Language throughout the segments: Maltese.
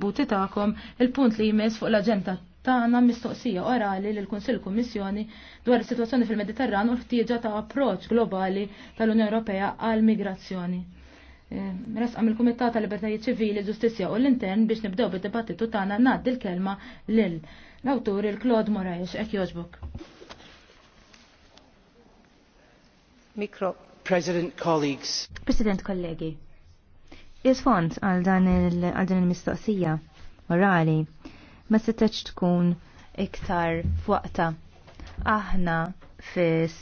kontributi ta'kom il-punt li jmiss fuq l-aġenda tagħna mistoqsija orali lill kunsill Kummissjoni dwar is-sitwazzjoni fil-Mediterran u l-ħtieġa ta' approċċ globali tal-Unjoni Ewropea għal migrazzjoni. Eh, Resqam il-Kumitat tal Libertajiet Ċivili, Ġustizzja u l-Intern biex nibdew bid-dibattitu tagħna ngħaddi l-kelma lil l-awtur il-Claude Moraes qed jogħġbok. Mikro. President colleagues. President kollegi. Isfond għal dan il-mistoqsija orali ma setax tkun iktar fuqta. Aħna fis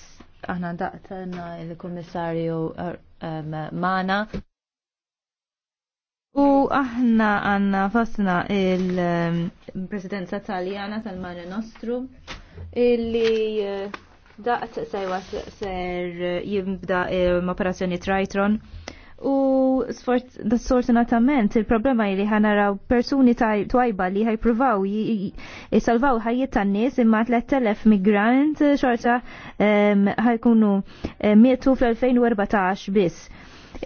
aħna daqtana il-Kummissarju um, Mana u aħna għanna fosna il-Presidenza um, Taljana tal-Mare Nostru illi uh, daqt sejwa ser uh, jimbda l-operazzjoni um, Tritron U sfortunatament il-problema li ħanaraw persuni twajba li ħajpruvaw jisalvaw ħajiet tan nies imma 3000 migrant xorta ħajkunu mietu fl-2014 biss.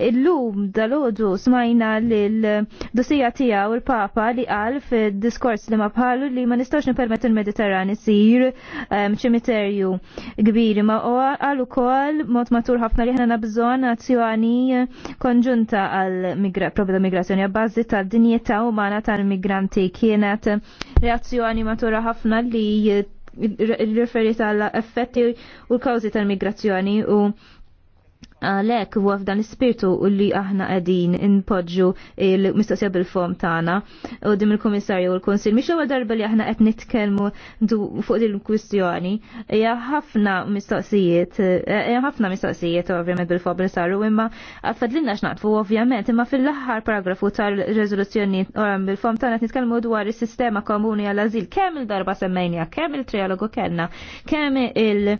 Illum dal-ħodu smajna l-dosija tijaw il-Papa li għal fil-diskors li ma bħalu li ma nistax nipermet il-Mediterran sir ċimiterju kbiri ma u għal ukoll mot matur ħafna li ħna nabżon azzjoni konġunta għal problema migrazzjoni għabbażi tal-dinjeta umana tal-migranti kienet reazzjoni matura ħafna li referi tal-effetti u l-kawzi tal-migrazzjoni u għalek huwa f'dan l-spirtu li aħna qegħdin inpoġġu il-mistoqsija bil-fom tagħna u dim il-Kummissarju u l konsil Mhix ewwel darba li aħna qed nitkellmu fuq din il-kwistjoni. Hija ħafna mistoqsijiet, hija ħafna mistoqsijiet ovvjament bil-fom li saru imma fadlilna x'naqfu ovvjament imma fil-aħħar paragrafu tal-reżoluzzjoni bil-fom tagħna qed nitkellmu dwar is-sistema komuni għall-ażil kemm il-darba semmejnija, kemm il-trialogu kellna, kemm il-,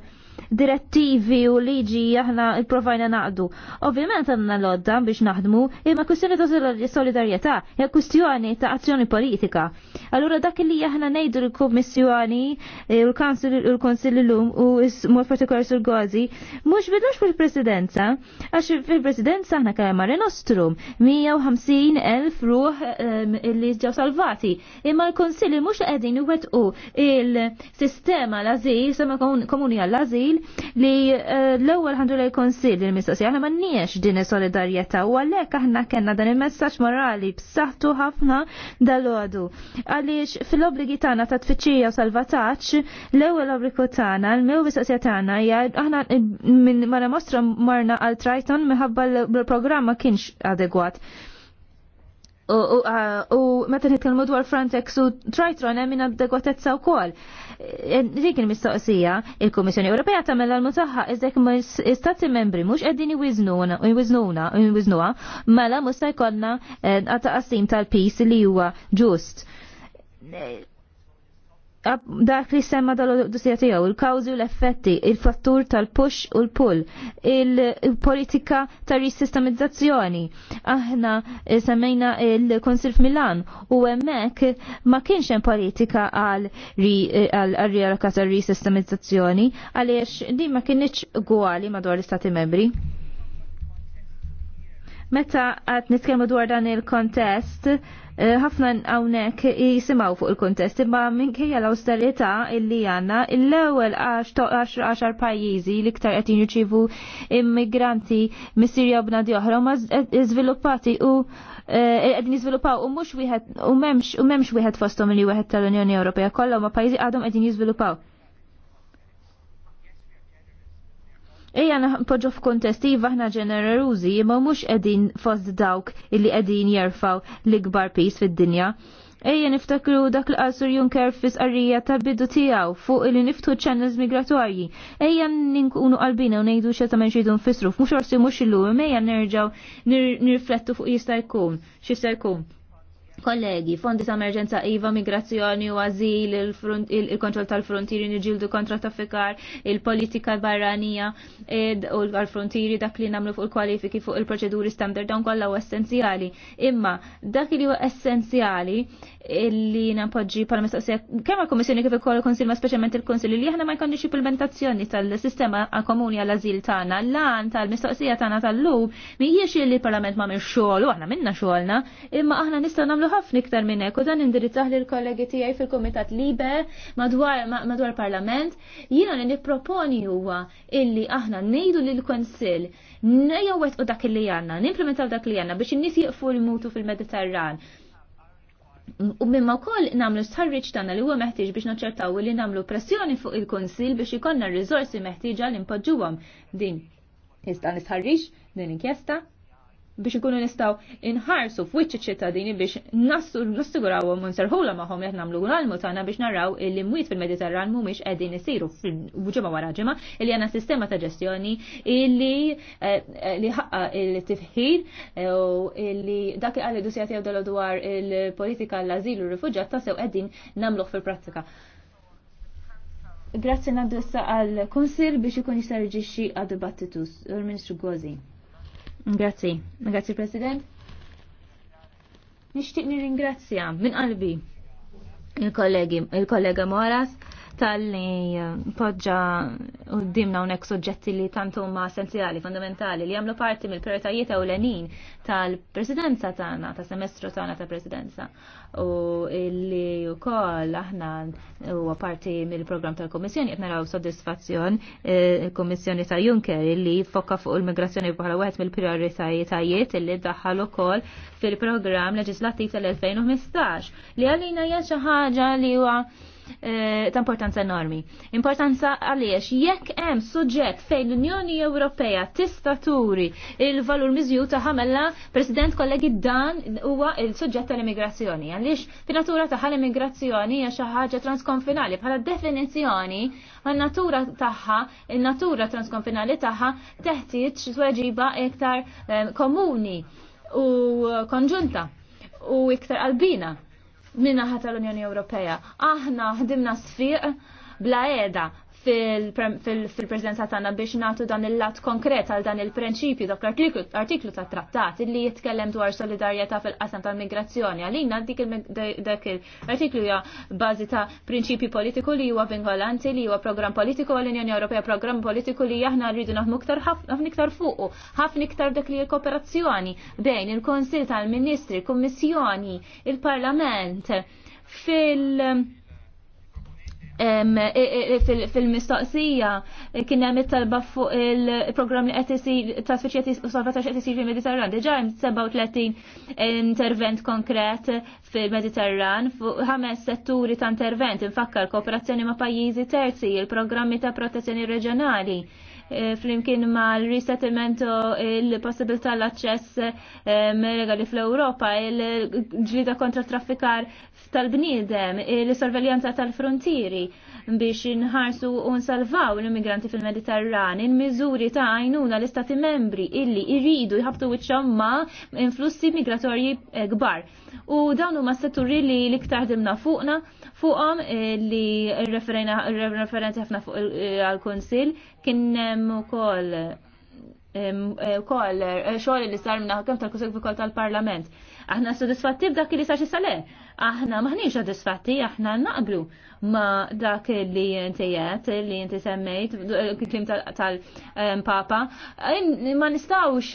direttivi u liġi aħna provajna naqdu. Ovvjament għanna lodda biex naħdmu, imma kustjoni ta' solidarieta, hija kustjoni ta' azzjoni politika. Allura dak li aħna nejdu l komissjoni eh, l-Konsil l-lum u mod partikolari sul Gozi, mux bidux fil-presidenza, għax fil-presidenza aħna kemm mare nostrum, 150.000 ruħ ehm, li ġew salvati, imma l-Konsil mux qegħdin iwettqu il-sistema l-azil, sema komuni għall-azil, li eh, l-ewwel ħandu lej konsil li mistoqsija aħna m'għandniex din solidarjetà u għalhekk aħna kellna dan il-messaġġ morali b'saħħtu ħafna dal-għadu. Għaliex fil-obbligi tagħna ta' tfittxija u salvataġġ l-ewwel obbligu tagħna l-mew mistoqsija tagħna hija aħna eh, minn mara mostra marna għal Triton minħabba l-programm ma kienx adegwat. U meta nitkellmu dwar Frontex u Tritron hemm adegwatezza wkoll dik il-mistoqsija il-Kummissjoni Ewropea tagħmel l-mutaħħa ma istati membri mhux qegħdin jwiżnuna u jwiżnuha mela mhux se jkollna eh, qasim tal peace li huwa ġust dak li semma dal-dosija tiegħu, il-kawżi u l-effetti, il-fattur tal-push u l-pull, il-politika ta' risistemizzazzjoni. Aħna eh, semmejna il-Konsil f'Milan u hemmhekk ma kienx hemm politika għal għal-rialokat eh, għal risistemizzazzjoni għaliex din ma kienx gwali madwar l-Istati membri. Meta għat nitkellmu dwar dan il-kontest, eh, ħafna hawnhekk jisimgħu fuq il-kontest, imma minkejja l-awsterità illi għandna l-ewwel 10 pajjiżi li iktar qed jirċievu immigranti mis-Sirja u bnadi oħra ma eh, żviluppati u eh, qegħdin jiżviluppaw u mhux wieħed u m'hemmx wieħed fosthom li wieħed tal-Unjoni Ewropea kollha ma pajjiżi għadhom qegħdin jiżviluppaw Ejja naħpoġġu f'kontest iva ħna ġenerużi imma mhux qegħdin fost dawk illi qegħdin jerfaw l-ikbar pis fid-dinja. Ejja niftakru dak li qasur Junker fis qarrija ta' bidu tiegħu fuq illi niftu ċannels migratorji. Ejja ninkunu qalbina u ngħidu x'e ta' menxidu nfissru mhux orsi mhux illum, ejja nerġgħu nirriflettu fuq jista' jkun, x'jista' jkun. Kollegi, fondi ta' emerġenza IVA, migrazzjoni u azil, il-kontroll tal-frontieri niġildu kontra traffikar, il-politika barranija u l frontiri dak li namlu fuq il-kwalifiki fuq il-proċeduri standard dawn kollha u essenzjali. Imma dak li huwa essenzjali li napoġġi bħala mistoqsija kemm il kommissjoni kif ukoll il-Konsil ma speċjalment il-Konsil li aħna ma jkollniex implementazzjoni tal-sistema komuni għall ażil tagħna, l-għan tal-mistoqsija tagħna tal-lum mhijiex li l-Parlament ma minn xogħol u aħna minna xogħolna, imma aħna nistgħu nagħmlu ħafna iktar minn hekk u dan indirizzah lil kollegi tiegħi fil-Kumitat Libe madwar madwar Parlament. Jiena li nipproponi huwa illi aħna ngħidu lil konsil nejgħu wettqu dak li għandna, nimplementaw dak li għandna biex in-nies jiqfu l-mutu fil-Mediterran. U mimma wkoll nagħmlu sħarriċ tana li huwa meħtieġ biex naċċertaw li nagħmlu pressjoni fuq il-Kunsill biex ikollna r rizorsi meħtieġa li npoġġuhom din. Tista' nisħarriġ din inkjesta biex ikunu nistaw inħarsu f'wiċċi ċittadini biex nassiguraw u nserħula magħhom qed nagħmlu l-almu tagħna biex narraw li mwiet fil-Mediterran mhumiex qegħdin isiru ġimgħa wara ġimgħa li għandna sistema ta' ġestjoni illi eh, li ħaqqa il-tifħir eh, u li dak li għalli dusjat jgħidu dwar il-politika l-azil u r-rifuġġat ta' sew qegħdin nagħmluh fil-prattika. Grazzi naddu issa għal konsil biex ikun jisarġixxi għad dibattitus il-Ministru Gozi. Grazzi, grazzi President. Nishtiq nirringrazzja minn qalbi il-kollegi, il-kollega Moras tal-li eh, podġa u dimna unek soġġetti li tantu ma essenzjali, fundamentali, li għamlu parti mill prioritajiet ewlenin tal-presidenza tagħna, ta' semestru tagħna ta' presidenza. U li u koll aħna u parti mill-program tal-Komissjoni, qed naraw soddisfazzjon eh, il-Komissjoni ta' Juncker li fokka fuq il-migrazzjoni bħala wieħed mill-prioritajiet li daħħal ukoll fil-programm leġislattiv tal-2015 li għalina hija xi ħaġa li huwa Eh, ta' importanza enormi. Importanza għaliex jekk hemm suġġett fejn l-Unjoni Ewropea tista' turi il-valur miżju ta' ħamella President kollegi dan huwa il-suġġett tal-immigrazzjoni. Għaliex fin-natura ta' l-immigrazzjoni hija xi ħaġa transkonfinali bħala definizzjoni għan-natura tagħha, il-natura transkonfinali tagħha teħtieġ tweġiba iktar eh, komuni u konġunta u iktar qalbina minna ħata l-Unjoni Ewropea. Aħna ħdimna sfiq bla eda fil-prezenza tagħna biex nagħtu dan il-lat konkret għal dan il-prinċipju dak l-artiklu ta' trattat li jitkellem dwar solidarjetà fil-qasam tal-migrazzjoni. Għalina dik dak il artiklu hija bażi ta' prinċipju politiku li huwa vingolanti li huwa programm politiku għall-Unjoni Ewropea programm politiku li aħna rridu naħmu iktar ħafna iktar fuqu, ħafna iktar dak li l-kooperazzjoni bejn il-Konsil tal-Ministri, kummissjoni il-Parlament fil- E, e, e, fil-mistoqsija kien hemm it-talba fuq il-programm li qed isir trasfiċjati u salvataġġ qed isir fil-Mediterran. Diġà hemm 37 intervent konkret fil-Mediterran fuq ħames setturi ta' intervent infakkar kooperazzjoni ma' pajjiżi terzi, il-programmi ta' protezzjoni reġjonali Eh, flimkien ma' l-resettlement l possibilità l-access eh, legali fl-Europa, il-ġlida kontra traffikar tal-bniedem, il-sorveljanza tal-frontieri biex inħarsu u nsalvaw l-immigranti fil-Mediterran, in miżuri ta' għajnuna l-istati membri illi irridu jħabtu wiċċhom ma' influssi migratorji kbar. Eh, u dawn huma setturi li l dimna fuqna fuqhom eh, li referenti ħafna fuq eh, għal-Konsil kien hemm ukoll kol xogħol li sar minna kemm tal-Kusek ukoll tal-Parlament. Aħna sodisfatti b'dak li sar xi sale. Aħna maħniex sodisfatti, aħna naqblu ma dak li jentijet, li jinti semmejt, klim tal-papa, ma nistawx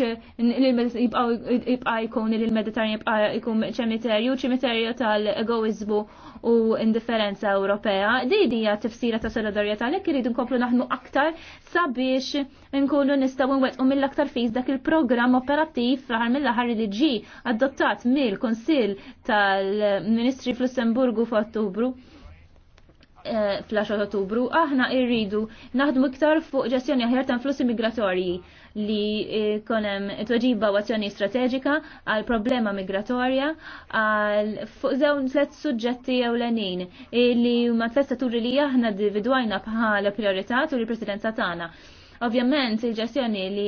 jibqa jkun li l-Mediterran jibqa jkun ċemiterju, ċemiterju tal-egoizmu u indifferenza Ewropea. Di ja tifsira ta' solidarjetà li kiridu nkomplu naħnu aktar sabiex nkunu nistaw nwettqu mill-aktar fiż dak il-programm operattiv fl mill-ħar li ġi adottat mill-Konsil tal-Ministri fl-Lussemburgu f'Ottubru fl-10 ottubru, aħna irridu naħdmu iktar fuq ġestjoni aħjar ta' flussi migratorji li eh, konem tweġiba u azzjoni strateġika għal problema migratorja għal fuq żewn tlet suġġetti ewlenin eh, li ma tlet saturi li aħna individwajna bħala priorità u l-presidenza tagħna. Ovvjament il-ġestjoni li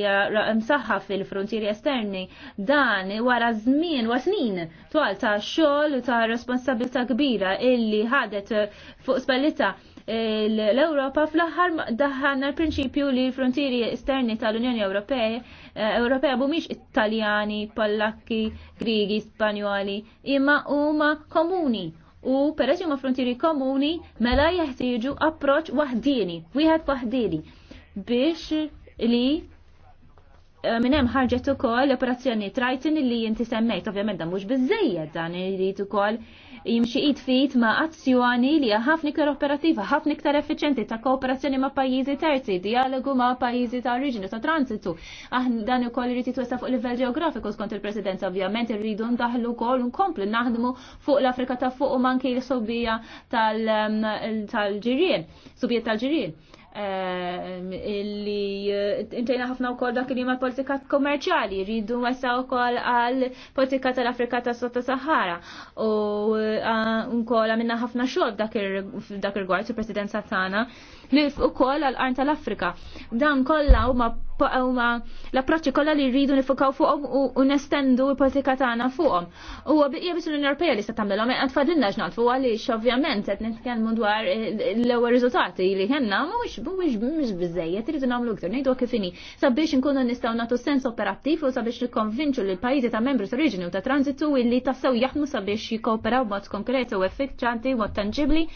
msaħħa fil-frontieri esterni dan wara żmien wa snin twal ta' xogħol ta' responsabilità kbira illi ħadet eh, fuq spallita eh, l-Europa fl-aħħar daħħan l-prinċipju li l-frontieri esterni tal-Unjoni Ewropea eh, Ewropea mhumiex Italjani, Pollakki, Grigi, Spanjoli, imma huma komuni u peress huma frontieri komuni mela jeħtieġu approċċ waħdieni, wieħed waħdieni biex li eh, minn hemm ħarġet ukoll l-operazzjoni trajtin li jinti semmejt, ovvjament dan mhux biżejjed dan irid ukoll jimxi id fit ma' azzjoni li ħafna iktar operattiva, ħafna iktar effiċenti ta' kooperazzjoni ma' pajjiżi terzi, dialogu ma' pajjiżi ta' oriġinu ta' transitu. Aħna dan ukoll irid jitwessa fuq livell ġeografiku skont il-Presidenza ovvjament irridu ndaħlu wkoll nkomplu naħdmu fuq l-Afrika ta' fuq u manki l subija mm, tal-ġirien. tal-ġirien, subija tal-ġirien. Eh, illi eh, intejna ħafna u kol dak li ma politika kommerċali, rridu sa u kol għal politika tal-Afrika ta' Sotta Sahara u eh, kol għamilna ħafna xogħol dak ir-gwar, il-presidenza tana u ukoll għal qarn tal-Afrika. Dan kollha huma ma l-approċċi kollha li rridu nifukaw fuqhom u nestendu l-politika tagħna fuqhom. U bieqija biex l-Unjoni Ewropea li se tagħmelhom qed tfadilna x'nafu għaliex ovvjament qed nitkellmu dwar eh, l-ewwel riżultati li kellna mhuwiex mhux biżejjed irridu nagħmlu iktar ngħidu kif inhi sabiex inkunu nistgħu nagħtu sens operattiv u sabiex nikkonvinċu l pajjiżi ta' membri t-oriġini u ta' transitu illi tassew jaħdmu sabiex jikkooperaw b'mod konkret u effiċjanti u tanġibli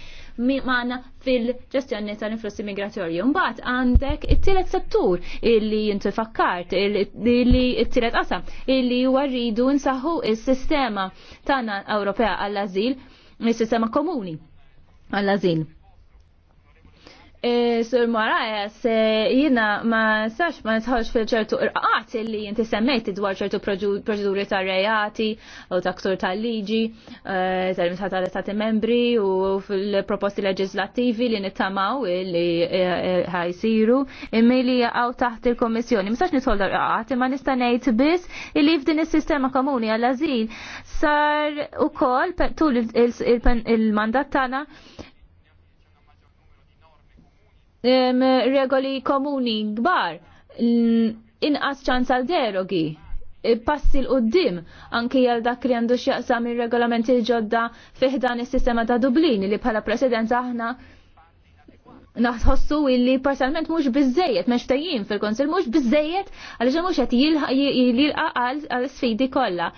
maħna fil-ġestjoni tal-influssi migratorju. Mbagħad għandek it-tielet settur illi jinti fakkart, illi it-tielet qasam, illi huwa rridu nsaħħu is-sistema tagħna Ewropea għall-ażil, is-sistema komuni għall-ażil E, Sur Marajas, e, jina ma sax ma nisħalx fil-ċertu irqaqat li jinti semmejti dwar ċertu proċeduri ta' rejati u ta' ktur ta' liġi, tal e, ta' tal estati membri u fil-proposti leġislativi li nittamaw li ħajsiru immi li għaw taħt il-Komissjoni. Mistax nisħol dar irqaqat imma nistanejt bis li f'din is-sistema komuni għal-azil sar u kol tul il-mandat tana regoli komuni kbar inqas ċans għal derogi e, passi l-qoddim anki għal dak li għandu xjaqsam il-regolamenti ġodda fiħdan il-sistema ta' Dublin li bħala presidenza aħna naħħossu illi parzialment mhux biżejjed mux tajjim fil-konsil mhux biżejjed għaliex mhux qed jilqa' għall-sfidi kollha.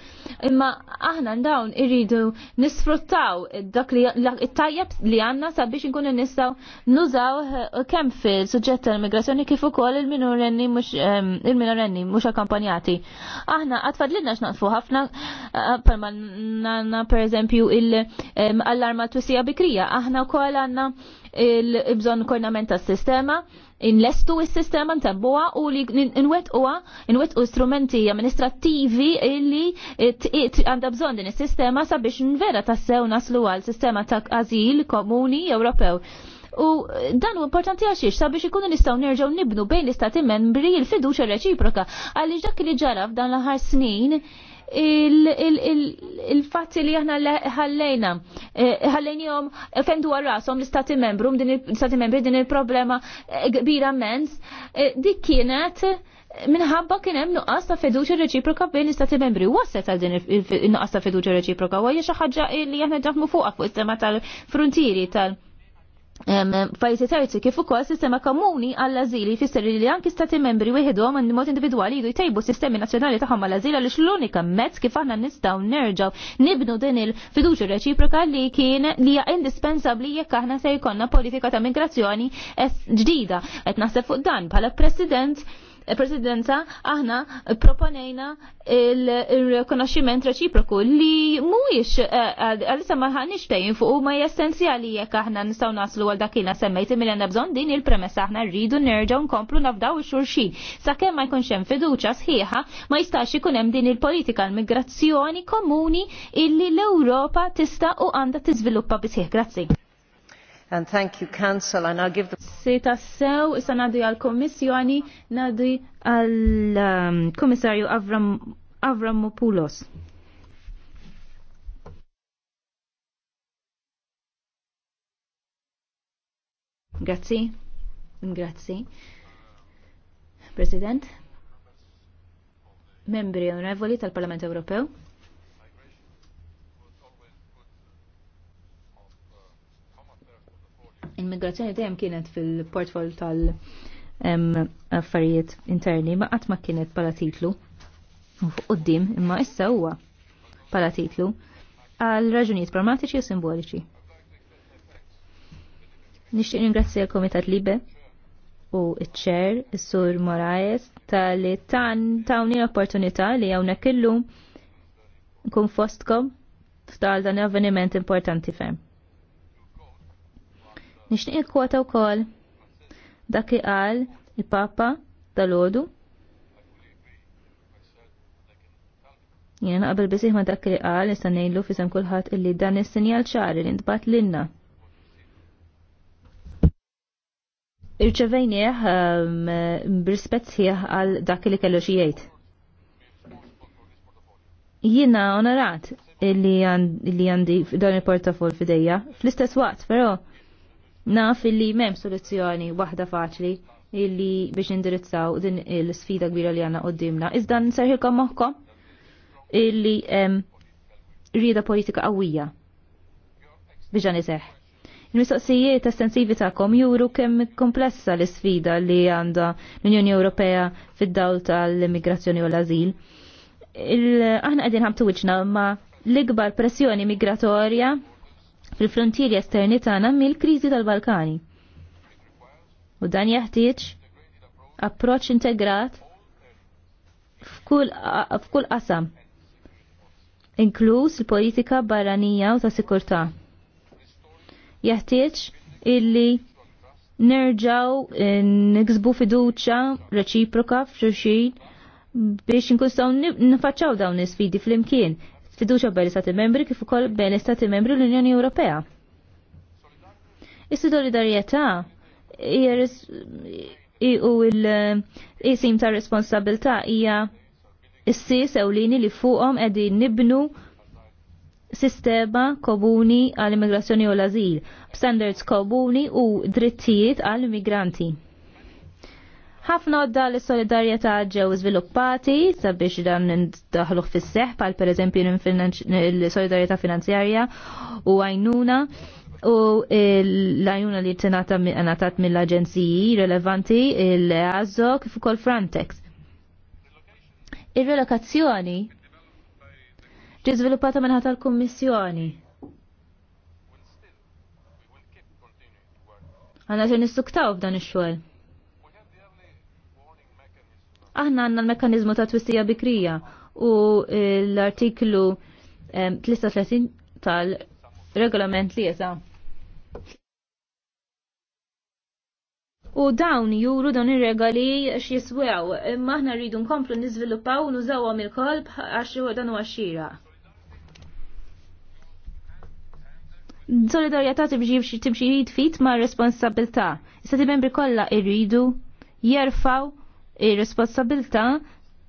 Imma aħna dawn irridu nisfruttaw dak li tajjeb li għandna sabiex inkunu nistaw nużaw eh, kemm fil-suġġett tal-immigrazzjoni kif ukoll il-minorenni mhux ehm, minorenni mhux akkampanjati. Aħna qatt fadlilna x'naqfu ħafna eh, palma nanna pereżempju il-allarma ehm, t-wisija bikrija. Aħna wkoll għandna il-bżon kornament s sistema inlestu il-sistema ntabbuha u li nwetquha nwetqu strumenti amministrattivi illi għandha bżonn din is-sistema sabiex nvera tassew naslu għal sistema ta' azil komuni Ewropew. U dan u importanti għaxiex sabiex ikunu nistgħu nerġgħu nibnu bejn l-istati membri il-fiduċa reċiproka għaliex dak li ġara f'dan l-aħħar snin il-fatti li aħna ħallejna, eh, ħallejnijom fendu għarrasom l-istati membru, l-istati membri din il-problema eh, kbira mens, eh, dik kienet minħabba kien hemm nuqqas ta' fiduċja reċiproka bejn l-istati membri. Waset għal din il-nuqqas ta' fiduċja reċiproka, għajja hija xi ħaġa li aħna ġafmu fuqa fuq is-tema tal-frontieri tal-. -frontieri, tal pajjiżi terzi kif ukoll sistema komuni għall azili fisser li anki stati membri wieħedhom għandi mod individwali jdu jtejbu sistemi nazzjonali tagħhom għall azil għaliex l-unika mezz kif aħna nistgħu nerġgħu nibnu din il-fiduċja reċiproka li kien li hija indispensabbli jekk aħna se jkollna politika ta' migrazzjoni ġdida. Qed naħseb fuq dan bħala President presidenza aħna proponejna il-rekonoxximent reċiproku li mhuwiex eh, għalissa ma ħanix tejn fuq ma jessenzjali jekk aħna nistgħu naslu għal dakina semmejti mill għandna bżonn din il-premessa aħna rridu nerġaw nkomplu nafdaw xurxin. xulxin Sakemm ma jkunx hemm fiduċja sħiħa ma jistax ikun hemm din il-politika l-migrazzjoni komuni illi l-Ewropa tista' u għandha tiżviluppa bisħiħ. Grazzi. And thank you, Council, and I'll give the... Se tassew, issa nadi għal-Kommissjoni, nadi għal-Kommissarju um, Avram, Avramopoulos. Grazie. grazzi. President, membri onorevoli tal-Parlament Ewropew, immigrazzjoni dejjem kienet fil-portfol tal-affarijiet interni ma qatt ma kienet bħala titlu u fuq qudiem imma issa huwa bħala titlu għal raġunijiet pragmatiċi u simboliċi. Nixtieq ningrazzja l-Komitat Libe u iċ-ċer, is-Sur Moraes, tal-li tawni l-opportunità li hawnhekk illum nkun fostkom f'tal dan avveniment importanti ferm. Nixtieq ikkwota wkoll dak li qal il-Papa dal-Odu. Jiena naqbel bisih ma dak li qal nista' ngħidlu fisem kulħadd illi dan is-sinjal ċari li ntbat lilna. Irċevejnieh um, b'rispett sħiħ għal dak li kellu xi jgħid. Jiena onorat illi għandi dan il-portafol fidejja. Fl-istess waqt, però, Naf illi m'hemm soluzzjoni waħda faċli illi biex indirizzaw din l-sfida kbira li għanna għoddimna. Iżda serħilkom moħkom illi rida politika qawwija biex għan Il-mistoqsijiet estensivi kom juru kemm komplessa l-sfida li għanda l-Unjoni Ewropea fid-dawl tal-immigrazzjoni u l-azil. Aħna qegħdin ħamtu wiċċna ma l-ikbar pressjoni migratorja fil-frontieri esterni tagħna mill-kriżi tal-Balkani. U dan jeħtieġ approċċ integrat f'kull qasam, inkluż il-politika barranija u ta' sikurtà. Jeħtieġ illi nerġaw eh, niksbu fiduċa reċiproka f'xulxin biex nkunstaw nifacċaw dawn is-sfidi fl-imkien fiduċa bejn l-Istati membri kif ukoll bejn l-Istati membri l-Unjoni Ewropea. Is-solidarjetà u l-isim ta' responsabilità hija s-sis ewlini li fuqhom qegħdin nibnu sistema komuni għall-immigrazzjoni u l-azil, standards komuni u drittijiet għall-immigranti ħafna għadda li solidarieta ġew sviluppati sabiex dan n-daħlu fis-seħ pal per eżempju l-solidarieta finanzjarja u għajnuna u l-għajnuna li t-senata mill-aġenziji relevanti l-Azzo kif ukoll Frontex. Ir-relokazzjoni ġi sviluppata minnħata l-Kummissjoni. Għanna ġen nistuktaw f'dan ix-xogħol. Aħna għandna l mekanizmu ta' twistija bikrija u l-artiklu 33 tal-regolament li jesa. U dawn juru dawn ir-regali x'jiswew, imma aħna rridu nkomplu niżviluppaw u nużawhom il-kolb għax dan huwa xira. Solidarjetà tibġi timxi jid fit ma' responsabilità. Issa membri kollha irridu jerfaw ir-responsabilta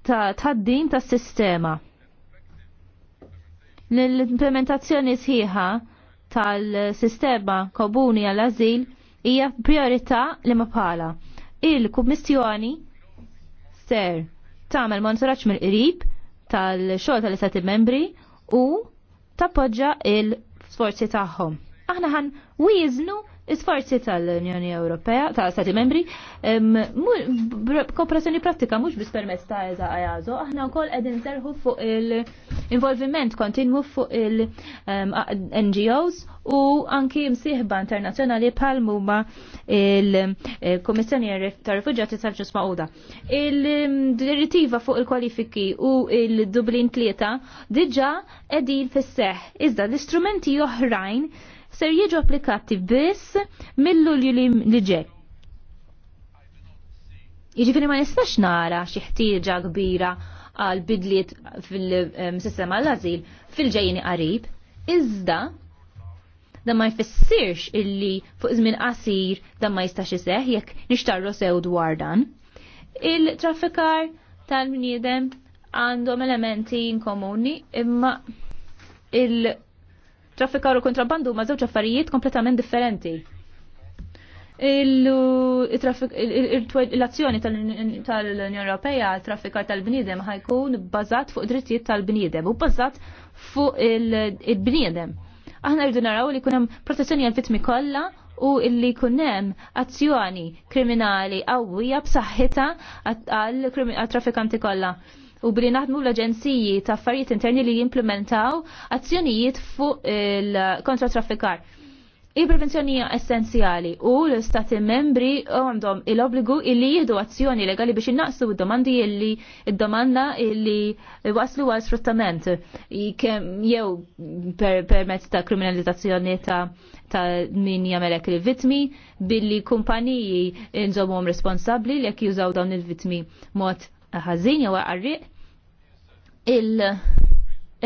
ta' tħaddim ta' sistema. L-implementazzjoni sħiħa tal-sistema komuni għall-azil hija priorità li ma bħala. Il-Kummissjoni ser tagħmel monitoraġġ mill-qrib tal-xogħol tal-Istati membri u tappoġġa il-sforzi tagħhom aħna ħan wiznu isforzi tal-Unjoni Ewropea, tal Stati Membri, kooperazzjoni pratika mhux biss permezz ta' eża għajazo, aħna wkoll qegħdin serħu fuq il-involviment kontinu fuq il-NGOs u anki msieħba internazzjonali bħal muma il-Kummissjoni eh, ta' Rifugġati tal Mauda. Il-direttiva fuq il-kwalifiki u il-Dublin tlieta diġà qegħdin fisseħ, iżda l-istrumenti oħrajn ser jiġu applikati biss mill-lulju li ġej Jiġifieri ma nistax nara xi ħtieġa kbira għal bidliet fil-sistema l-azil fil-ġejjini qarib, iżda da ma jfissirx illi fuq żmien qasir da ma jistax iseħ jekk nixtarru sew dwar dan. Il-traffikar tal-bniedem għandhom elementi inkomuni imma il- traffikar u kontrabandu ma' żewġ affarijiet kompletament differenti. L-azzjoni tal-Unjoni Ewropea traffikar tal-bniedem ħajkun bbażat fuq drittijiet tal-bniedem u bbażat fuq il-bniedem. Aħna rridu naraw li kunem protezzjoni għal-vitmi kollha u li kunem azzjoni kriminali qawwija b'saħħitha għal-traffikanti kollha u billi naħdmu l-aġenziji ta' affarijiet interni li jimplementaw azzjonijiet fuq il-kontra traffikar. Il-prevenzjoni hija essenzjali u l-Stati membri għandhom il-obbligu illi jieħdu azzjoni legali biex innaqsu id-domandi illi id-domanda illi waslu għal sfruttament jew permezz ta' kriminalizzazzjoni ta' ta' min jamelek il-vitmi billi kumpaniji nżomhom responsabbli li jekk jużaw dawn il-vitmi mod ħażin jew għarriq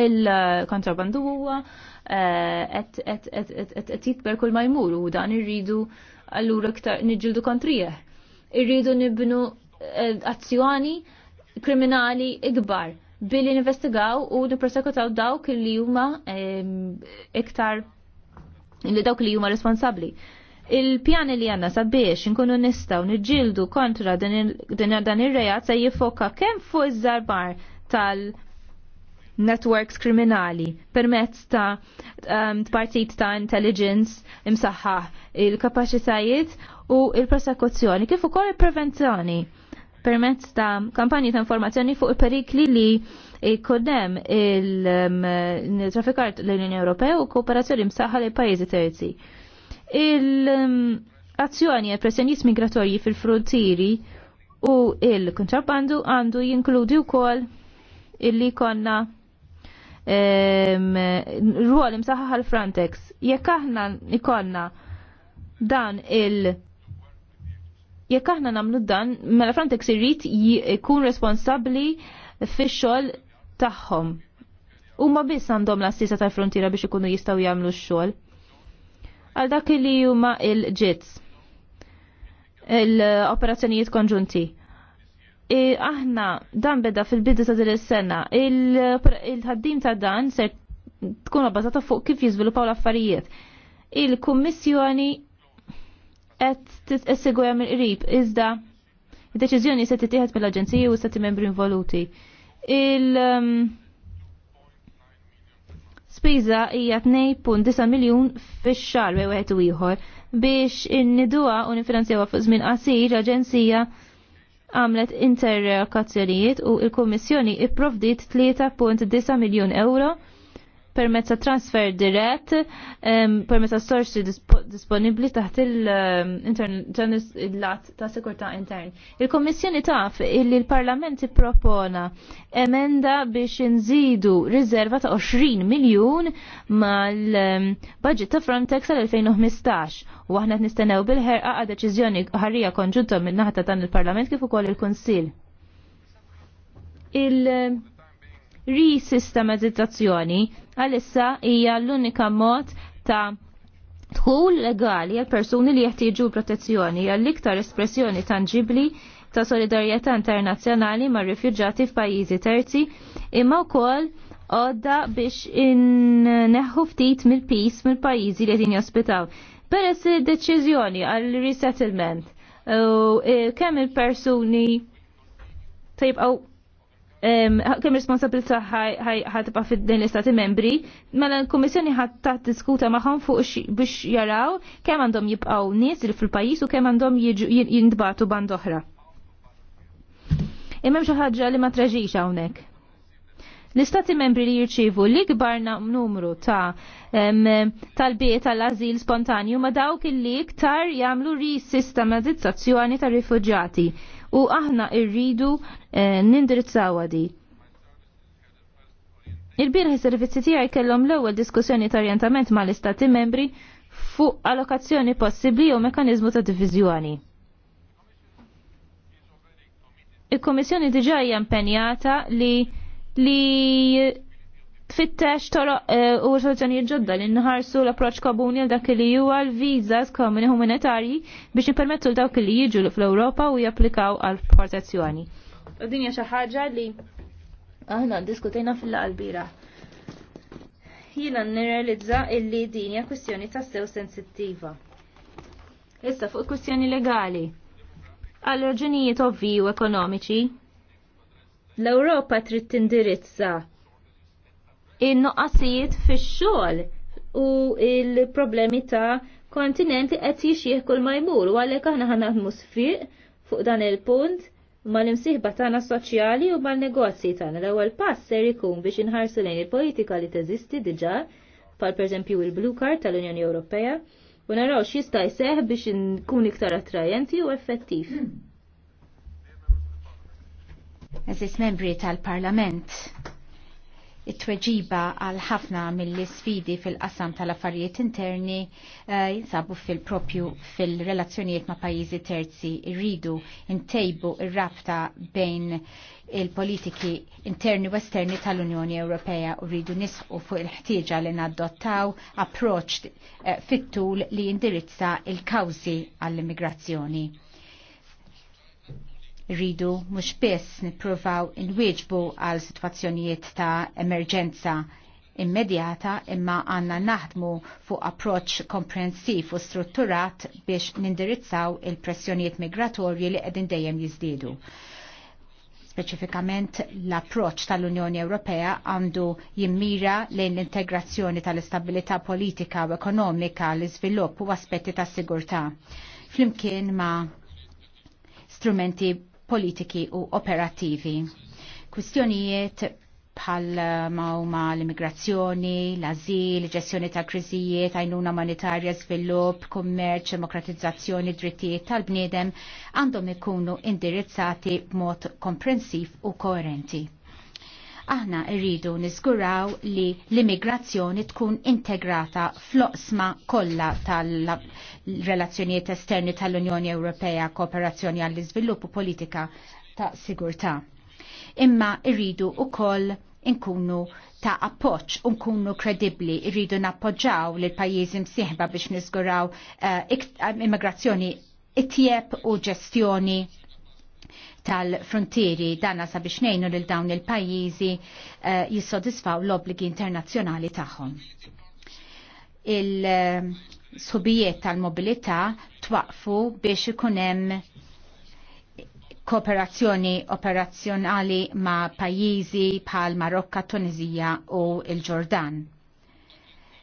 il-kontrabandu huwa eh, qed jitber kull ma jmur u dan irridu allura iktar niġġieldu kontrih. Irridu nibnu eh, azzjoni kriminali ikbar billi investigaw u niprosekutaw dawk li huma eh, iktar li dawk li huma responsabbli. Il-pjani li għanna sabiex nkunu nistaw nġildu kontra dan il-rejat se jifoka kemm fuq iż-żarbar tal- networks kriminali permezz ta' um, partit ta' intelligence imsaħħa il-kapacitajiet u il-prosekuzzjoni kif ukoll il-prevenzjoni permezz ta' kampanji ta' informazzjoni fuq il-perikli li kodem il-trafikart ehm, l-Unjoni Ewropea u kooperazzjoni msaħħa l pajjiżi terzi. Il-azzjoni għal pressjonijiet migratorji fil-frontieri u il-kontrabbandu għandu jinkludi wkoll illi konna rwol imsaħħa għal Frontex. Jekk aħna ikonna dan il- jekk aħna nagħmlu dan, mela Frontex irrid jkun responsabbli fix-xogħol tagħhom. ma biss għandhom l-assisa tal-frontiera biex ikunu jistgħu jagħmlu x-xogħol għal dak li huma il-ġitz il-operazzjonijiet konġunti. E, aħna dan beda fil-bidu ta' din is-sena, il-ħaddim ta' dan se tkun abbażata fuq kif jiżviluppaw l-affarijiet. Il-Kummissjoni qed tissegwija mill-qrib iżda id-deċiżjoni se titieħed mill-Aġenziji u stati membri involuti. Il- um, spiża hija 2.9 miljun fix-xar bej wieħed u ieħor biex inniduha u nifinanzjawha fuq żmien qasir l-Aġenzija għamlet interrogazzjonijiet u l-Kummissjoni ipprovdit 3.9 miljun euro permezz ta' transfer dirett, permezz ta' sorsi disponibbli taħt il-lat ta' sekurta' intern. Il-Kommissjoni taf illi l-Parlament propona emenda biex nżidu riserva ta' 20 miljun mal-budget ta' Frontex għal-2015 u aħna nistennew bil-ħerqa għad deċiżjoni ħarrija konġunta minn naħta tan il-Parlament kif ukoll il-Kunsil. Il-risistemazizzazzjoni għalissa hija l-unika mod ta' dħul legali għal persuni li jeħtieġu protezzjoni għal iktar espressjoni tangibli ta' solidarjetà internazzjonali ma' rifjuġati f'pajjiżi terzi imma wkoll għodda biex inneħħu ftit mill-pis mill-pajjiżi li qegħdin jospitaw. Peress id-deċiżjoni għal resettlement eh, kemm il-persuni tibqgħu kemm responsabilità ħatba fid-din l-istati membri, mela l-Kummissjoni ħadd diskuta magħhom fuq biex jaraw kemm għandhom jibqgħu nies fil-pajjiż u kemm għandhom jintbagħtu band oħra. Imma xi ħaġa li ma treġix hawnhekk. L-istati membri li jirċivu l-ikbar numru ta' tal-biet tal-azil spontanju ma dawk li iktar jamlu risistematizzazzjoni ta' rifugjati u aħna irridu eh, nindirizzawa di. Il-birħi servizzi tiegħi kellom l-ewwel diskussjoni ta' orjentament mal-istati membri fuq allokazzjoni possibbli u mekanizmu ta' diviżjoni. Il-Komissjoni diġà hija impenjata li li tfittex toroq eh, u soluzzjonijiet ġodda li nħarsu l-approċ komuni għal dak li huwa l-viżas komuni humanitarji biex jippermettu l dawk li jiġu fl-Ewropa u japplikaw għal protezzjoni. U dinja xi ħaġa li aħna diskutejna fil-qalbira. Jiena nirrealizza illi din hija kwistjoni ta' sew sensittiva. Issa fuq kwistjoni legali. Għal raġunijiet ovvi u ekonomiċi, L-Ewropa trid tindirizza in noqasijiet fix-xogħol u il-problemi ta' kontinenti qed jixjih kull ma jmur u għalhekk aħna ħana sfiq fuq dan il-punt mal-imsieħba tagħna soċjali u mal-negozji tagħna. L-ewwel pass ser ikun biex inħarsu lejn il-politika li teżisti diġà bħal pereżempju il-Blue Card tal-Unjoni Ewropea u naraw x'jista' jseħħ biex nkun iktar attrajenti u effettiv. Eżis membri tal-Parlament, it-tweġiba għal ħafna mill-sfidi fil-qasam tal-affarijiet interni uh, jinsabu fil-propju fil-relazzjonijiet ma' pajjiżi terzi irridu intejbu ir-rabta bejn il-politiki interni u esterni tal-Unjoni Ewropea u rridu nisħu fuq il-ħtieġa li nadottaw approċ eh, fit-tul li jindirizza il-kawzi għall-immigrazzjoni rridu mhux biss nippruvaw inwieġbu għal sitwazzjonijiet ta' emerġenza immedjata imma għanna naħdmu fuq approċ komprensiv u strutturat biex nindirizzaw il-pressjonijiet migratorji li qegħdin dejjem jiżdiedu. Speċifikament l-approċ tal-Unjoni Ewropea għandu jimmira lejn l-integrazzjoni tal-istabilità politika u ekonomika, l-iżvilupp u aspetti tas-sigurtà. Flimkien ma' strumenti politiki u operativi. Kwistjonijiet bħal eh, ma l-immigrazzjoni, l-azil, ġestjoni ta' kriżijiet, għajnuna monetarja, svilupp, kummerċ, demokratizzazzjoni, drittijiet tal-bniedem għandhom ikunu indirizzati b'mod komprensiv u koerenti. Aħna rridu niżguraw li l-immigrazzjoni tkun integrata fl-oqsma kollha tal relazzjonijiet esterni tal-Unjoni Ewropea, kooperazzjoni għall-iżvilupp u politika ta' sigurtà. Imma irridu koll inkunu ta' appoċ unkunu kredibli irridu nappoġġaw l pajjiżi msieħba biex nizguraw uh, eh, eh, immigrazzjoni ittieb u ġestjoni tal-frontieri danna sabiex nejnu lil dawn il-pajjiżi uh, jissodisfaw l-obligi internazzjonali tagħhom. Il- uh, subijiet tal-mobilità twaqfu biex ikunem kooperazzjoni operazzjonali ma' pajjiżi bħal Marokka, Tunizija u il-Ġordan.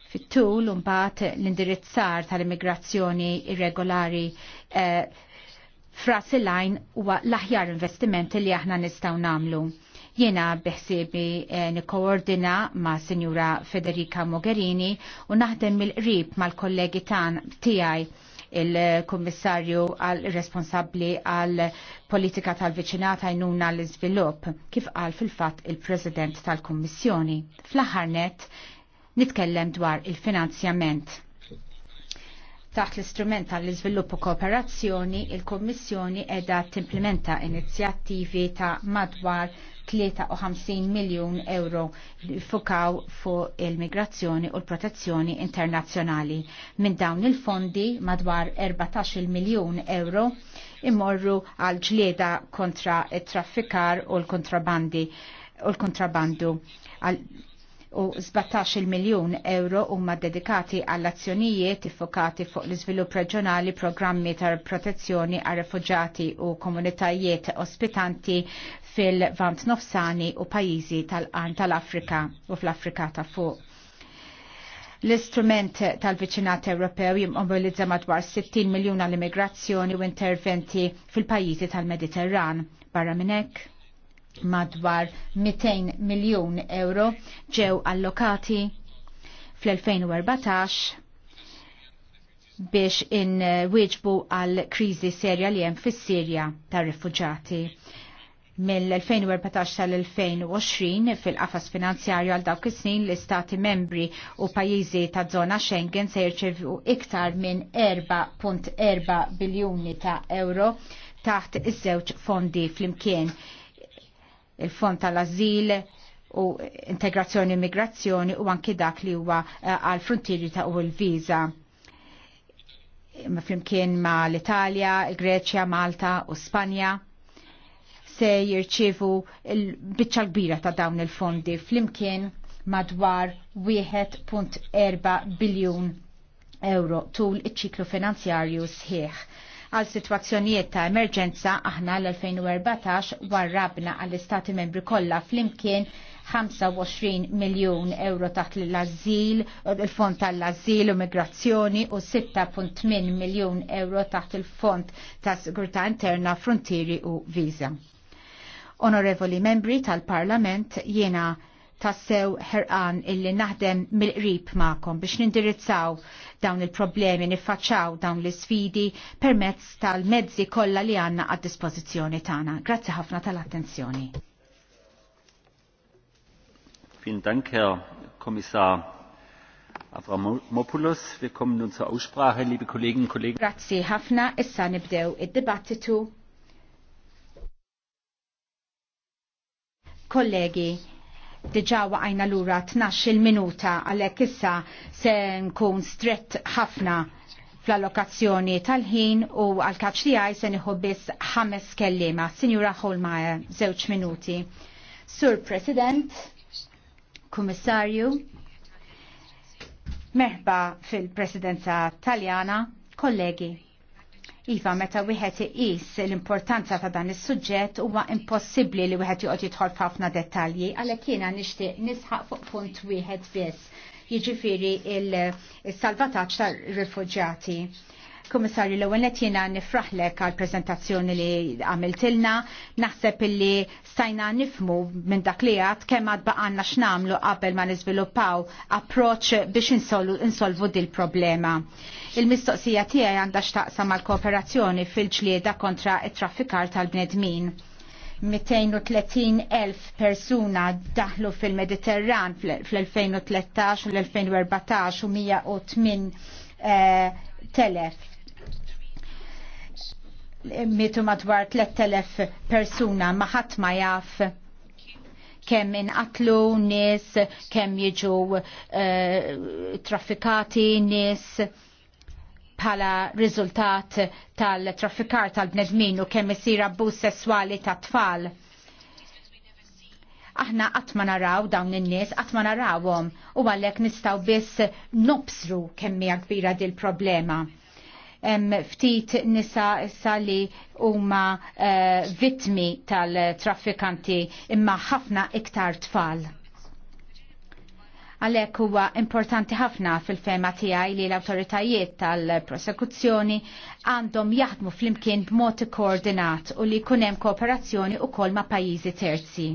Fittul tul mbagħad l-indirizzar tal-immigrazzjoni irregolari eh, frasilajn huwa l-aħjar investimenti li aħna nistgħu nagħmlu Jena beħsibi eh, nikoordina ma' Signora Federica Mogherini u naħdem mill-qrib mal-kollegi tan tiegħi il-Kommissarju għal responsabli għal politika tal-viċinat jnuna l-izvilup, kif għal fil-fat il-President tal-Kommissjoni. Fl-ħarnet, nitkellem dwar il-finanzjament. Taħt l-istrument tal-izviluppu kooperazzjoni, il-Kommissjoni edha timplementa inizjattivi ta' madwar 53 miljon euro fukaw fuq il-migrazzjoni u l-protezzjoni internazzjonali. Minn dawn il-fondi madwar 14 miljon euro imorru għal ġlieda kontra it-traffikar u l-kontrabandi u l-kontrabandu u 17 miljon euro huma dedikati għall azzjonijiet iffokati fuq l-iżvilupp reġjonali programmi tal protezzjoni għal refuġati u komunitajiet ospitanti fil-vant nofsani u pajizi tal-qan tal-Afrika u fl-Afrika ta' fuq. L-istrument tal-viċinat Ewropew jimmobilizza madwar 60 miljuna l-immigrazzjoni u interventi fil-pajjiżi tal-Mediterran. Barra minnek, madwar 200 miljon euro ġew allokati fl-2014 biex in wieġbu għal kriżi serja li hemm fis-Sirja tar-rifuġati mill-2014 tal-2020 fil-qafas finanzjarju għal dawk is-snin l-istati membri u pajjiżi ta' żona Schengen se jirċevu iktar minn 4.4 biljuni ta' euro taħt iż-żewġ fondi flimkien il-fond tal-azil u integrazzjoni u migrazzjoni u anki dak li huwa eh, għal frontieri ta' u l-viża flimkien ma' l-Italja, greċja Malta u Spanja se jirċievu l-biċċa kbira ta' dawn il-fondi flimkien madwar 1.4 biljun euro tul iċ-ċiklu finanzjarju sħiħ. Għal situazzjonijiet ta' emerġenza aħna l-2014 warrabna għall istati membri kollha flimkien 25 miljon euro taħt l-azil, il-fond tal-azil u migrazzjoni u 6.8 miljon euro taħt il-fond ta' sigurtà interna, frontieri u viza. Onorevoli membri tal-Parlament jiena tassew ħerqan illi naħdem mill-qrib ma'kom biex nindirizzaw dawn il-problemi, niffaċċaw dawn l-sfidi permezz tal-mezzi kollha li għandna għad dispożizzjoni tagħna. Grazzi ħafna tal-attenzjoni. Vielen Dank, Herr Kommissar Avramopoulos. Willkommen in nun Aussprache, liebe Kolleginnen und Kollegen. Grazie ħafna, issa nibdew id-dibattitu Kollegi, diġa waqajna lura 12 minuta għalhekk issa se nkun strett ħafna fl-allokazzjoni tal-ħin u għal-kaċ li għaj se nieħu biss ħames kellima. Sinjura Holmaja, żewġ minuti. Sur President, Kummissarju, meħba fil-Presidenza Taljana, kollegi. Iva, meta wieħed iqis l-importanza ta' dan is-suġġett huwa impossibbli li wieħed joqgħod jidħol f'ħafna dettalji, għalhekk jiena nixtieq nisħaq fuq punt wieħed biss. Jiġifieri il-salvataġġ tal rifuġjati Komissarju, l ewwel jiena nifraħlek għal prezentazzjoni li għamiltilna, naħseb illi stajna nifmu minn dak li għad kemm għad baqanna x'namlu qabel ma niżviluppaw approċ biex insolvu, din dil problema. Il-mistoqsija tiegħi għandha x'taqsam mal kooperazzjoni fil-ġlieda kontra it-traffikar tal-bnedmin. 230.000 persuna daħlu fil-Mediterran fl-2013 u l-2014 u 108 eh, telef mitu madwar 3000 persuna ma ħadd ma jaf kemm inqatlu nies, kemm jiġu uh, traffikati nies bħala riżultat tal-traffikar tal-bnedmin u kemm isir abbuż sesswali ta' tfal. Aħna qatt ma naraw dawn in-nies, qatt ma narawhom u għalhekk nistgħu biss nobsru kemm hija kbira dil-problema ftit nisa sali li huma uh, vittmi tal-traffikanti imma ħafna iktar tfal. Għalek huwa importanti ħafna fil-fema tiegħi li l-awtoritajiet tal-prosekuzzjoni għandhom jaħdmu fl-imkien b'mod koordinat u li kunem kooperazzjoni u kol ma' pajjiżi terzi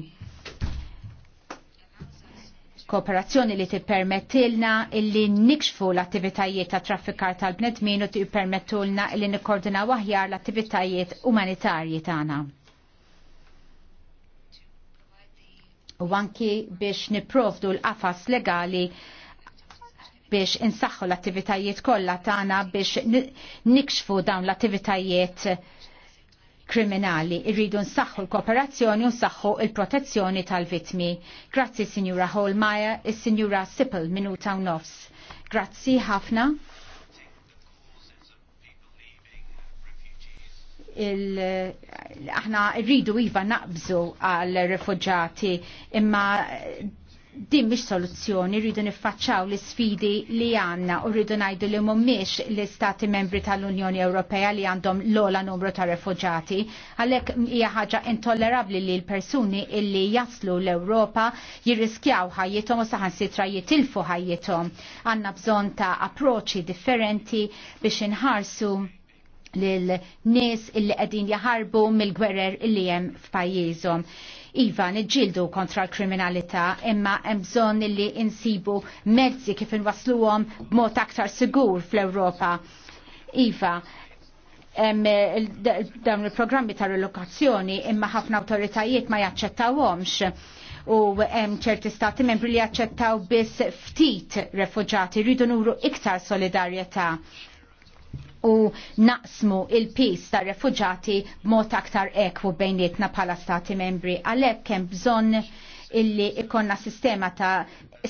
kooperazzjoni li tippermettilna illi nikxfu l-attivitajiet ta' traffikar tal-bnedmin u tippermettulna illi nikkoordinaw aħjar l-attivitajiet umanitarji tagħna. U anki biex niprovdu l-qafas legali biex insaħħu l-attivitajiet kollha tagħna biex nikxfu dawn l-attivitajiet kriminali. Irridu nsaħħu l-kooperazzjoni u nsaħħu il-protezzjoni tal-vitmi. Grazzi, Signora Holmaja, e Signora Sippel, minuta u nofs. Grazzi ħafna. aħna rridu iva naqbżu għal refugġati imma din mhix soluzzjoni, rridu niffaċċaw l-sfidi li għandna u rridu ngħidu li mhumiex l-istati membri tal-Unjoni Ewropea li għandhom l-ola numru ta' refuġati, għalhekk hija ħaġa intollerabbli li l-persuni illi jaslu l-Ewropa jirriskjaw ħajjithom u saħansitra jitilfu ħajjithom. Għandna bżonn ta' approċċi differenti biex inħarsu lil nies illi qegħdin jaħarbu mill-gwerer illi hemm f'pajjiżhom Iva, nġildu kontra l-kriminalità, imma hemm bżonn li insibu mezzi kif għom b'mod aktar sigur fl-Ewropa. Iva, dawn il-programmi ta' relokazzjoni imma ħafna autoritajiet ma jaċċettawhomx u hemm ċerti stati membri li jaċċettaw biss ftit refugġati rridu nuru iktar solidarjetà u naqsmu il-pis ta' refugġati b'mod aktar ekwu bejnietna bħala stati membri. Għalhekk hemm bżonn illi ikonna sistema ta'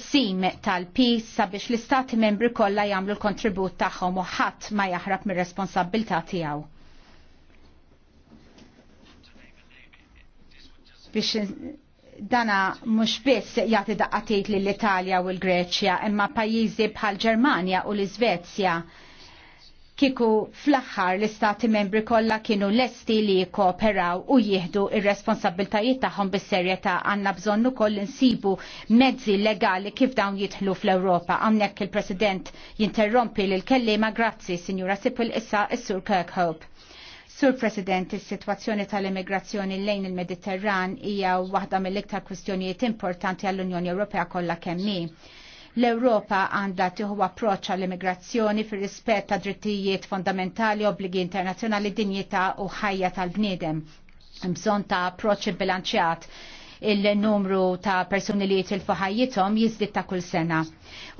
sim tal-pis sabiex l-istati membri kollha jagħmlu l-kontribut tagħhom u ħadd ma jaħrab mir responsabilta tiegħu. biex dana mux biss jati daqqatiet l-Italja u l-Greċja imma pajizi bħal Ġermanja u l-Svezja kiku fl-axħar l-istati membri kollha kienu lesti li jikkooperaw u jieħdu ir-responsabiltajiet tagħhom bis-serjetà għandna bżonn ukoll insibu mezzi legali kif dawn jidħlu fl-Ewropa. Hawnhekk il-President jinterrompi l kellima grazzi, Sinjura Sipil issa s-Sur Kirkhope. Sur President, is-sitwazzjoni tal-immigrazzjoni lejn il-Mediterran hija waħda mill-iktar kwistjonijiet importanti għall-Unjoni Ewropea kollha kemm L-Ewropa għandha tieħu approċċ għall-immigrazzjoni fir rispett ta' drittijiet fondamentali, obbligi internazzjonali, dinjità u ħajja tal-bniedem. Bżon ta' approċċ bilanċjat il-numru ta' persuni li jitilfu ħajjithom jizdit ta' kull sena.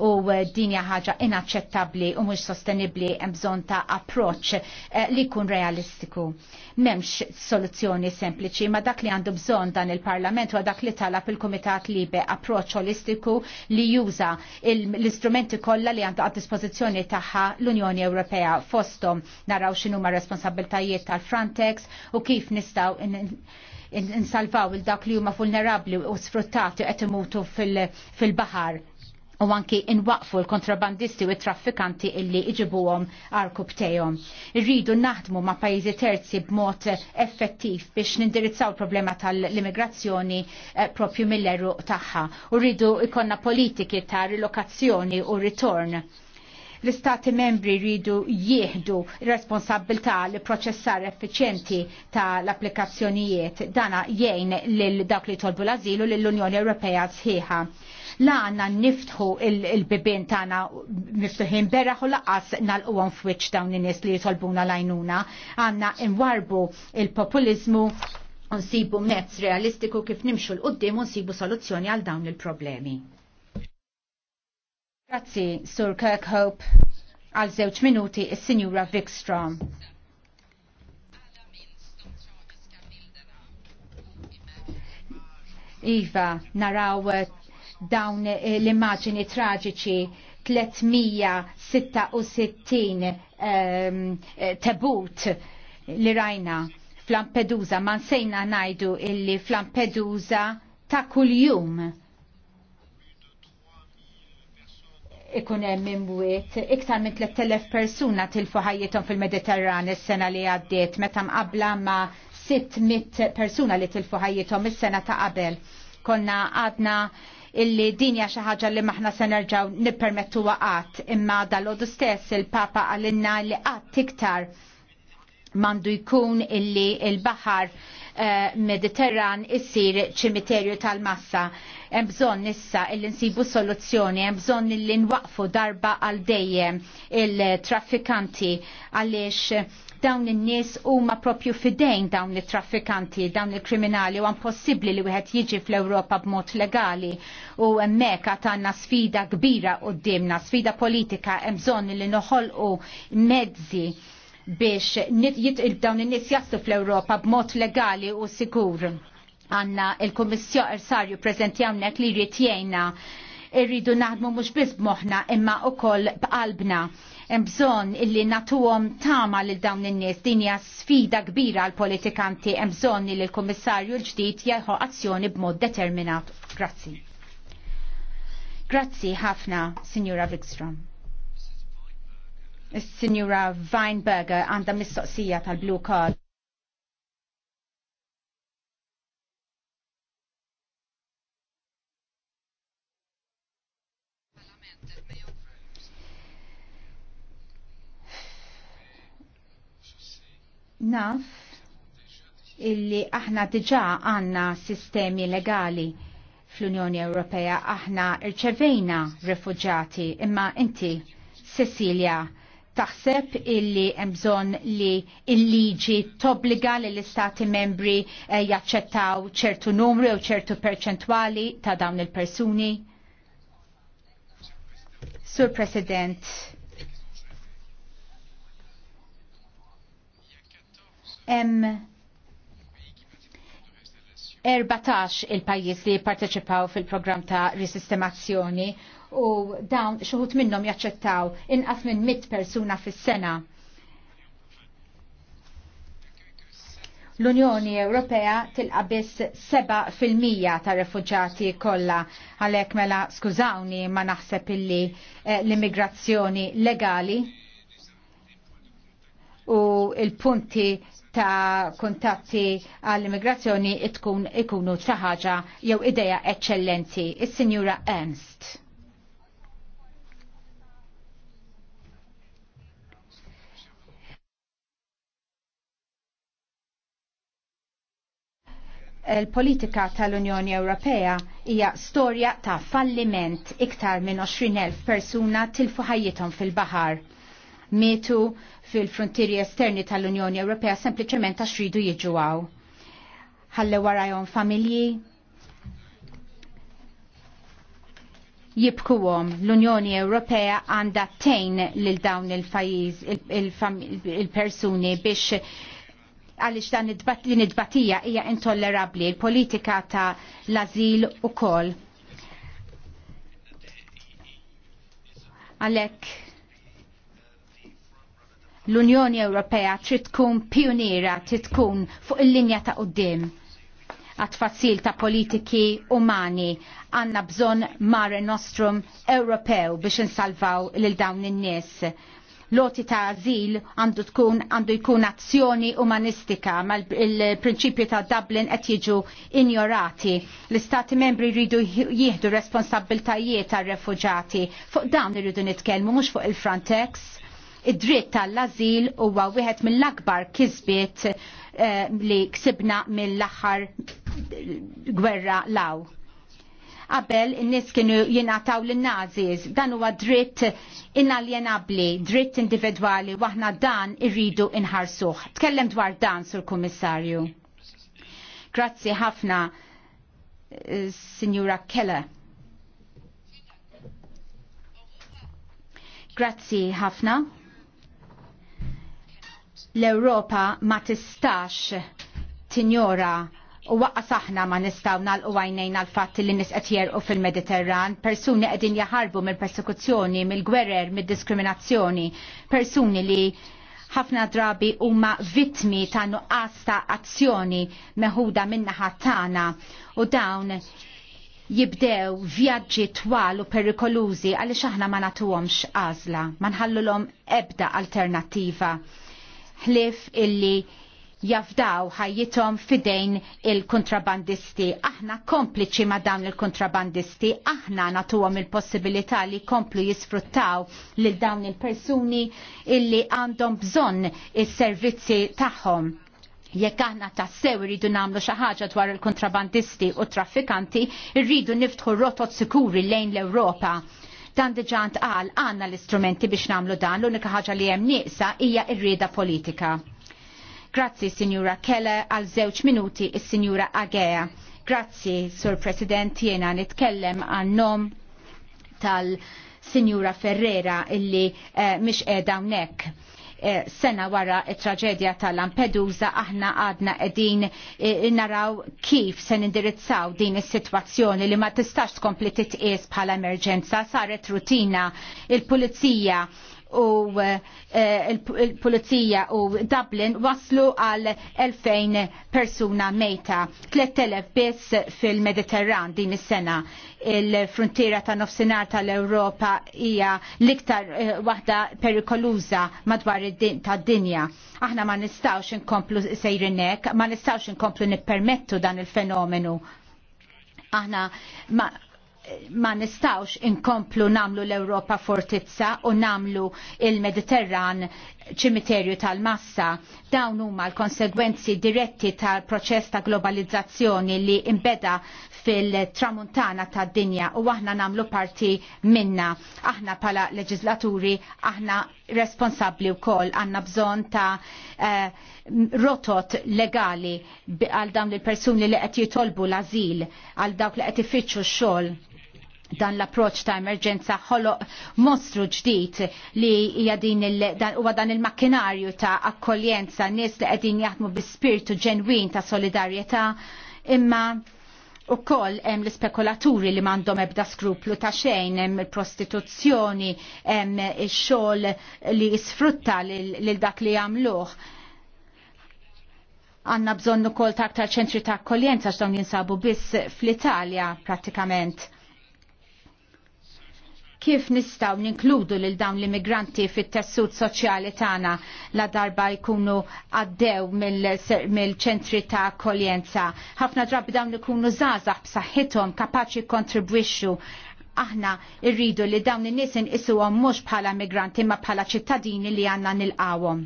U eh, din hija ħaġa inaċċettabbli u mhux sostenibbli hemm bżonn ta' approċċ eh, li jkun realistiku. M'hemmx soluzzjoni sempliċi, ma dak li għandu bżonn dan il-Parlament u dak li talab il-Kumitat Libe approċċ holistiku li juża l-istrumenti kollha li għandu għad-dispożizzjoni tagħha l-Unjoni Ewropea fostom naraw x'inhuma responsabiltajiet tal-Frontex u kif nistgħu insalvaw il-dak li huma vulnerabli u sfruttati qed imutu fil-baħar u anki inwaqfu l-kontrabandisti u traffikanti illi iġibuhom arku b'tejhom. Irridu naħdmu ma' pajjiżi terzi b'mod effettiv biex nindirizzaw problema tal-immigrazzjoni eh, propju mill-eru tagħha. U rridu ikonna politiki ta' rilokazzjoni u ritorn L-istati membri rridu jieħdu responsabilità li proċessar effiċjenti ta' l-applikazzjonijiet dana jgħin lil dak li tolbu l-azilu l-Unjoni Ewropea sħiħa. La għanna niftħu il-bibin tana miftuħin berraħ u laqas nal-qwan f'wiċ dawn in-nies li jitolbuna lajnuna. Għanna imwarbu il-populizmu nsibu mezz realistiku kif nimxu l-qoddim u nsibu soluzzjoni għal dawn il-problemi. Grazzi, Sur Kirkhope, għal żewġ minuti is-Sinjura Vikstrom. Iva, naraw eh, dawn eh, l-immaġini traġiċi 366 um, tabut li rajna fl-Lampedusa, ma nsejna najdu illi flampedusa lampedusa ta' kuljum ikun hemm imwiet iktar minn 3000 persuna tilfu ħajjithom fil-Mediterran is-sena li għaddiet meta mqabbla ma' 600 persuna li tilfu ħajjithom is-sena ta' qabel. Konna għadna illi dinja xi ħaġa li maħna se nerġgħu nippermettuha qatt imma dalodu stess il-Papa għalinna li qatt iktar mandu jkun illi il-baħar Eh, Mediterran issir ċimiterju tal-massa. Hemm bżonn issa illi nsibu soluzzjoni, hemm bżonn illi nwaqfu darba għal dejjem il-traffikanti għaliex dawn in-nies huma propju fidejn dawn it-traffikanti, dawn il-kriminali u impossibbli li wieħed jiġi fl-Ewropa b'mod legali. U hemmhekk għad għandna sfida kbira quddiemna, sfida politika hemm bżonn li noħolqu mezzi biex dawn in-nies jaslu fl-Ewropa b'mod legali u sigur. Għanna il-Kummissjon Ersarju preżenti hawnhekk li jrid jgħinna irridu naħdmu mhux biss b'moħħna imma wkoll b'qalbna. Hemm bżonn illi nagħtuhom tama lil dawn in-nies din hija sfida kbira għal politikanti hemm bżonn li l-Kummissarju l-ġdid jieħu azzjoni b'mod determinat. Grazzi. Grazzi ħafna, Sinjura Wikstrom. Signora Weinberger għandha mistoqsija tal-Blue Card. naf illi aħna diġa għanna sistemi legali fl-Unjoni Ewropea aħna irċevejna refugjati imma inti Cecilia taħseb illi bżonn li il-liġi tobbliga li l-istati membri eh, jaċċettaw ċertu numru u ċertu perċentwali ta' dawn il-persuni? Sur President, em 14 il-pajis li parteċipaw fil-program ta' risistemazzjoni u dawn xuħut minnom jaċċettaw inqas minn mit persuna fis-sena. L-Unjoni Ewropea tilqa biss 7% ta' refuġati kollha għalhekk mela skużawni ma naħseb illi eh, l-immigrazzjoni legali u il-punti ta' kontatti għall-immigrazzjoni tkun ikunu ħaġa jew ideja eċċellenti, is-Sinjura Ernst. il-politika tal-Unjoni Ewropea hija storja ta' falliment iktar minn 20.000 persuna tilfu ħajjithom fil-baħar. Mietu fil-frontieri esterni tal-Unjoni Ewropea sempliċement għax ridu jiġu għaw. Ħalle warajhom familji, jibkuwom l-Unjoni Ewropea għandha tejn lil dawn il-pajjiż il-persuni il il biex għaliex dan din nidbatija batija hija intollerabbli l-politika ta' l-azil ukoll. Għalhekk l-Unjoni Ewropea trid tkun pioniera, trid tkun fuq il-linja ta' qudiem għatfazzil ta' politiki umani għanna bżon mare nostrum Ewropew biex nsalvaw lil dawn in-nies loti ta' azil għandu tkun għandu jkun azzjoni umanistika ma il-prinċipju ta' Dublin qed jiġu injorati. L-istati membri jridu jieħdu responsabiltajiet ta' refuġati Fuq dan irridu nitkellmu mhux fuq il-Frontex. Id-dritt tal-azil huwa wieħed mill-akbar kisbiet eh, li ksibna mill-aħħar gwerra law. Qabel in-nies kienu jingħataw lin-nazis, dan huwa dritt inaljenabbli, dritt individwali waħna dan irridu inħarsuh. Tkellem dwar dan sur kummissarju. Grazzi ħafna, eh, Signora Keller. Grazzi ħafna. L-Europa ma tistax tinjora U waqqa saħna ma nistaw nalqu għajnejna l fatt li nis u fil-Mediterran, persuni qegħdin jaħarbu mill-persekuzzjoni, mill-gwerer, mill-diskriminazzjoni, persuni li ħafna drabi huma vittmi ta' nuqqas ta' azzjoni meħuda minna tagħna u dawn jibdew vjaġġi twal u perikolużi għaliex aħna ma nagħtuhomx għażla, ma nħallulhom ebda alternattiva. Ħlif illi jafdaw ħajjitom fidejn il-kontrabandisti. Aħna kompliċi ma dawn il-kontrabandisti, aħna natuwom il-possibilità li komplu jisfruttaw lil dawn il-persuni illi għandhom bżonn is-servizzi tagħhom. Jekk aħna tassew irridu nagħmlu xi ħaġa dwar il-kontrabandisti u traffikanti, irridu niftħu rotot sikuri lejn l-Ewropa dan diġant qal għanna l-istrumenti biex namlu dan l-unika ħaġa li hemm nieqsa hija r-rieda politika. Grazzi, Signora Kelle, għal żewġ minuti is-Signora Agea. Grazzi, Sur President, jena nitkellem nom tal-Signora Ferrera illi eh, mish edha unnek sena wara it-traġedja tal-Lampedusa aħna għadna edin eh, naraw kif se nindirizzaw din is-sitwazzjoni li ma tistax tkompli titqies bħala emerġenza saret rutina il-pulizija u eh, il-Pulizija u Dublin waslu għal 2000 persuna mejta, 3000 biss fil-Mediterran din is-sena. Il-frontiera ta' nofsinhar tal-Ewropa hija l-iktar eh, waħda perikoluża madwar id-dinja. Aħna ma nistawx inkomplu sejrinek, ma nistawx inkomplu nippermettu dan il-fenomenu. Aħna ma' ma nistawx inkomplu namlu l-Europa fortizza u namlu il-Mediterran ċimiterju tal-massa. Dawn huma l-konsegwenzi diretti tal-proċess ta' globalizzazzjoni li imbeda fil-tramuntana ta' dinja u aħna namlu parti minna. Aħna pala leġislaturi, aħna responsabli u kol, għanna bżon ta' eh, rotot legali għal dawn il-persuni li qed jitolbu l-azil, għal dawk li qed ifittxu x-xogħol dan l-approċ ta' emerġenza ħoloq mostru ġdid li hija din huwa dan il-makkinarju ta' akkoljenza nies li qegħdin jaħdmu bi spiritu ġenwin ta' solidarjetà imma u koll hemm l-ispekulaturi li m'għandhom ebda skruplu ta' xejn hemm il-prostituzzjoni hemm ix-xogħol li jisfrutta lil dak li jagħmluh għanna bżonnu kol ta' aktar ċentri ta' akkoljenza x'dawn jinsabu biss fl-Italja pratikament kif nistaw ninkludu lil dawn l-immigranti fit-tessut soċjali tagħna la darba jkunu għaddew mill-ċentri mil ta' akkoljenza. Ħafna drabi dawn ikunu żgħażagħ b'saħħithom kapaċi kontribwixxu aħna rridu li dawn in-nies inqisuhom mhux bħala migranti ma bħala ċittadini li għandna nilqawhom.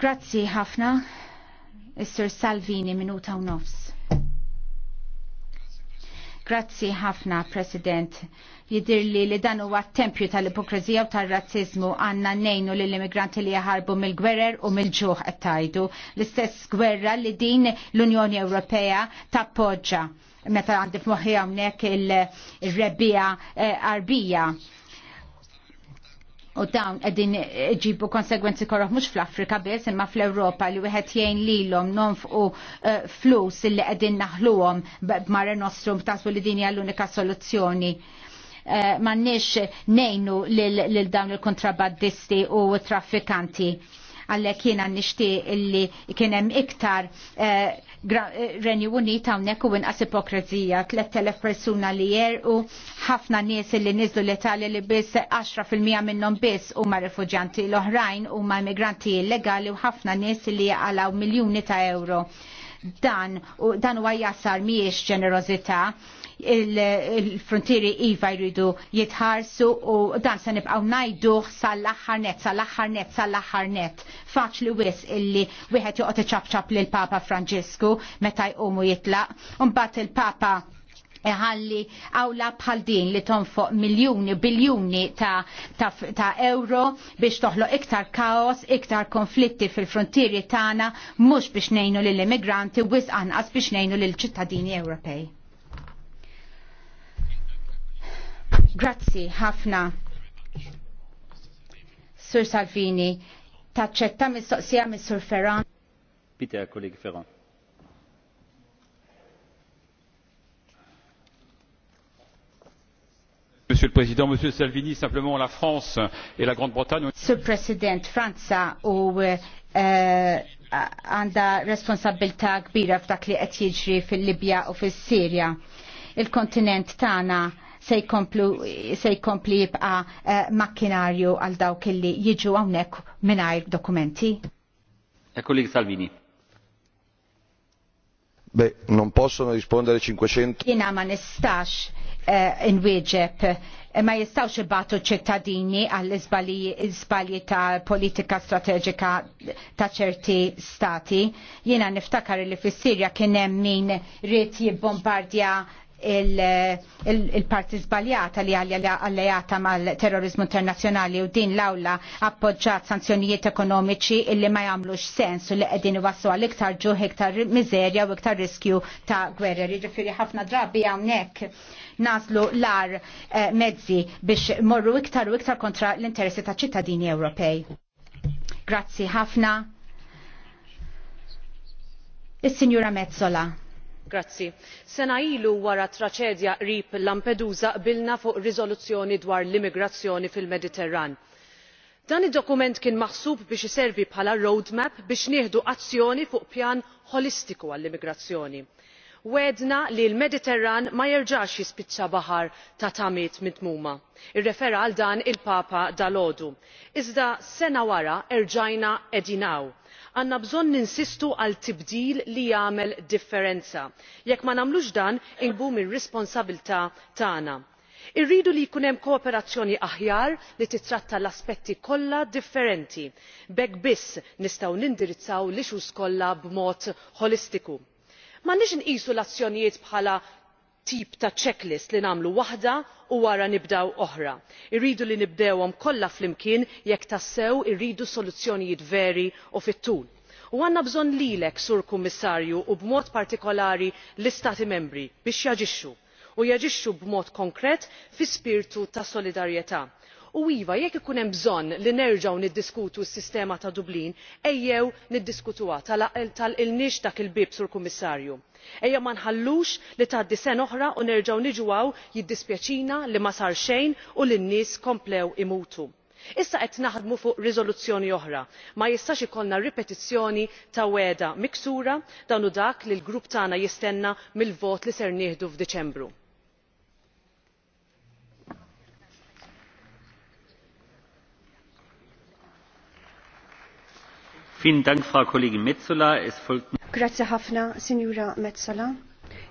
Grazzi ħafna, is Salvini minuta u nofs. Grazzi ħafna, President. Jidirli li dan huwa tempju tal-ipokrizija u tal-razzizmu għanna nejnu li l-immigranti li jaħarbu mill-gwerer u mill-ġuħ għattajdu. L-istess gwerra li din l-Unjoni Ewropea tappoġġa meta għandif moħi għamnek il-rebbija eh, arbija. U dawn qegħdin ġibu konsegwenzi korroħ mhux fl-Afrika biss imma fl-Ewropa li wieħed jgħin lilhom nonfqu eh, flus illi qegħdin naħluhom b'mare nostrum tasbu li din hija l-unika soluzzjoni. Eh, m'għandniex ngħinu lil dawn il-kontrabbandisti u traffikanti għallek jiena nixtieq illi kien hemm iktar eh, eh, Renju Unit hawnhekk u inqas ipokrizija 3000 persuna li jerqu, ħafna nies li nizdu l-Italja li biss 10% minnhom biss huma rifugjanti l-oħrajn huma immigranti illegali u ħafna nies li għalaw miljuni ta' euro. Dan u dan huwa jasar mhijiex ġenerożità il-frontieri iva jridu jitħarsu u dan se nibqgħu ngħiduh sal-aħħar net, sal-aħħar net, sal-aħħar net. Faċli wis illi wieħed joqgħod iċabċab lil Papa Franġisku meta jqumu jitlaq. Mbagħad il-Papa ħalli għawla bħal din li tonfoq miljoni, biljoni ta', ta, ta euro biex toħloq iktar kaos, iktar konflitti fil-frontieri tagħna, mhux biex ngħinu lill-immigranti, wisqanqas biex ngħinu lill-ċittadini Ewropej. Grazzi ħafna. Sur Salvini, taċċetta mis-soqsija mis Sur Ferran. Peter, kollegi Ferran. Monsieur le Président, Monsieur Salvini, simplement la France et la Grande-Bretagne. Monsieur le Président, Franza u eh, għanda responsabilità kbira f'dak li qed jiġri fil-Libja u fis-Sirja. Il-kontinent tagħna se jkompli jibqa eh, makkinarju għal dawk illi jiġu hawnhekk mingħajr dokumenti? Ekkolik eh, Salvini. Beh, non possono rispondere 500. Jina ma nistax uh, inwieġeb ma jistawx ibatu ċittadini għall-izbalji ta' politika strateġika ta' ċerti stati. Jiena niftakar li fis-Sirja kien hemm min ried jibbombardja il-parti zbaljata li għallejata mal-terrorizmu internazjonali u din l-awla appoġġat sanzjonijiet ekonomiċi illi ma jagħmlux sens u li qegħdin iwassu għal iktar ġu iktar mizerja u iktar riskju ta' gwerra. Jiġifieri ħafna drabi hawnhekk nażlu lar eh, mezzi biex morru iktar u iktar kontra l-interessi ta' ċittadini Ewropej. Grazzi ħafna. Is-Sinjura Mezzola sena ilu wara traċedja qrib lampedusa qbilna fuq riżoluzzjoni dwar l-immigrazzjoni fil mediterran. dan id dokument kien maħsub biex iservi bħala roadmap biex nieħdu azzjoni fuq pjan ħolistiku għall immigrazzjoni. wegħdna li l mediterran ma jerġax jispiċċa baħar ta' tagħmiet mitmuma. irrefera għal dan il papa dalgħodu iżda sena wara erġajna qegħdin hawn għandna bżonn ninsistu għal tibdil li jagħmel differenza jekk ma nagħmlux dan inbu mir-responsabbiltà tagħna. irridu li jkun hemm kooperazzjoni aħjar li titratta l-aspetti kollha differenti b'hekk biss nistgħu nindirizzaw l issues kollha b'mod ħolistiku. m'għandniex inqisu l-azzjonijiet bħala tip ta' checklist li nagħmlu waħda u wara nibdew oħra. irridu li nibdewhom kollha flimkien jekk tassew irridu soluzzjonijiet veri u fit tul. u għandna bżonn lilek sur kummissarju u b'mod partikolari l-istati membri biex jaġixxu u jaġixxu b'mod konkret fi spiritu ta' solidarjetà u iva jekk ikun hemm bżonn li nerġgħu niddiskutu s-sistema ta' dublin ejjew niddiskutuha tal-qilniex dak il-bib sur kummissarju ejja ma nħallux li tgħaddi sena oħra u nerġgħu niġu jiddispjaċina li ma sar xejn u li n-nies komplew imutu. issa qed naħdmu fuq riżoluzzjoni oħra ma jistax ikollna ripetizzjoni ta' weda miksura dan u dak li l-grupp tagħna jistenna mill vot li ser nieħdu f'diċembru. Grazie ħafna, Signora Metzola.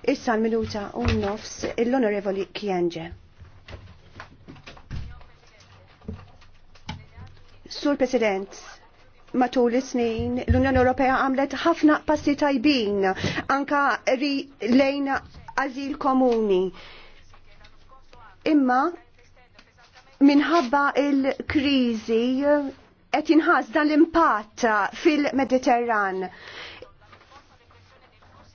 Issa l minuta u nofs l-Onorevoli Kienġe. Sur President, matul is-snin l-Unjoni Ewropea għamlet ħafna passi tajbin anka ri lejn azil komuni. Imma minħabba il-kriżi qed inħas dan l-impatt fil-Mediterran.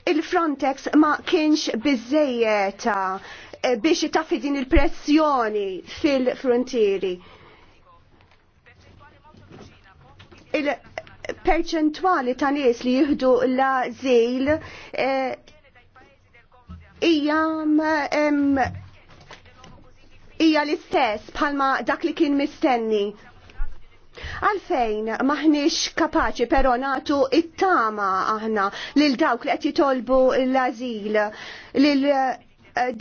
Il-Frontex ma kienx biżejjed eh, biex tafi din il-pressjoni fil-frontieri. Il-perċentwali ta' nies li jihdu la zil ijam eh, ija l-istess bħalma dak li kien mistenni. Għalfejn maħniex kapaċi pero natu it-tama aħna lil dawk li qed jitolbu l-azil, lil eh,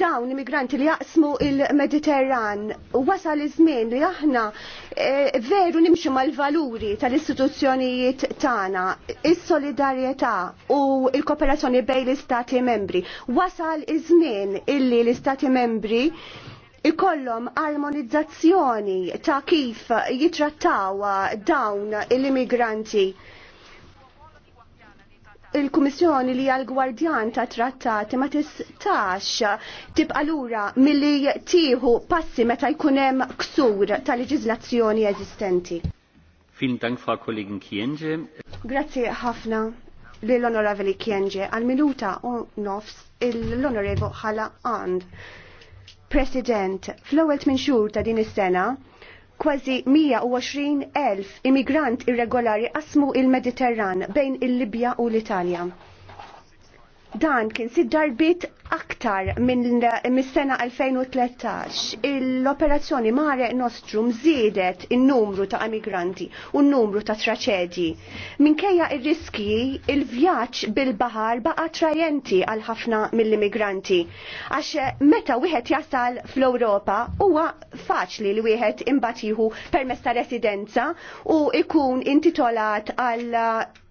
dawn immigranti li jaqsmu il-Mediterran. Wasal iż-żmien li aħna eh, veru nimxu mal-valuri tal-istituzzjonijiet tagħna, is-solidarjetà u l-kooperazzjoni bejn l-Istati membri. Wasal iż-żmien illi l-Istati membri ikollhom armonizzazzjoni ta' kif jitrattaw dawn l-immigranti il-Kummissjoni li għal-Gwardjan ta' trattati ma tistax tibqa lura milli tieħu passi meta jkun hemm ksur ta' leġiżlazzjoni eżistenti. Fin dank fa' kollegin Kienġe. Grazzi ħafna lill onoraveli Kienġe għal-minuta u nofs l-onorevo ħala għand. President, fl-ewwel minn xhur ta' din is-sena, kważi 120,000 immigrant irregolari qasmu il-Mediterran bejn il-Libja u l-Italja. Dan kien sid darbit aktar minn mis-sena 2013 l-operazzjoni Mare Nostrum zidet in-numru ta' emigranti u n-numru ta' traċedji. Minkejja ir-riski il-vjaġġ bil-baħar baqa' trajenti għal ħafna mill-immigranti. Għax meta wieħed jasal fl-Ewropa huwa faċli li wieħed imbagħad jieħu permess ta' residenza u ikun intitolat għal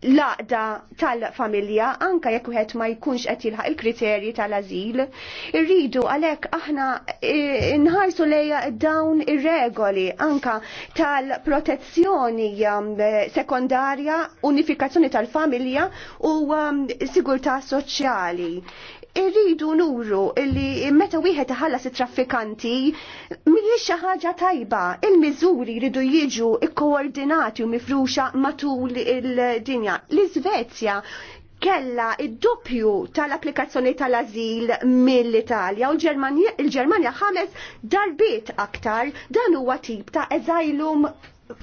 laqda tal-familja anka jekk wieħed ma jkunx qed jilħaq il-kriterji tal tal Irridu għalhekk aħna e, nħarsu leja dawn ir-regoli anka tal-protezzjoni um, sekondarja, unifikazzjoni tal-familja u um, sigurtà soċjali irridu nuru illi meta wieħed iħallas it-traffikanti mhijiex xi ħaġa tajba. Il-miżuri jridu jiġu kkoordinati u mifruxa matul il-dinja. L-Iżvezja kella id-doppju tal-applikazzjoni tal-azil mill-Italja u l-Ġermanja ħames darbiet aktar dan huwa tip ta' asylum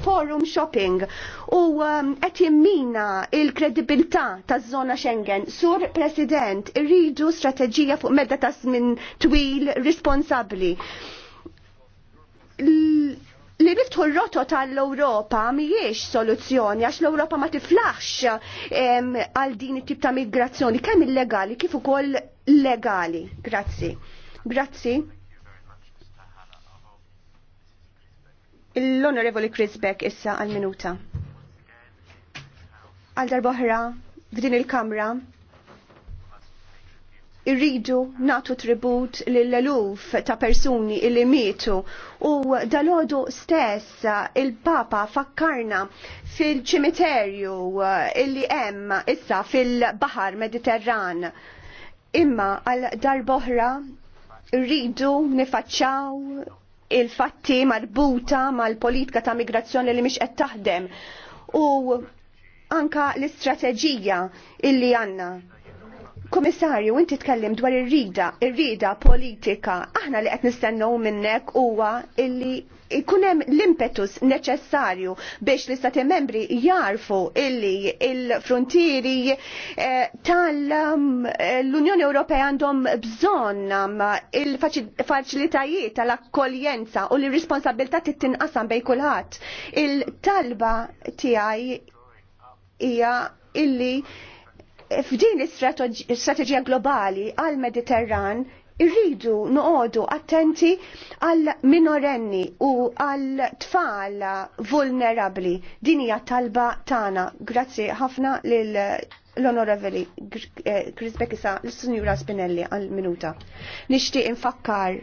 forum shopping u um, qed jimmina il-kredibilità taż-żona Schengen. Sur President, irridu strateġija fuq medda ta' żmien twil responsabbli li niftħu r-roto tal-Europa miex soluzzjoni għax l-Europa ma tiflaħx għal din it-tip ta' migrazzjoni kemm illegali kif ukoll legali. Grazzi. Grazzi. L-Onorevoli Chris Beck issa għal-minuta. Għal darboħra f'din il-kamra irridu natu tribut lill-eluf ta' persuni illi mietu u dalodu stess il-Papa fakkarna fil-ċimiterju eh, illi hemm issa fil-Bahar Mediterran. Imma għal darboħra rridu nifacċaw il-fatti marbuta mal-politika ta' migrazzjoni li mhix qed taħdem u anka l-istrateġija illi għanna Komissarju, inti tkellim dwar ir-rida, ir-rida politika. Aħna li qed nistennew minnek huwa illi ikun hemm l-impetus neċessarju biex l-istati membri jarfu illi il-frontieri eh, tal-Unjoni eh, Ewropea għandhom bżonn il-faċilitajiet tal-akkoljenza u l-responsabilità tittinqasam bejn kulħadd. Il-talba tiegħi hija illi f'din is-strateġija globali għal-Mediterran irridu noqogħdu attenti għal minorenni u għal tfal vulnerabli. Din hija talba tagħna. Grazzi ħafna lil l-onorevoli eh, Bekisa, l-Sinjura Spinelli għal-minuta. Nixtieq infakkar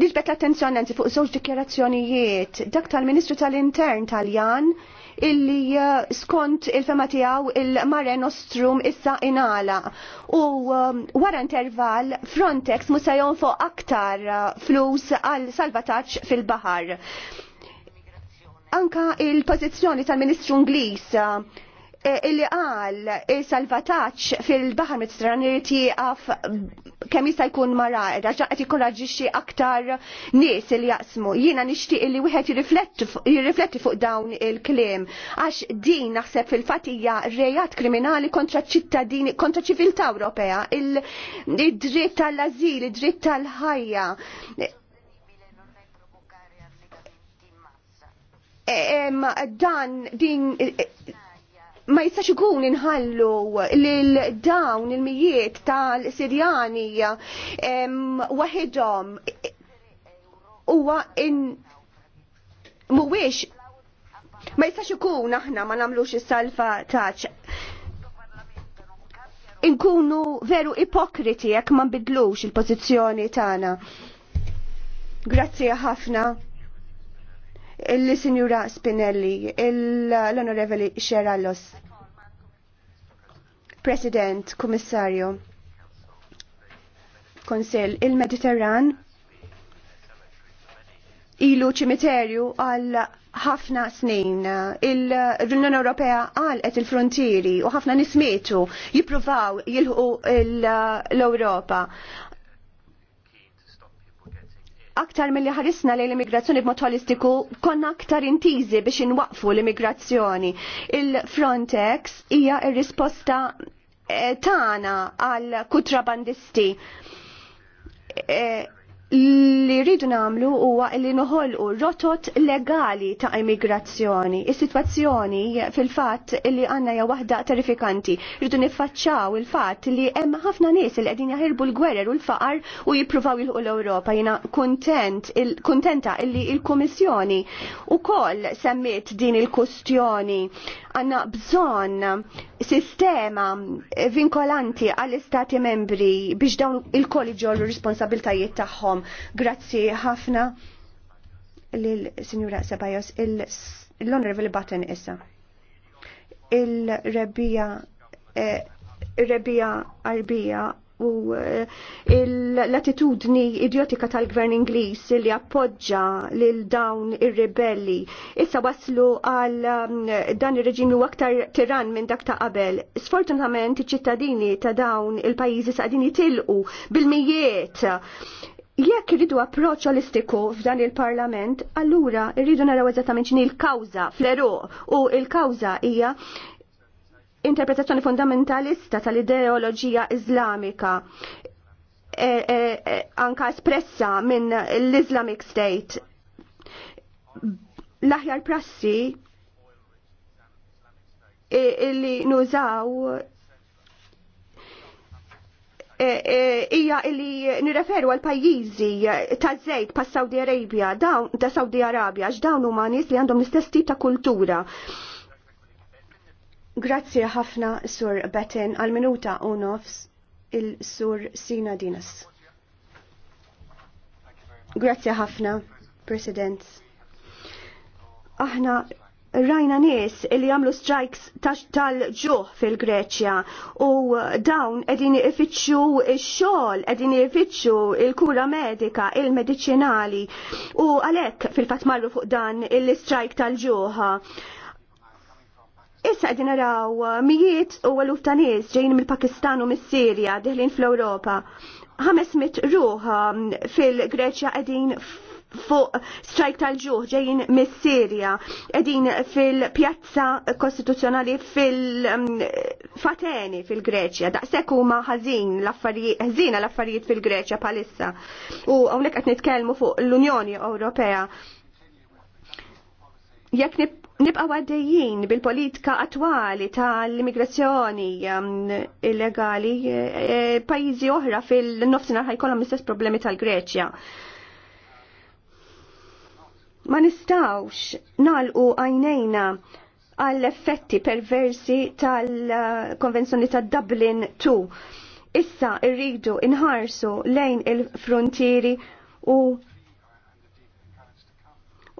Nisbet l-attenzjoni fuq żewġ dikjarazzjonijiet dak tal-Ministru tal-Intern Taljan illi eh, skont il-fema tiegħu il-Mare Nostrum issa inala. U eh, wara interval Frontex musa jonfoq aktar eh, flus għal salvataġġ fil-baħar. Anka il-pożizzjoni tal-Ministru Ingliż Eh, illi għal il-salvataċ fil-bahar mediterraniti jieqaf kemm jista' jkun mara raġa qed jikkoraġixxi aktar nies li jaqsmu. Jiena nixtieq li wieħed jirrifletti fuq dawn il-kliem għax din naħseb fil-fatija rejat kriminali kontra ċittadini kontra ċiviltà Ewropea, id dritt tal-azil, id-dritt tal-ħajja. Eh, dan din ma jistax ikun inħallu lil dawn il-mijiet tal-Sirjani waħedhom huwa in mhuwiex ma jistax ikun aħna ma nagħmlux is-salfa taċ inkunu veru ipokriti jekk ma nbidlux il-pożizzjoni tagħna. Grazzi ħafna il-Sinjura Spinelli, l-Onorevoli Xerallos. President, Kummissarju, Konsil, il-Mediterran ilu ċimiterju għal ħafna snin. Il-Unjoni Ewropea għalqet il-frontieri u ħafna nismietu jippruvaw jilħu l-Ewropa aktar mill-li ħarisna li l-immigrazzjoni b'mod holistiku konna aktar intiżi biex inwaqfu l-immigrazzjoni. Il-Frontex hija r-risposta eh, tagħna għall kutrabandisti. E eh, li rridu namlu huwa li noħolqu rotot legali ta' immigrazzjoni. Is-sitwazzjoni fil-fatt li għandna hija waħda terrifikanti. Rridu niffaċċaw il-fatt li hemm ħafna nies li qegħdin jaħirbu l-gwerer u l-faqar u jippruvaw jilħu l-Ewropa. Jiena kuntent, il kuntenta illi il-Kummissjoni ukoll semmiet din il-kustjoni Għanna bżon sistema vinkolanti għall-istati membri biex dawn il-kolleġi l responsabiltajiet tagħhom. Grazzi ħafna lil-Sinjura Sebajos l-Honorable Button issa. il rebija eh, il arbija u eh, l-attitudni idiotika tal-gvern Ingliż li appoġġa lil dawn ir-ribelli issa waslu għal um, dan ir reġimi u aktar tiran minn dak ta' qabel. Sfortunatament iċ-ċittadini ta' dawn il-pajjiżi saqdin jitilqu bil-mijiet Jekk irridu approċċ olistiku f'dan il-Parlament, allura irridu naraw eżattament x'inhi l-kawża fl-eruq u l-kawża hija interpretazzjoni fundamentalista tal-ideoloġija islamika e, e, e, anka espressa minn l-Islamic State. L-aħjar prassi illi nużaw e, e, ija illi nirreferu għal pajjiżi ta' zejt pa' Saudi Arabia, da' Saudi Arabia, x'dawn huma nies li għandhom l-istess tip ta' kultura. Grazzi ħafna sur Betten għal minuta u nofs il-sur Sina Dinas. Grazzi ħafna, President. Aħna rajna nies li jagħmlu strikes tal-ġuħ fil-Greċja u dawn qegħdin ifittxu il xogħol qegħdin ifittxu il-kura medika, il-mediċinali u għalhekk fil-fatt marru fuq dan il-strike tal-ġuħ. Issa għedin għaraw, uh, mijiet u għaluf ta' nies ġejn mill-Pakistan u mis-Sirja diħlin fl-Ewropa. 500 ruħ um, fil-Greċja għedin fuq strajk tal-ġuħ ġejn mis-Sirja, edin fil-pjazza kostituzzjonali fil-Fateni um, fil-Greċja, daqshekk huma ħażin l-affarijiet ħażina l-affarijiet fil-Greċja palissa. U hawnhekk qed nitkellmu fuq l-Unjoni Ewropea jekk nibqa' għaddejjien bil-politika attwali tal-immigrazzjoni um, illegali eh, eh, pajjiżi oħra fil-nofsinhar ħajkollhom istess problemi tal-Greċja. Ma nistawx nalqu għajnejna għall-effetti perversi tal-Konvenzjoni ta' Dublin 2. Issa irridu inħarsu lejn il-frontieri u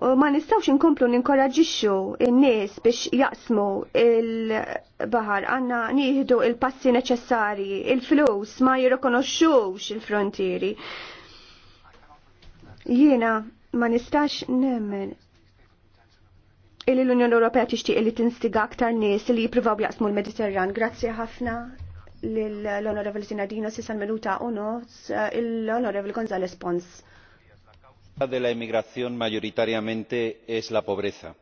U ma nistawx inkomplu ninkoraġixxu n-nies biex jaqsmu il baħar għanna nieħdu il-passi neċessari, il-flus ma jirrikonoxxux il-frontieri. Jiena ma nistax nemmen illi l-Unjoni Ewropea tixtieq li tinstiga aktar nies li jippruvaw jaqsmu l-Mediterran. Grazzi ħafna l-Onorevoli Sinadino Sisan Minuta u l-Onorevoli Gonzales Pons de la emigración mayoritariamente es la pobreza.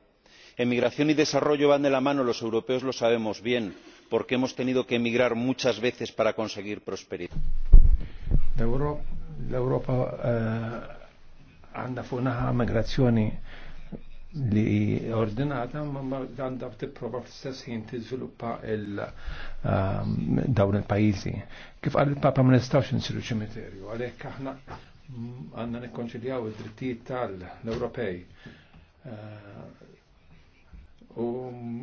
emigración y desarrollo van de la mano los europeos lo sabemos bien porque hemos tenido que emigrar muchas veces para conseguir prosperidad. l-Ewropa eh, għandha fuq naħa migrazzjoni li ordinata ma għandha tipprova fl-istess ħin tiżviluppa ehm, dawn il-pajjiżi. Kif qal il-Papa ma nistgħux insiru ċimiterju, għalhekk aħna għanna nikkonċiljaw id-drittijiet tal-Ewropej eh,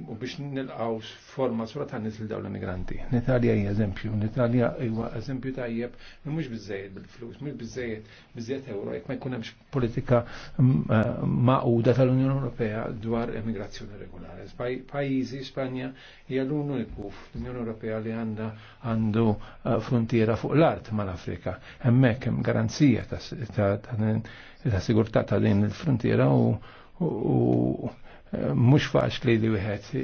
u biex nilqaw forma sura ta' nisil dawn l-immigranti. l hija eżempju, l-Italja huwa eżempju tajjeb li mhux biżejjed bil-flus, mhux biżejjed biżejjed euro jekk ma jkun hemmx politika mm, eh, maquda tal-Unjoni Ewropea dwar immigrazzjoni regolari. Pajjiżi Spanja hija l-uniku l unjoni Ewropea li għandha għandu eh, frontiera fuq l-art mal-Afrika. Hemmhekk hemm garanzija ta' sigurtà ta' din il-frontiera u mhux faċli li wieħed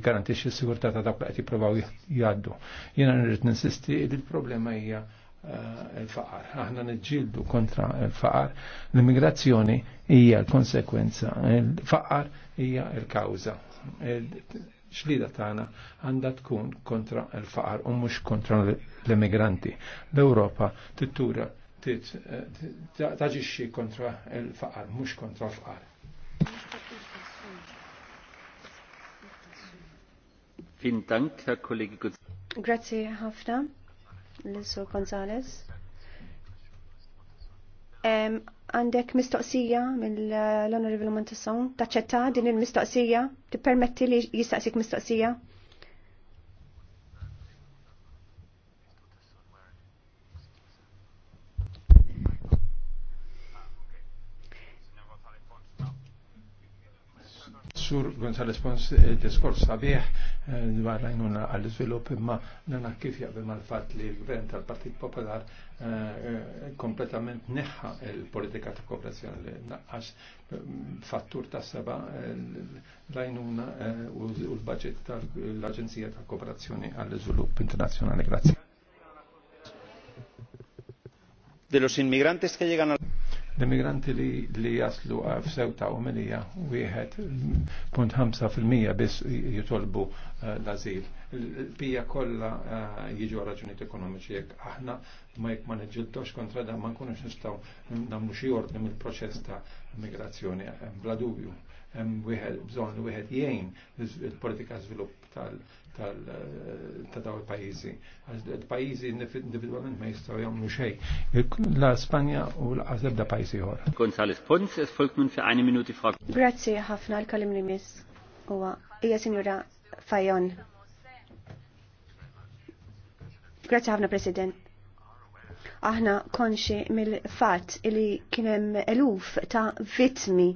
jgarantixxi s sigurta ta' dak li qed jippruvaw jgħaddu. Jiena nrid ninsisti li l-problema hija eh, il-faqar. Aħna niġġieldu kontra il-faqar. L-immigrazzjoni hija l-konsekwenza, il-faqar hija l-kawża. Xlida tagħna għandha tkun kontra l-faqar u mhux kontra l-immigranti. L-Ewropa tittura eh, taġixxi kontra l-faqar, mhux kontra l-faqar. Grazie ħafna, l-Sur Gonzales. Għandek mistoqsija mill-Honorable Montesson, taċċetta din il-mistoqsija, tippermetti li jistaqsik mistoqsija? Sur Gonzales Pons eh, diskors sabieħ eh, dwar għajnuna għal izvilup imma nana kif jgħabim għal fat li l-gvern tal-Partit Popolar eh, kompletament neħħa il-politika ta' kooperazzjoni li naqqas fattur ta' seba l-għajnuna u l-budget tal-Aġenzija ta' Kooperazzjoni għal izvilup internazjonali. Grazie. De los inmigrantes que llegan al L-immigranti li, li jaslu f'sewta u milija wieħed punt ħamsa fil-mija biss jitolbu eh, l-azil. pija kollha eh, jiġu raġunijiet ekonomiċi jekk aħna ma jekk ma niġġildox kontra da ma nkunux nistgħu nagħmlu xi ordni mill-proċess ta' migrazzjoni eh, bla dubju hemm wieħed bżonn il-politika żvilupp tal- Eh, ta' daw il-pajizi. Il-pajizi individualment ma jistaw jomlu xej. La Spanja u l laqas da' pajizi għor. Gonzales Pons, es folgt nun fi eine minuti Frage. Grazie, ħafna l-kalim li mis. Uwa, ija signora Fajon. Grazie, ħafna President aħna konxi mill-fat li kienem eluf ta' vitmi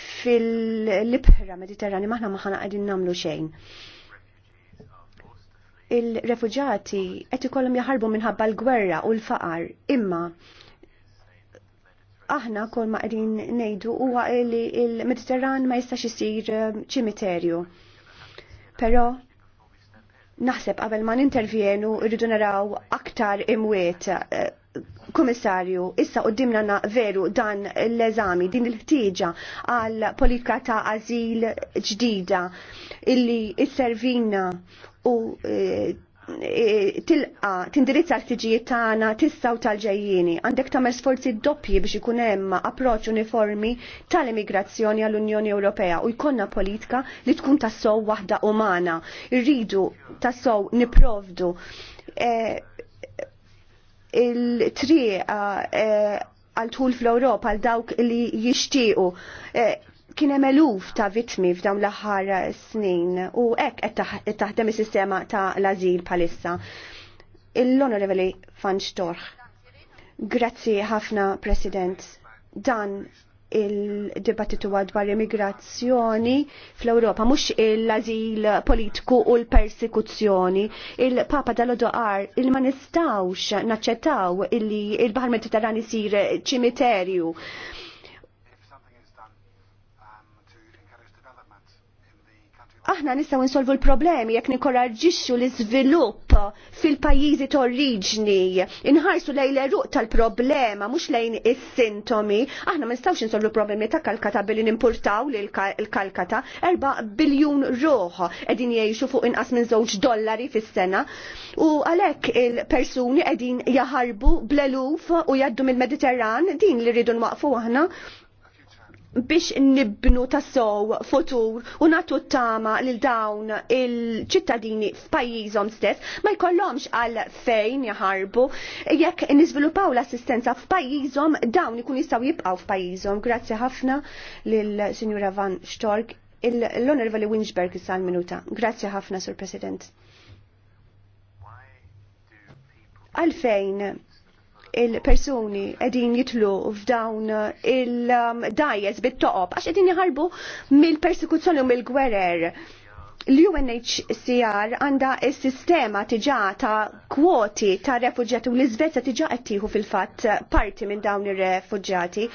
fil-libħra mediterrani maħna maħna għedin namlu xejn il-refuġati qed ikollhom jaħarbu minħabba l-gwerra u l-faqar, imma aħna kol ma qegħdin ngħidu huwa li l-Mediterran ma jistax isir eh, ċimiterju. Però naħseb qabel ma nintervjenu rridu naraw aktar imwiet. Eh, Komissarju, issa na veru dan l-eżami, din il-ħtieġa għal politika ta' azil ġdida illi s-servina u e, e, tilqa tindirizza l tiġijiet tagħna tissaw tal-ġejjieni. Għandek tagħmel sforzi doppji biex ikun hemm approċċ uniformi tal-immigrazzjoni għall-Unjoni Ewropea u jkollna politika li tkun tassow waħda umana. Irridu tassow niprovdu e, il-triq għal tul fl-Ewropa għal dawk li jixtiequ kien hemm eluf ta' vittmi f'dawn l-aħħar snin u hekk qed taħdem is-sistema ta' l-ażil bħalissa. Il-Onorevoli Van Storch. Grazzi ħafna, President. Dan il-dibattitu dwar immigrazzjoni fl ewropa mhux l-azil politiku u l-persekuzzjoni. Il-Papa dal-Odoqar, il-ma nistawx naċċettaw illi il-Bahar Mediterrani sir ċimiterju. aħna nistgħu insolvu l-problemi jekk nikoraġġixxu l-iżvilupp fil-pajjiżi torriġni, inħarsu lejn l-eruq tal-problema mhux lejn is-sintomi. Aħna ma nistgħux insolvu l problemi ta' Kalkata billi nimpurtaw lil kalkata 4 biljun ruħ qegħdin jgħixu fuq inqas minn żewġ dollari fis-sena u għalhekk il-persuni qegħdin jaħarbu bleluf u jgħaddu mill-Mediterran din li rridu nwaqfu aħna biex nibnu tassow futur u natu tama lil dawn il-ċittadini f'pajjiżhom stess ma jkollhomx għal fejn jaħarbu jekk niżviluppaw l-assistenza f'pajjiżhom dawn ikun jistgħu jibqgħu f'pajjiżhom. Grazzi ħafna lil Sinjura Van Stork l-Onorevoli Winsberg sal minuta. Grazzi ħafna, Sur President. Għalfejn il-persuni edin jitlu f'dawn il-dajes bit-toqob għax edin jħarbu mill-persekuzzjoni u mill-gwerer l-UNHCR għanda il-sistema tiġa ta' kwoti ta' refugġati u l-Izvezja tiġa għattiħu fil-fat parti minn dawn il-refugġati.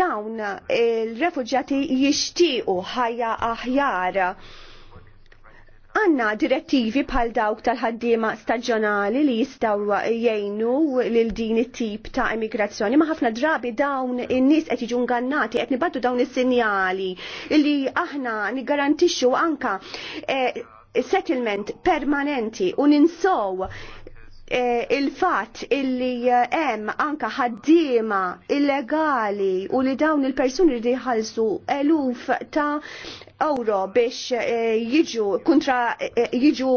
Dawn il-refugġati jishtiqu ħajja aħjar Għanna direttivi bħal dawk tal-ħaddiema staġjonali li jistaw jgħinu lil din it-tip ta' immigrazzjoni, ma ħafna drabi dawn in-nies qed jiġu ngannati qed nibaddu dawn is-sinjali li aħna nigarantixxu anka eh, settlement permanenti u ninsow eh, il-fat illi eh, hemm anka ħaddiema illegali u li dawn il-persuni li ħalsu eluf ta' euro biex eh, jiġu kontra eh, eh, jiġu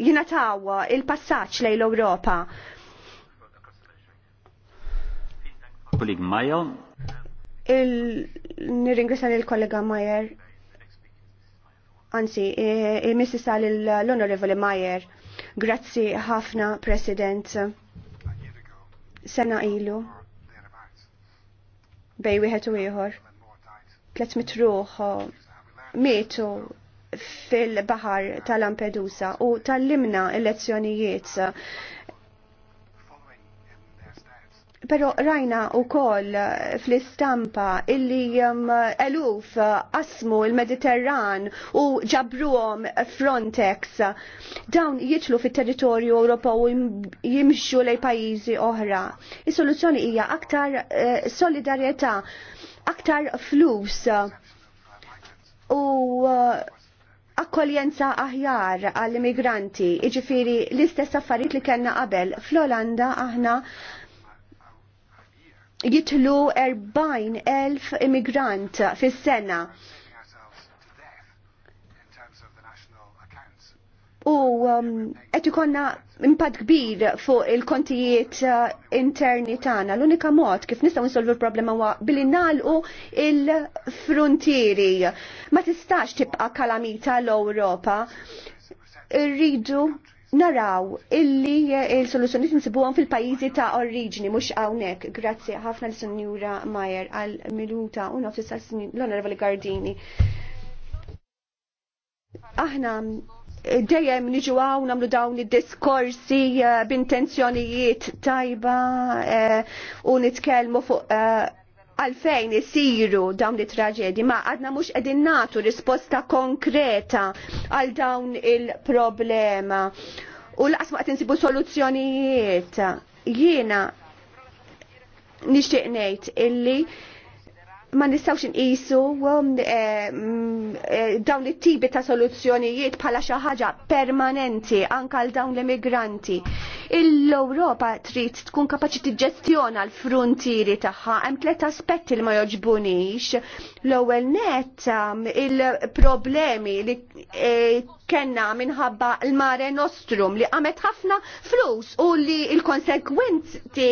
jinataw il-passaċ lejn l-Ewropa. Nirringrisan il-kollega Mayer. Anzi, il sal l-onorevole Mayer. Grazzi ħafna, President. Sena ilu. Bej wieħed u ieħor. 300 ruħ uh, mietu fil-bahar tal-Lampedusa u tal-limna elezzjonijiet Pero rajna u koll fl-istampa illi um, eluf asmu il-Mediterran u ġabruhom Frontex. Dawn jitlu fit-territorju Ewropew u jimxu lej pajjiżi oħra. Is-soluzzjoni hija aktar eh, solidarjetà aktar flus u uh, akkoljenza aħjar għall-immigranti, iġifiri l-istess affarijiet li kellna qabel. Fl-Olanda aħna jitlu 40.000 immigrant fis-sena u um, qed ikonna impatt kbir fuq il-kontijiet uh, interni tagħna. L-unika mod kif nistgħu nsolvu l-problema huwa billi nagħlqu il-frontieri. Ma tistax tibqa' kalamita l-Ewropa. Irridu naraw illi il-soluzjoniet nsibuhom fil-pajjiżi ta' oriġini mhux hawnhekk. Grazzi ħafna l-Sinjura Majer għal minuta u nofsi l-Onorevoli Gardini. Aħna dejjem niġu għaw namlu dawn id-diskorsi eh, b'intenzjonijiet tajba eh, u nitkellmu fuq eh, għalfejn isiru dawn it-traġedi, ma għadna mux edin natu risposta konkreta għal dawn il-problema u laqas ma tinsibu soluzzjonijiet. Jiena nixtieq ngħid illi ma nistawx nqisu eh, eh, dawn it-tibi ta' soluzzjonijiet bħala xi ħaġa permanenti anke għal dawn l-immigranti. L-Ewropa trid tkun kapaċi tiġġestjona l-fruntieri tagħha hemm tliet aspetti li ma joġbunix. L-ewwel net um, il-problemi li eh, kenna minħabba l-mare nostrum li għamet ħafna flus u li l konsekwenti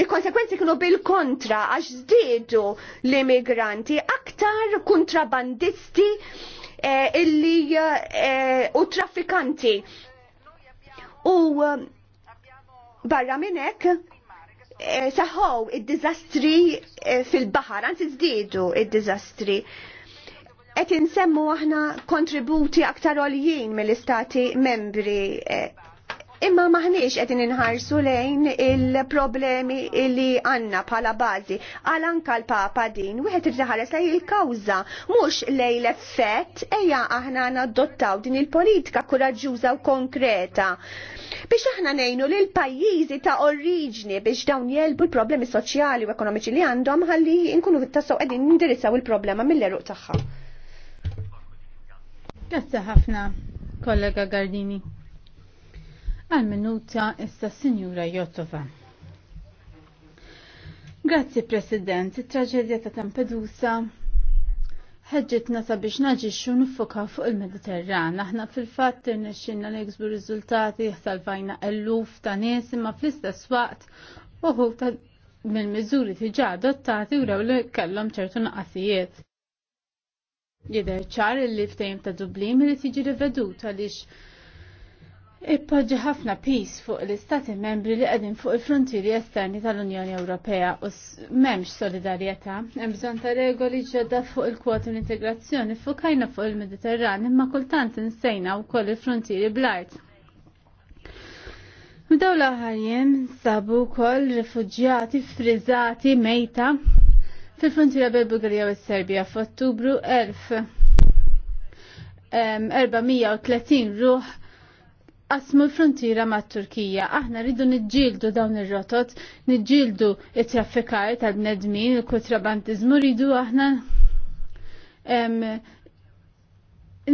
il-konsekwenzi kienu bil-kontra għax zdidu l-immigranti aktar kontrabandisti eh, illi eh, u traffikanti. U eh, barra minnek eh, saħħow id-dizastri fil-bahar, għanzi zdidu id-dizastri qed insemmu aħna kontributi aktar għoljien mill-istati membri Imma maħniex qegħdin inħarsu lejn il-problemi li għandna bħala bażi għal kal l-Papa din wieħed irid ħares lej il-kawża mhux lej l-effett ejja aħna nadottaw din il-politika kuraġġuża u konkreta biex aħna ngħinu l pajjiżi ta' oriġni biex dawn jelbu l-problemi soċjali u ekonomiċi li għandhom ħalli nkunu tassew qegħdin nindirizzaw il-problema mill-eruq tagħha. Grazzi ħafna, kollega Gardini għal minuta issa Sinjura Jotova. Grazzi President, it-traġedja ta' Lampedusa ħedġitna sabiex naġiċu nifoka fuq il-Mediterran. Aħna fil-fat nixxinna li iksbu rizultati, salvajna elluf ta' nies imma fl-istess waqt uħu ta' mill-mizuri tiġa adottati u raw li kellom ċertu naqasijiet. Jider ċar il-liftajm ta' Dublin li tiġi riveduta għaliex Ippoġġi ħafna pis fuq l-Istati membri li qegħdin fuq il-frontieri esterni tal-Unjoni Ewropea u m'hemmx solidarjetà, hemm bżonn ta' regoli ġodda fuq il-kwoti l-integrazzjoni fukajna fuq il-Mediterran imma kultant insejna wkoll il-frontieri bl-art. Daw l-aħħar sabu wkoll rifuġjati frizzati mejta fil-frontiera bil-Bulgarija u s-Serbja f'Ottubru 1430 ruħ qasmu l frontira ma' Turkija. Aħna rridu nġildu dawn ir-rotot, nġildu it-traffikar tal-bnedmin, il kutrabantizmu rridu aħna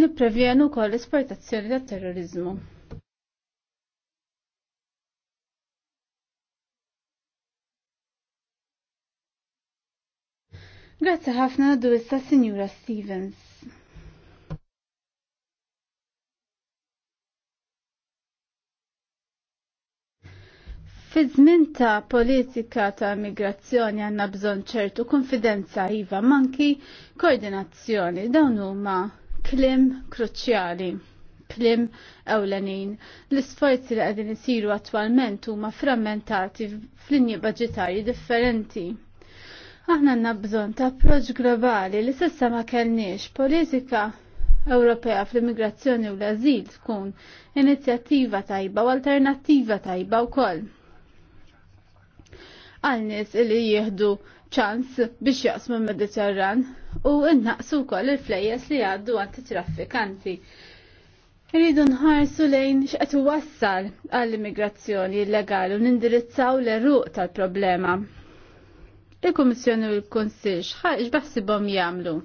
niprevjenu kol l-esportazzjoni tat terrorizmu. Grazzi ħafna għaddu issa Signora Stevens. Fi żmien ta' politika ta' migrazzjoni għandna bżonn ċertu konfidenza iva manki koordinazzjoni dawn huma klim kruċjali klim ewlenin. L-isforzi li qegħdin isiru attwalment huma frammentati f'linji budġetarji differenti. Aħna għandna bżonn ta' approċċ globali li s'issa ma kellniex politika Ewropea fl-immigrazzjoni u l-azil tkun inizjattiva tajba u alternattiva tajba wkoll għal nies li jieħdu ċans biex jaqsmu mediterran u innaqsu wkoll il-flejjes li għaddu għanti traffikanti. Rridu nħarsu lejn x'qed wassal għall-immigrazzjoni illegali u nindirizzaw l-eruq tal-problema. Il-Kummissjoni u l-Kunsill x'ħarġ baħsibhom jagħmlu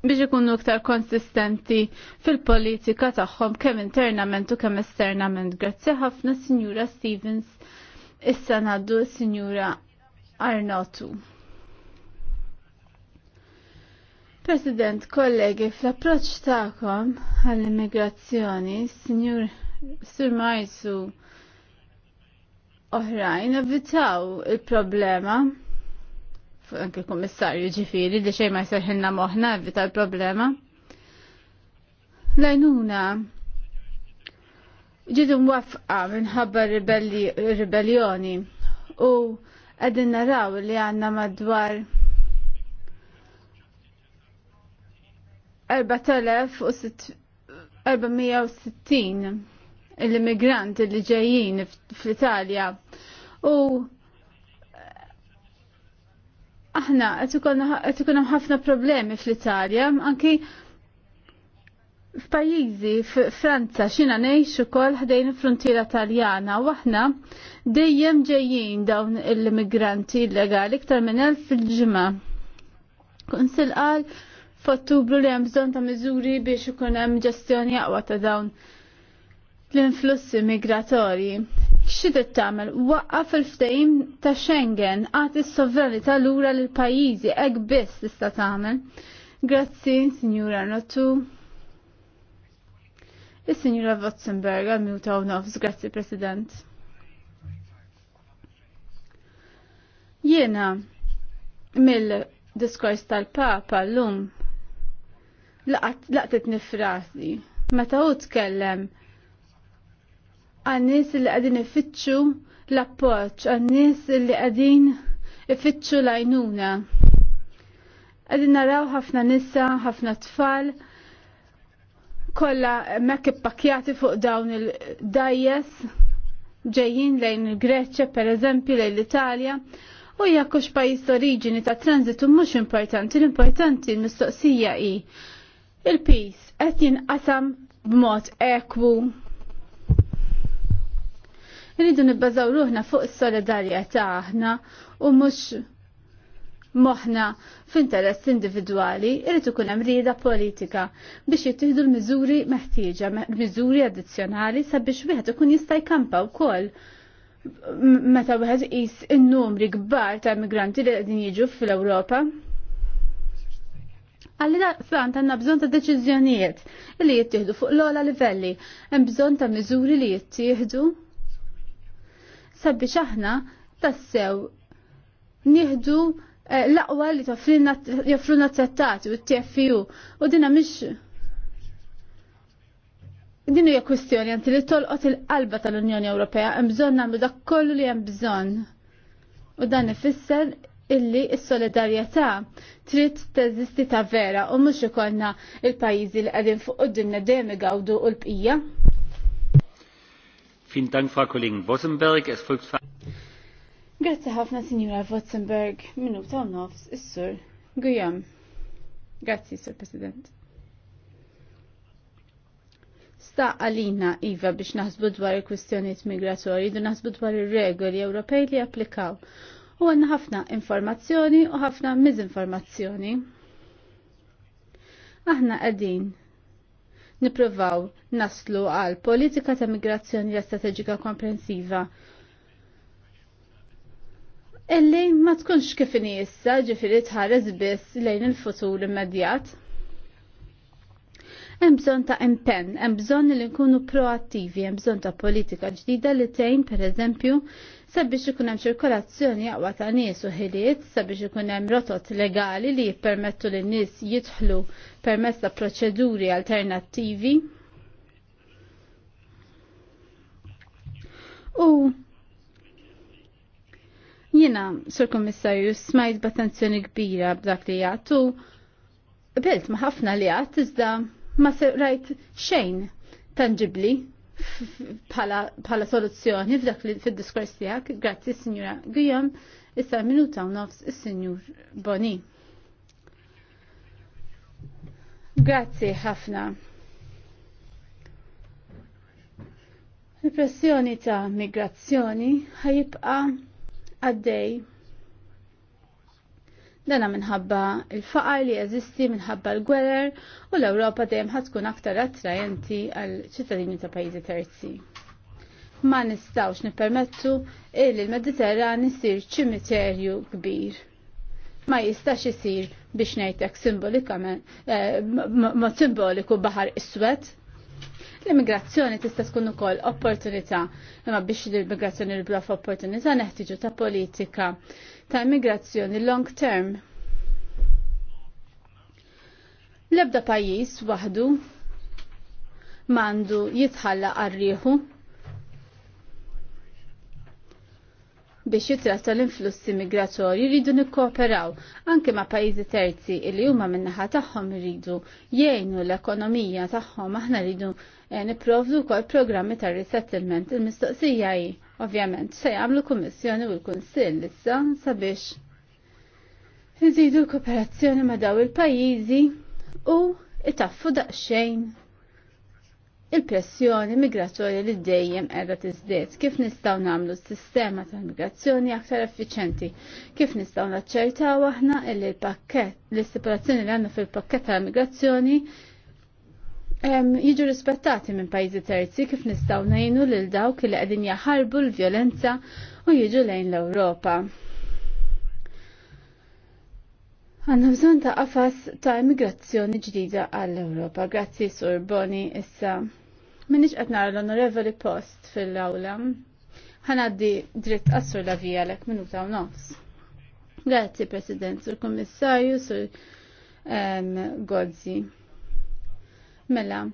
biex ikunu iktar konsistenti fil-politika tagħhom kemm internament u kemm esternament. Grazzi ħafna Sinjura Stevens Issa naddu s-Sinjura Arnotu. President, kollegi, fl-approċ ta'kom għall-immigrazzjoni, Sinjur Sur Marzu oħrajn avvitaw il-problema anke l kommissarju ġifiri li xej ma jserħilna moħna avvitaw il-problema. Lajnuna, ġidu mwafqa minħabba ribellioni u għedin naraw li għanna madwar 4460 l-immigranti li ġejjin fl-Italja u aħna qed ikun hemm ħafna problemi fl-Italja anki f'pajjiżi f'Franza xina ngħix ukoll ħdejn il-frontiera Taljana u dejjem ġejjin dawn il immigranti illegali iktar minn elf fil-ġimgħa. Konsil qal f'Ottubru li hemm bżonn ta' miżuri biex ikun hemm ġestjoni aqwa ta' dawn l-influssi migratorji. Xi trid tagħmel waqqaf il-ftehim ta' Schengen għati is sovranità lura lill pajjiżi hekk biss tista' tagħmel. Grazzi, Signora Ratu. Is-Sinjura Votzenberg għal mjuta u nofs, grazzi President. Jiena mill-diskors tal-Papa l-lum laqtet nifrasi meta u tkellem għannis li għadin ifittxu l-appoċ, għannis li għadin ifittxu għajnuna Għadin naraw ħafna nissa, ħafna tfal, kolla mekk ippakjati fuq dawn il-dajjes ġejjin lejn il-Greċja per eżempju lejn l-Italja u jekk hux pajjiż oriġini ta' tranzitu mhux importanti, l-importanti l-mistoqsija hi il-pis qed jinqasam b'mod ekwu. Rridu nibbażaw ruħna fuq is-solidarjetà aħna u mhux moħna f'interess individwali irid ikun hemm rieda politika biex jittieħdu l-miżuri meħtieġa, miżuri addizzjonali sabiex wieħed ikun jista' jkampa wkoll meta wieħed qis in-numri kbar ta' immigranti li qegħdin jiġu fl-Ewropa. Għalli daqsant għanna bżon ta' deċizjonijiet li jittieħdu fuq l-ola livelli, hemm bżon ta' miżuri li jittieħdu sabiex aħna tassew nieħdu Eh, l-aqwa li toffrina joffruna trattati u t-TFU u dina mish din hija kwistjoni anti li tolqot il-qalba tal-Unjoni Ewropea hemm bżonn nagħmlu dak kollu li hemm bżonn. U dan ifisser illi s-solidarjetà trid teżisti ta' vera u mhux ikollna il-pajjiżi li qegħdin fuq qudiemna dejjem igawdu u l-bqija. Vielen Dank, Frau Kollegin Bossenberg. Es folgt Grazzi ħafna Sinjura Votzenberg, minuta u nofs, is-sur Gujam. Grazzi, Sur President. Sta għalina Iva biex naħsbu dwar il-kwistjoniet migratorji, du naħsbu dwar il-regoli Ewropej li applikaw. U għanna ħafna informazzjoni u ħafna mizinformazzjoni. Aħna għadin niprovaw naslu għal politika ta' migrazzjoni la strategika komprensiva illi ma tkunx kif issa ġifiri tħares biss lejn il-futur immedjat. Hemm bżonn ta' impenn, hemm bżonn li nkunu proattivi, hemm bżonn ta' politika ġdida li tgħin pereżempju sabiex ikun hemm ċirkolazzjoni aqwa ta' nies u ħiliet, sabiex ikun hemm rotot legali li jippermettu lin nies jidħlu permezz ta' proċeduri alternattivi. U Jina, sur kommissarju, smajt b'attenzjoni kbira b'dak li jgħatu, bilt ma ħafna li għat, iżda ma rajt xejn tangibli bħala soluzzjoni f'dak li fil-diskors tiegħek. grazzi Sinjura Gujom, issa minuta u nofs is-Sinjur Boni. Grazzi ħafna. Il-pressjoni ta' migrazzjoni ħajibqa' għaddej. Dana minħabba il-faqar li jeżisti minħabba l-gwerer u l-Ewropa dejjem tkun aktar attrajenti għal ċittadini ta' pajjiżi terzi. Ma nistawx nippermettu il l mediterran isir ċimiterju kbir. Ma jistax isir biex ngħidlek simbolikament eh, ma simboliku baħar iswed L-immigrazzjoni tista' tkun ukoll opportunità, imma biex l-immigrazzjoni rbla f'opportunità neħtiġu ta' politika ta' immigrazzjoni long term. L-ebda pajjiż waħdu mandu jitħalla għarriħu biex jitratta l-influssi migratorji rridu nikkooperaw anke ma' pajjiżi terzi li huma min-naħa tagħhom rridu jgħinu l-ekonomija tagħhom aħna rridu eh, nipprovdu wkoll programmi ta' resettlement. Il-mistoqsija hi ovvjament se jagħmlu kummissjoni u l-Kunsill issa sabiex iżidu l-kooperazzjoni ma' daw il-pajjiżi u itaffu daqsxejn il-pressjoni migratorja li dejjem qiegħda tiżdied, kif nistgħu nagħmlu s-sistema tal-migrazzjoni aktar effiċenti, kif nistgħu naċċertaw aħna li l-pakkett l-istipulazzjoni li għandna fil-pakkett tal-migrazzjoni jiġu rispettati minn pajjiżi terzi kif nistgħu ngħinu lil dawk li qegħdin jaħarbu l-vjolenza u jiġu lejn l-Ewropa. Għanna bżon ta' qafas ta' immigrazzjoni ġdida għall-Ewropa. Grazzi Sur Boni issa Minniġ qed nara l-onorevoli post fil-awla. Ħanaddi dritt qassur la vija lek minuta u nofs. Grazzi President, sur Kommissarju, sur um, Gozzi. Mela,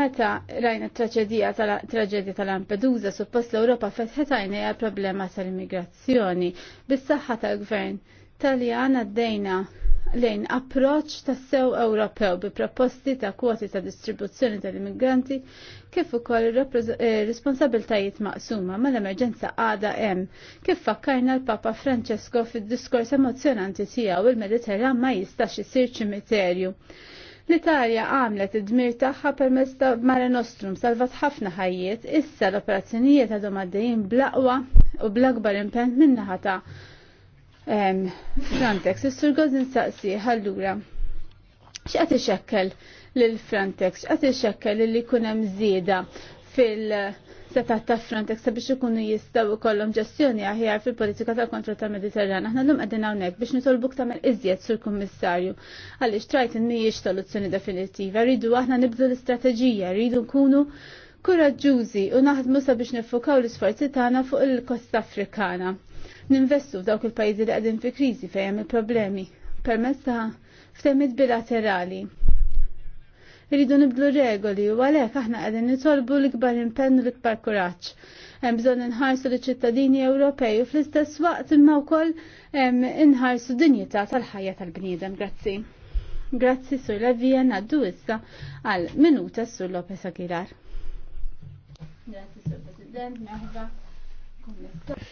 Meta rajna traċedija tal-traġedja tal-Lampedusa, suppost l-Europa fetħet għajna problema tal-immigrazzjoni. Bis-saħħa tal-gvern Taljan għaddejna lejn approċ tas sew Ewropew bi proposti ta' kwoti ta' distribuzzjoni tal-immigranti kif ukoll eh, responsabiltajiet maqsuma mal-emerġenza għada hemm kif fakkarna l-Papa Francesco fid-diskors emozjonanti tiegħu il-Mediterran ma jistax isir ċimiterju. L-Italja għamlet id-dmir tagħha permezz ta' Mare Nostrum salvat ħafna ħajjiet, issa l-operazzjonijiet għadhom għaddejjin blaqwa u bl-akbar impenn minnaħa ta' Frontex. Is-sur Gozin saqsi ħallura. X'qed ixekkel lil Frontex? X'qed ixekkel li jkun hemm żieda fil- setat ta' Frontex sabiex ikunu jistaw jkollhom ġestjoni aħjar fil-politika tal kontrol tal-Mediterran. Aħna llum qegħdin hawnhekk biex nitolbuk tagħmel iżjed sur kummissarju għaliex trajt mhijiex soluzzjoni definittiva. Rridu aħna nibdu l-istrateġija, rridu nkunu kuraġġużi u naħdmu sabiex nifukaw l-isforzi tagħna fuq il-Kosta Afrikana ninvestu f'dawk il-pajjiżi li qegħdin fi kriżi fejn hemm il-problemi permezz ta' ftehmiet bilaterali. Irridu nibdlu regoli u għalhekk aħna qegħdin nitolbu l-ikbar impenn u l-ikbar kuraġġ. Hemm bżonn inħarsu l-ċittadini Ewropej u fl-istess waqt imma wkoll inħarsu dinjità tal-ħajja tal-bniedem. Grazzi. Grazzi sur la vija naddu issa għal minuta sur Lopez Aguilar. Grazzi sur President, merħba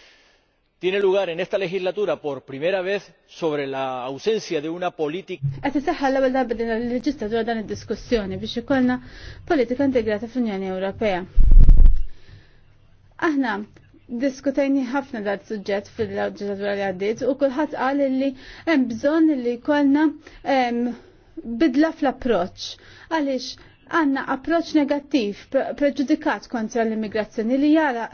tiene lugar en esta legislatura por primera vez sobre la ausencia de una política. Qed isaħħa l-ewwel darba din il-leġislatura dan id-diskussjoni biex ikollna politika integrata fl-Unjoni Ewropea. Aħna diskutejni ħafna dal suġġett fil-leġislatura li għaddiet u kulħadd qal li hemm bżonn li jkollna bidla fl-approċċ. Għaliex għanna approċ negattiv preġudikat kontra l-immigrazzjoni li jara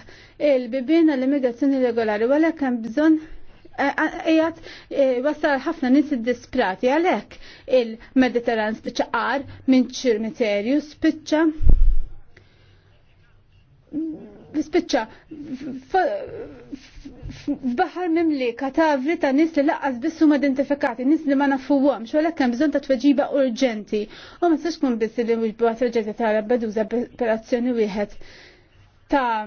il-bibina l-immigrazzjoni regolari għala kem bżon eh, għajat eh, wasal ħafna nis disprati għalek il-Mediterran spiċċa għar minn ċirmiterju spiċċa bispiċċa f'baħar mimli katavri ta' nis li laqqas bissu ma' identifikati, nis li ma' nafuwom, xo l-ek bżon ta' tweġiba urġenti. U ma' s sġkun bissi li bħat għat ta' rabbeduza operazzjoni wieħed ta'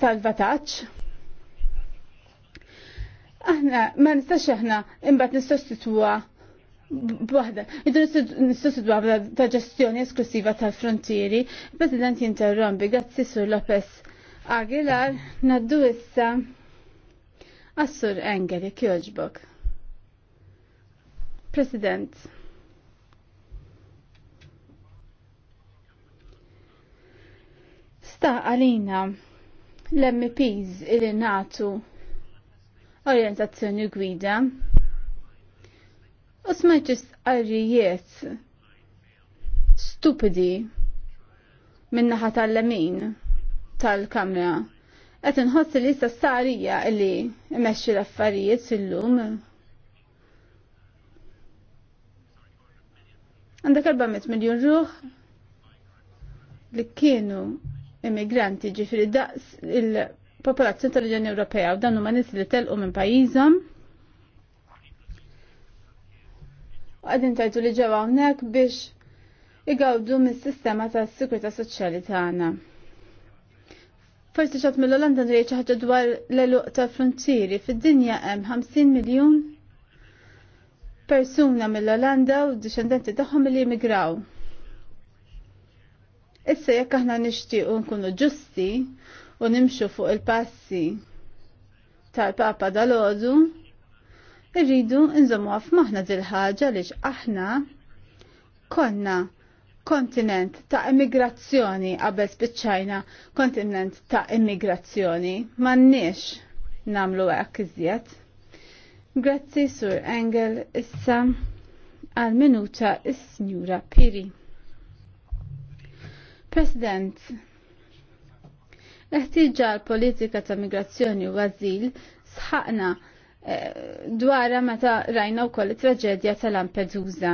salvataċ. Aħna, ma' nistax aħna, imbat nistax Bwahda, idu nistustu bwaħda ta' ġestjoni esklusiva tal-frontieri, President jinterrombi, grazzi Sur Lopez Aguilar, naddu issa għassur Engeli Kjoġbok. President. Sta għalina l-MPs il-natu orientazzjoni gwida U smajt istqarrijiet stupidi minnaħa tal-lemin tal-kamra. Qed inħoss li issa starija li imexxi l-affarijiet illum. Għandak 400 miljon ruħ li kienu immigranti ġifri daqs il-popolazzjoni tal-Unjoni Ewropea u dan huma nies li telqu minn pajjiżhom għadin tajtu li ġewa hawnhekk biex igawdu mis-sistema tas-sikurta soċjali tagħna. Forsi xatt mill-Olanda xi ħaġa dwar l-eluq tal-frontieri. Fid-dinja hemm 50 miljun persuna mill-Olanda u d-dixendenti tagħhom li immigraw. Issa jekk aħna nixtiequ nkunu ġusti u nimxu fuq il-passi tal-Papa dal-Odu, irridu nżommu għaf maħna dil-ħagġa li aħna konna kontinent ta' immigrazzjoni qabel spiċċajna kontinent ta' immigrazzjoni m'għandniex namlu hekk iżjed. Grazzi Sur Engel issa għal minuta is-Sinjura Piri. President, l-ħtiġa l-politika ta' migrazzjoni u għazil sħaqna Eh, dwara meta rajna wkoll it-traġedja ta' Lampedusa.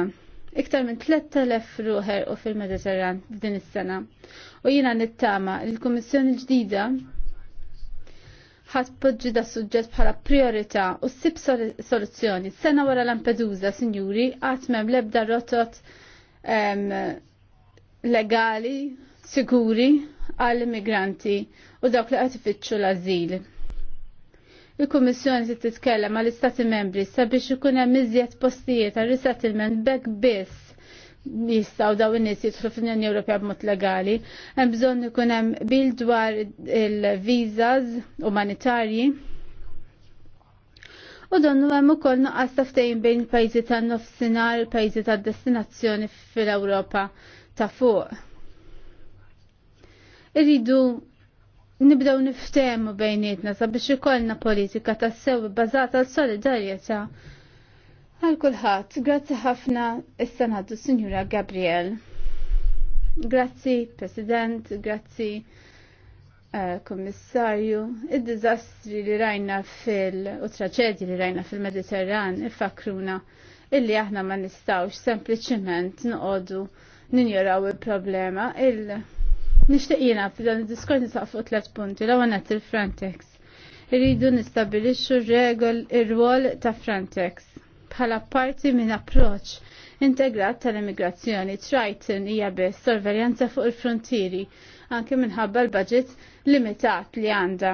Iktar minn 3000 ruħer u fil-Mediterran din is-sena. U jiena nittama il-Kummissjoni ġdida ħat poġġi da suġġett bħala priorità u ssib soluzzjoni. Sena wara Lampedusa, sinjuri, qatt m'hemm l-ebda rotot ehm, legali, siguri għall-immigranti u dawk li qed ifittxu l-azil Il-Kummissjoni se titkellem għall istati membri sabiex ikun hemm iżjed postijiet għal resettlement back biss jistaw daw in-nies jidħlu fl-Unjoni Ewropea b'mod legali. Hemm bżonn ikun hemm bil dwar il-viżas umanitarji. U donnu hemm ukoll nuqqas taftejn bejn pajjiżi tan-nofsinhar il pajjiżi tad-destinazzjoni fil-Ewropa ta' fuq. Irridu nibdew niftemu bejnietna sabiex ikollna politika tassew bazata bbażata solidarjetà għal kulħadd. Grazzi ħafna issa ngħaddu Sinjura Gabriel. Grazzi President, grazzi uh, eh, Kommissarju. Id-diżastri li rajna fil- u t-traċedji li rajna fil-Mediterran ifakruna illi aħna ma nistawx sempliċement noqogħdu ninjoraw il-problema il-, -problema, il Nishtiqina f'dan id-diskors nisaq fuq tliet punti l-ewwel qed il-Frontex. Irridu nistabilixxu regol ir-rwol ta' Frontex bħala parti minn approċċ integrat tal-immigrazzjoni trajtin hija biss sorveljanza fuq il-frontieri anke minħabba l-budget limitat li għandha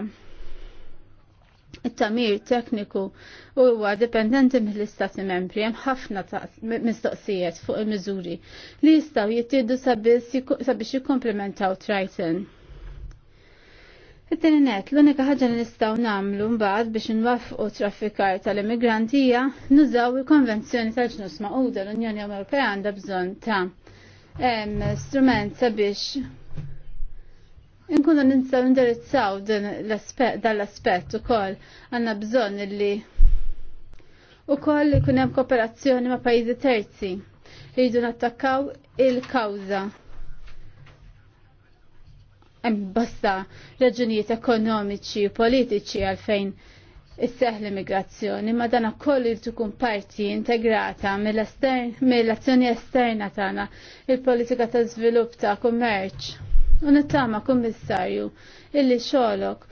it-tamir tekniku u huwa dipendenti mill-istati membri hemm ħafna mistoqsijiet fuq il-miżuri li jistgħu jittieħdu sabiex jikkomplementaw Triton. It-tininet, l-unika ħaġa li nistgħu nagħmlu mbagħad biex nwaffqu traffikar tal-immigranti hija nużaw il-Konvenzjoni tal-Ġnus Maquda l-Unjoni Ewropea għandha bżonn ta' strument sabiex Inkunu ninsaw indirizzaw dan l-aspett ukoll għandna bżonn li ukoll ikun hemm kooperazzjoni ma' pajjiżi terzi li jridu nattakkaw il-kawża. Hemm basta raġunijiet ekonomiċi u politiċi għalfejn isseħħ l-immigrazzjoni, ma dana koll tkun parti integrata mill-azzjoni esterna tagħna, il-politika ta' żvilupp ta' kummerċ nittama, kummissarju illi xolok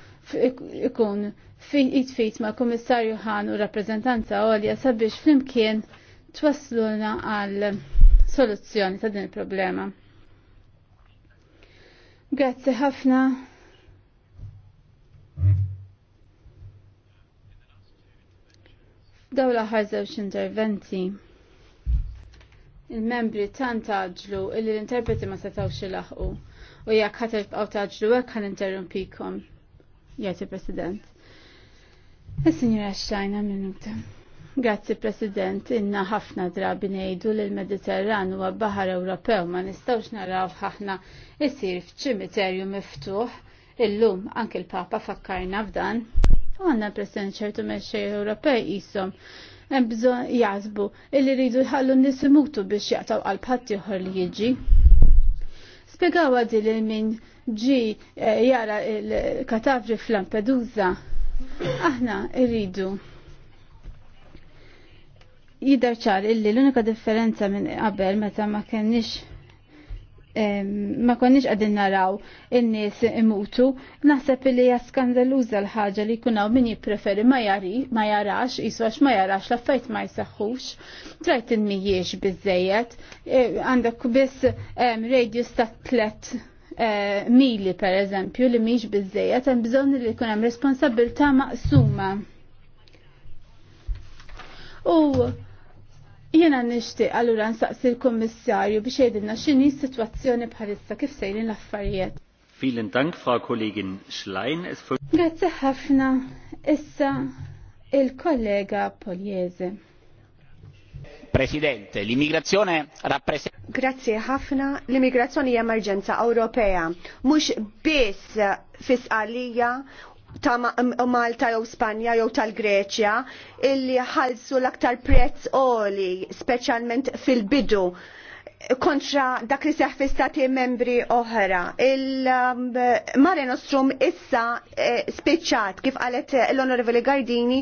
ikun jitfit ma kummissarju ħan u rappresentanza għolja sabiex flimkien twasluna għal soluzzjoni ta' din il-problema. Grazzi ħafna. Dawla ħarżew interventi. Il-membri tant għagġlu illi l-interpreti ma setawx il-laħqu u jekk ħat tibqgħu taġlu hekk ħan interrumpikom. Jgħid president Is-Sinjura Xtajna minuta. Grazzi President, inna ħafna drabi ngħidu li l-Mediterran huwa baħar Ewropew ma nistgħux naraw ħafna isir f'ċimiterju miftuħ illum anke l-Papa fakkarna f'dan. U għanna President ċertu meċċej Ewropej qishom hemm bżonn illi rridu jħallu nisimutu biex jaqtaw qalb ħadd li jiġi spiegaw għadil il min ġi eh, jara il-katavri fl-Lampedusa. Aħna irridu jidher ċar illi l-unika differenza minn qabel meta ma kenniex ma konniex għadin naraw in-nies imutu, naħseb li hija skandaluża l-ħaġa li jkun hawn min jippreferi ma jari, ma jarax, jiswax ma jarax la fajt ma jsaħħux. Trajt il-mijiex biżejjed, e, għandek biss radius ta' tlet e, mili per eżempju li miex biżejjed, hemm bżonn li jkun hemm responsabilità maqsuma. U Jena nishtiq allura nsaqsi l-Kommissarju biex jedinna xini situazzjoni sitwazzjoni bħalissa kif sejrin l-affarijiet. Vielen Dank, Frau Kollegin Schlein. Grazie ħafna. Issa il-kollega Poliese. Presidente, l-immigrazione rappresenta. Grazie ħafna. L-immigrazzjoni hija emerġenza Ewropea, mhux biss fisqalija ta' Malta jew Spanja jew tal-Greċja illi ħalsu l-aktar prezz oli, speċjalment fil-bidu kontra dak li seħ stati membri oħra. Il-Mare um, Nostrum issa eh, spiċċat kif qalet l-Onorevoli Gardini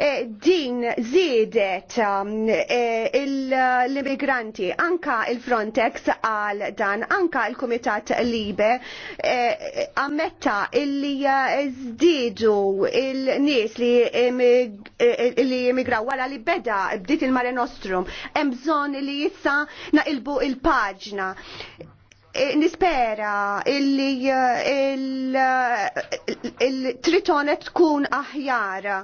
eh, din zidet um, eh, l-immigranti anka il-Frontex għal dan anka il-Komitat Libe ammetta illi zdidu il-nies li immigraw wara li beda bdiet il-Mare Nostrum. Hemm bżonn li issa naqilbu naqlbu il-paġna e, nispera illi e, il e, tritone tkun aħjara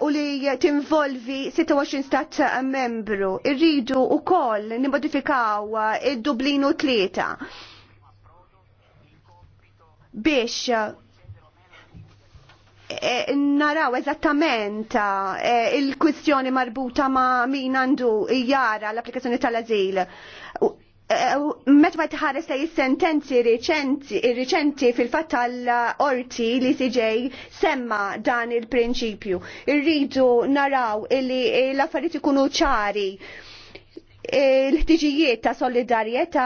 u li tinvolvi 26 stat membru. Irridu u koll nimodifikaw id-Dublinu tlieta biex E, naraw eżattament e, il-kwistjoni marbuta ma' min għandu jara l-applikazzjoni tal-azil. E, meta ma tħares lej sentenzi riċenti fil fat tal-orti li siġej semma dan il-prinċipju. Irridu naraw illi l-affarijiet ikunu ċari l-ħtiġijiet ta' solidarjetà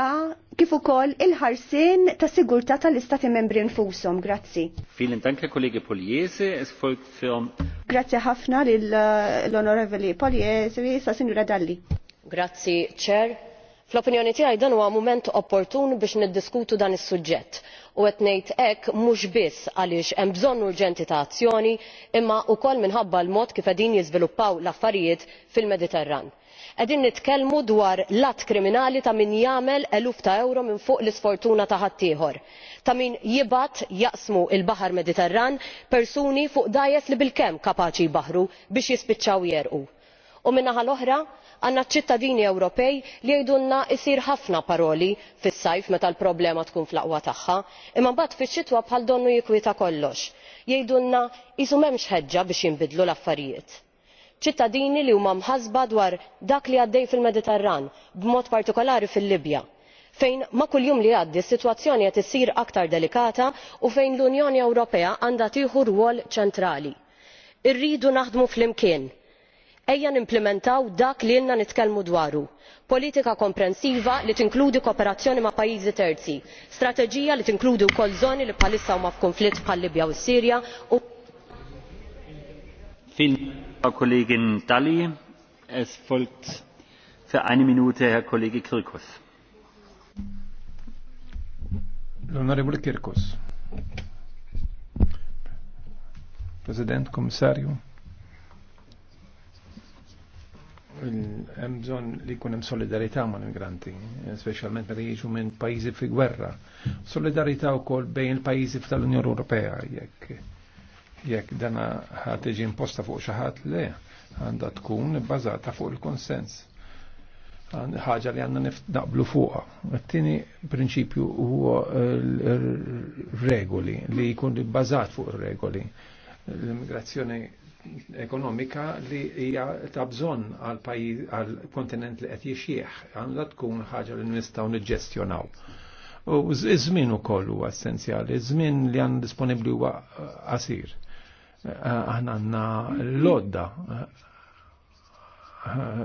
kif ukoll il-ħarsin ta' sigurtà tal-istati membri nfushom. Grazzi. Vielen Dank, kollegi Poliese, es folgt firm. Grazzi ħafna l-Onorevoli Poliese, sa' Sinjura Dalli. Grazzi, Ċer. Fl-opinjoni tiegħi dan huwa mument opportun biex niddiskutu dan is-suġġett u qed ngħid hekk mhux biss għaliex hemm bżonn urġenti ta' azzjoni imma wkoll minħabba l-mod kif qegħdin jiżviluppaw l-affarijiet fil-Mediterran qegħdin nitkellmu dwar att kriminali ta' min jagħmel eluf ta' ewro minn fuq l isfortuna ta' ħaddieħor ta' min jibgħat jaqsmu l baħar mediterran persuni fuq dgħajjes li bilkemm kapaċi jbaħħru biex jispiċċaw jegħrqu. u min-naħa l-oħra għandna ċittadini ewropej li jgħidulna jsir ħafna paroli fis sajf meta l-problema tkun fl aqwa tagħha imma mbagħad fix-xitwa bħal donnu jikwieta kollox jgħidulna qisu m'hemmx ħeġġa biex jinbidlu l affarijiet ċittadini li huma mħassba dwar dak li għaddej fil mediterran b'mod partikolari fil libja fejn ma' kuljum li għaddi s sitwazzjoni qed issir aktar delikata u fejn l-unjoni ewropea għandha tieħu rwol ċentrali. irridu naħdmu flimkien ejja nimplementaw dak li ilna nitkellmu dwaru politika komprensiva li tinkludi kooperazzjoni ma' pajjiżi terzi strateġija li tinkludi wkoll żoni li bħalissa huma f'kunflitt bħal libja u s sirja u Frau Kollegin Dalli, es folgt für eine Minute Herr Kollege Kirkus. L'onorevole Kirkus. President, Komissarju. Hemm bżonn li jkun hemm solidarità mal-immigranti, speċjalment meta jiġu minn pajjiżi fi gwerra. Solidarità wkoll bejn il-pajjiżi tal-Unjoni Ewropea jekk jekk dana ħat iġi imposta fuq xi ħadd le, għandha tkun bazata fuq il-konsens. Ħaġa li għandna naqblu fuqha. Għattini tieni prinċipju huwa regoli li jkun bbażat fuq ir-regoli. L-immigrazzjoni ekonomika li hija ta' bżonn għal pajjiż għal kontinent li qed jixjieħ għandha tkun ħaġa li nistgħu niġġestjonaw. U żmien ukoll huwa essenzjali, żmien li għandu disponibbli huwa qasir Eh, aħna għanna l lodda eh,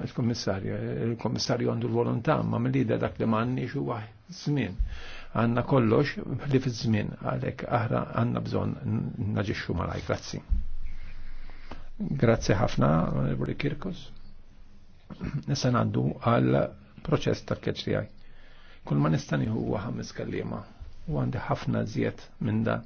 il-kommissarju, il-kommissarju għandu l-volontà, ma mill-lider dak li manni xu għaj zmin. Għanna kollox li fi zmin, għalek aħra għanna bżon naġiċu malaj, grazzi. Grazzi ħafna, Rivoli Kirkos. Nisa għandu għal proċess keċri għaj. Kull ma nistani huwa ħammis kallima u għandi ħafna ziet minn dan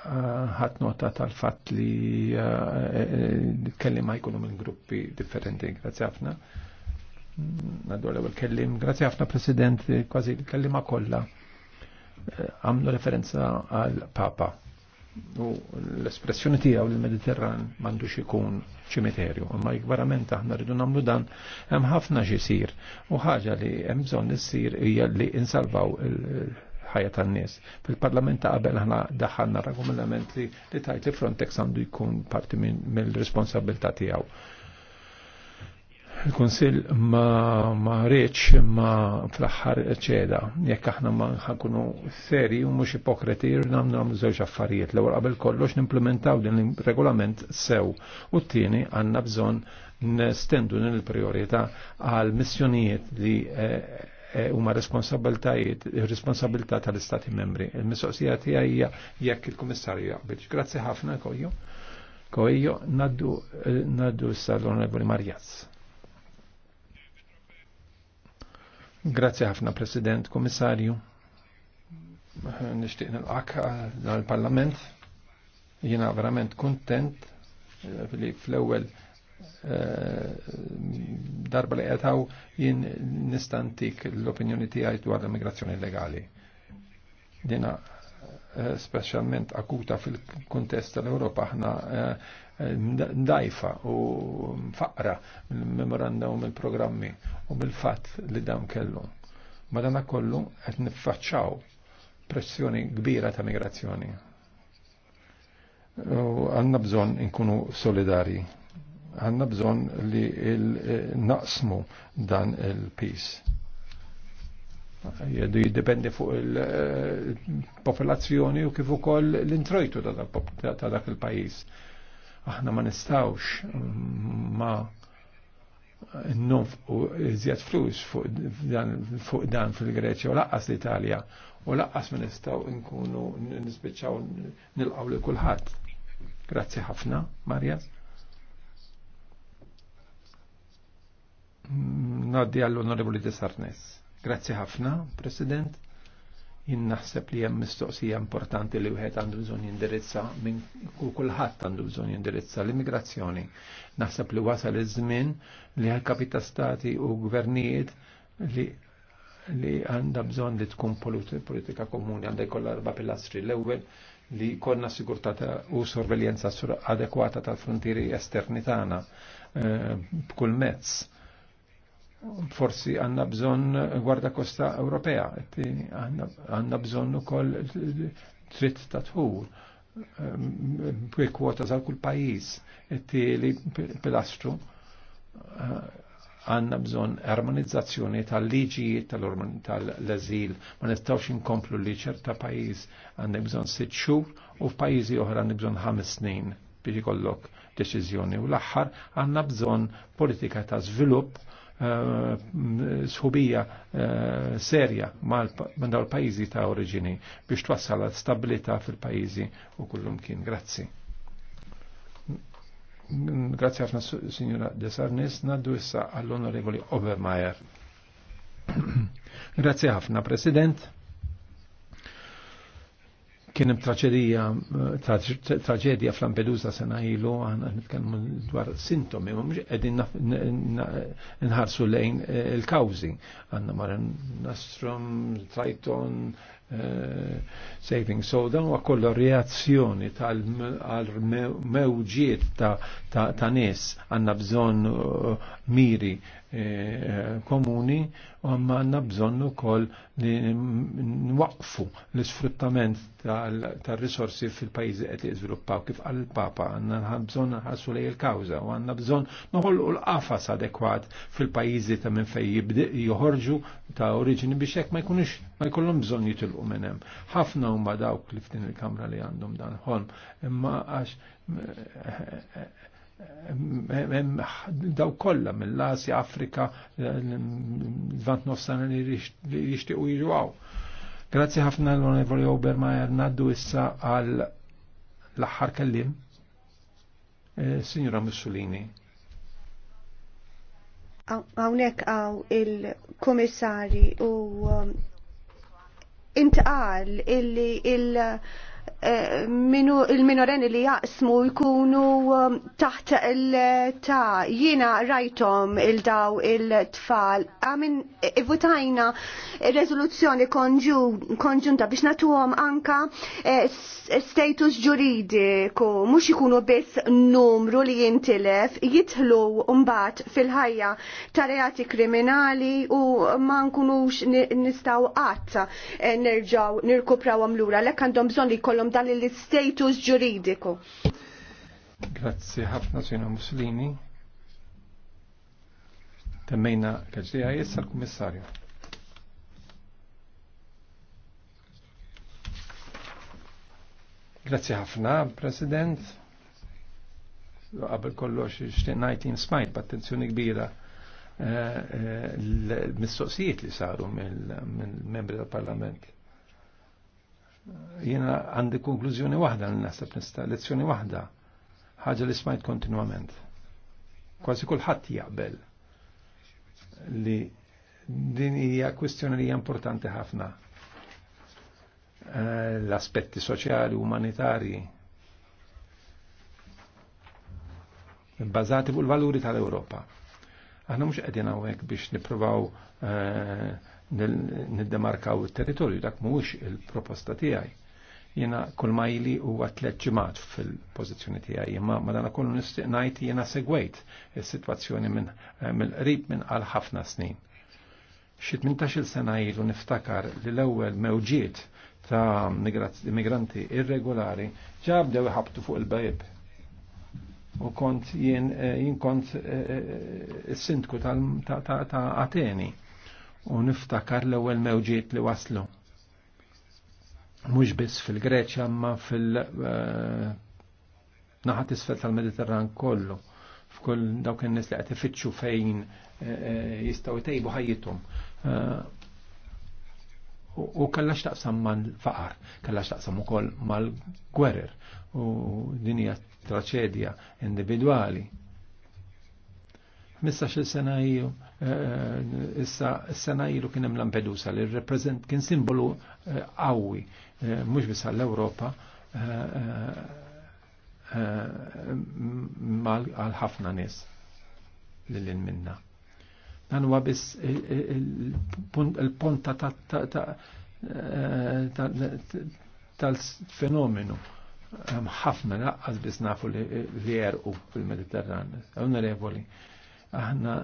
ħat nota tal-fat li eh, eh, kellim ma jkunu minn gruppi differenti, grazie ħafna. Naddu l kellim, grazie ħafna President, kważi kellima kolla. Eh, għamlu referenza għal Papa u l-espressjoni tiegħu l-Mediterran m'għandux ikun ċimiterju. ma verament aħna rridu nagħmlu dan hemm ħafna xi jsir u ħaġa li hemm bżonn issir hija li insalvaw il- ħajja tan-nies. Fil-Parlament ta' qabel aħna daħħalna regolament li li tajt li Frontex għandu jkun parti mill-responsabilità tiegħu. Il-Kunsill ma ma reċ ma fl-aħħar ċeda. Jekk aħna ma nħakunu seri u mhux ipokreti nagħmlu għamlu żewġ affarijiet. L-ewwel qabel kollox nimplementaw din il-regolament sew u t-tieni għandna bżonn nestendu il-priorità għal missjonijiet li eh, huma responsabiltajiet, responsabilità tal-Istati membri. Il-mistoqsija tiegħi hija jekk il-Kummissarju jaqbilx. Grazzi ħafna kojju. Kojju naddu eh, naddu l-Onorevoli Marjazz. Grazzi ħafna President, Kummissarju. Nixtieq nilqak dal-Parlament. Jiena verament kuntent eh, li fl-ewwel Eh, darba li għetaw jien nistantik l-opinjoni tijaj dwar l-immigrazzjoni legali. Dina eh, specialment akuta fil-kontest tal-Europa ħna eh, ndajfa u faqra mill-memorandum mill-programmi u mill-fat li dam kellu. Madana kollu qed niffaċċaw pressjoni kbira ta' migrazzjoni. Għanna bżon inkunu solidari għanna bżon li naqsmu dan il-pis. Jeddu jiddependi fuq il-popolazzjoni u kifu kol l-introjtu ta' dak il-pajis. Aħna ma nistawx ma non iżjed flus fuq dan fil-Greċja u laqqas l-Italja u laqqas ma nistaw nkunu nispiċċaw nilqaw li kulħadd. Grazie ħafna, Marjas. Naddi għall-Onorevoli de Sarnes. Grazzi ħafna, President. Jien naħseb li hemm mistoqsija importanti li wieħed għandu bżonn jindirizza minn u kulħadd għandu bżonn jindirizza l-immigrazzjoni. Naħseb li wasal iż-żmien li kapita stati u gvernijiet li li għandha bżonn li tkun politika komuni għandha jkollha erba' pilastri l-ewwel li konna sigurta u sorveljenza adekwata tal-frontieri esterni tagħna eh, b'kull mezz forsi għanna bżon gwarda kosta Ewropea, għanna bżon u koll tritt ta' tħur, ehm, kwota za' kull pajis, li pilastru, eh, għanna bżon armonizzazzjoni tal-liġijiet tal-azil, ma nistawx inkomplu li ċerta pajis għanna bżon sitt xhur u f'pajjiżi oħra għanna bżon ħames snin biex ikollok deċiżjoni u l-aħħar għanna bżon politika ta' żvilupp Eh, sħubija eh, serja minn daw il-pajizi ta' oriġini biex twassal stabilità fil-pajizi u kullum kien. Grazzi. Grazzi għafna signora De Sarnes, naddu issa għall-onorevoli Obermeier. Grazzi ħafna, President kienem traċedija, traċedija traġedja fl-Lampedusa sena ilu għan nitkellmu dwar sintomi ma mhux qegħdin nħarsu lejn eh, il-kawżi. Għandna mara Nastrum, Triton, Eh, saving. So dan huwa kollu reazzjoni tal-mewġiet ta', ta, ta nies għandna bżonn eh, miri eh, komuni u għamma għandna bżonn ukoll li nwaqfu l-isfruttament tal-risorsi fil-pajjiżi qed jiżviluppaw kif għal-papa papa għandna bżonn ħassu lej il-kawża u għandna bżonn u l-qafas adekwat fil-pajjiżi ta' minn fejn joħorġu ta' oriġini biex hekk ma jkunux ma jkollhom bżonn jitilqu nefqu minn hemm. Ħafna huma dawk li ftin il-kamra li għandhom dan ħolm, imma għax eh, eh, eh, daw kollha mill-Asja, Afrika, l-Vant Nofsan li jixtiequ jiġwaw. Grazzi ħafna l-Onorevoli Obermajer naddu issa għal l-aħħar kellim. Signora Mussolini. Għawnek għaw il-komissari u um, intqal illi il- il minoreni li jaqsmu jkunu um, taħt il-ta' jina rajtom il-daw il-tfal. Għamin votajna rezoluzzjoni konġunta biex natuħom anka eh, status ġuridiku, mux ikunu biss numru li jintilef, jitħlu mbagħad fil-ħajja ta' reati kriminali u ma nkunux nistaw għatta eh, nerġaw nirkuprawhom lura Lekk għandhom bżonn li kollom dan il istatus ġuridiku. Grazzi ħafna Sina Mussolini. Temmejna l jessa l-Kummissarju. Grazzi ħafna, President. Qabel kollox xtieq ngħid smajt b'attenzjoni kbira eh, eh, l-mistoqsijiet li saru mill-membri tal-Parlament Jiena għandi konklużjoni waħda l nasab nista' lezzjoni waħda ħaġa li smajt kontinwament. Kważi kulħadd jaqbel li din hija kwistjoni li hija importanti ħafna. Eh, l-aspetti soċjali, umanitarji, bbażati fuq il-valuri tal-Ewropa. Aħna mhux qegħdin hawnhekk biex nippruvaw eh, niddemarkaw il-territorju, dak mhuwiex il-proposta tiegħi. Jiena kull majli huwa tliet ġimat fil-pożizzjoni tiegħi, imma ma dana nistiq ngħid jiena segwejt is-sitwazzjoni eh, mill-qrib minn għal ħafna snin. Xi tmintax-il sena ilu niftakar li l-ewwel mewġiet ta' immigranti irregolari ġabdew iħabtu fuq il-bajib. U kont jien eh, kont eh, s sindku ta' Ateni u niftakar l-ewwel mewġiet li waslu. Mhux biss fil-Greċja imma fil-naħat eh, isfel tal-Mediterran kollu f'kull dawk in-nies li qed ifittxu fejn eh, eh, jistgħu jtejbu ħajjithom. U kellha x'taqsam mal-faqar, kellha x'taqsam ukoll mal-gwerer u din hija traċedja individwali 15 sena ilu eh, issa sena ilu kien hemm Lampedusa li reprezent kien simbolu eh, qawwi eh, mhux biss għall-Ewropa għal ħafna nies in minna. Dan huwa biss il-ponta tal-fenomenu ħafna naqqas biss nafu li jerqu fil-Mediterran. Onorevoli, aħna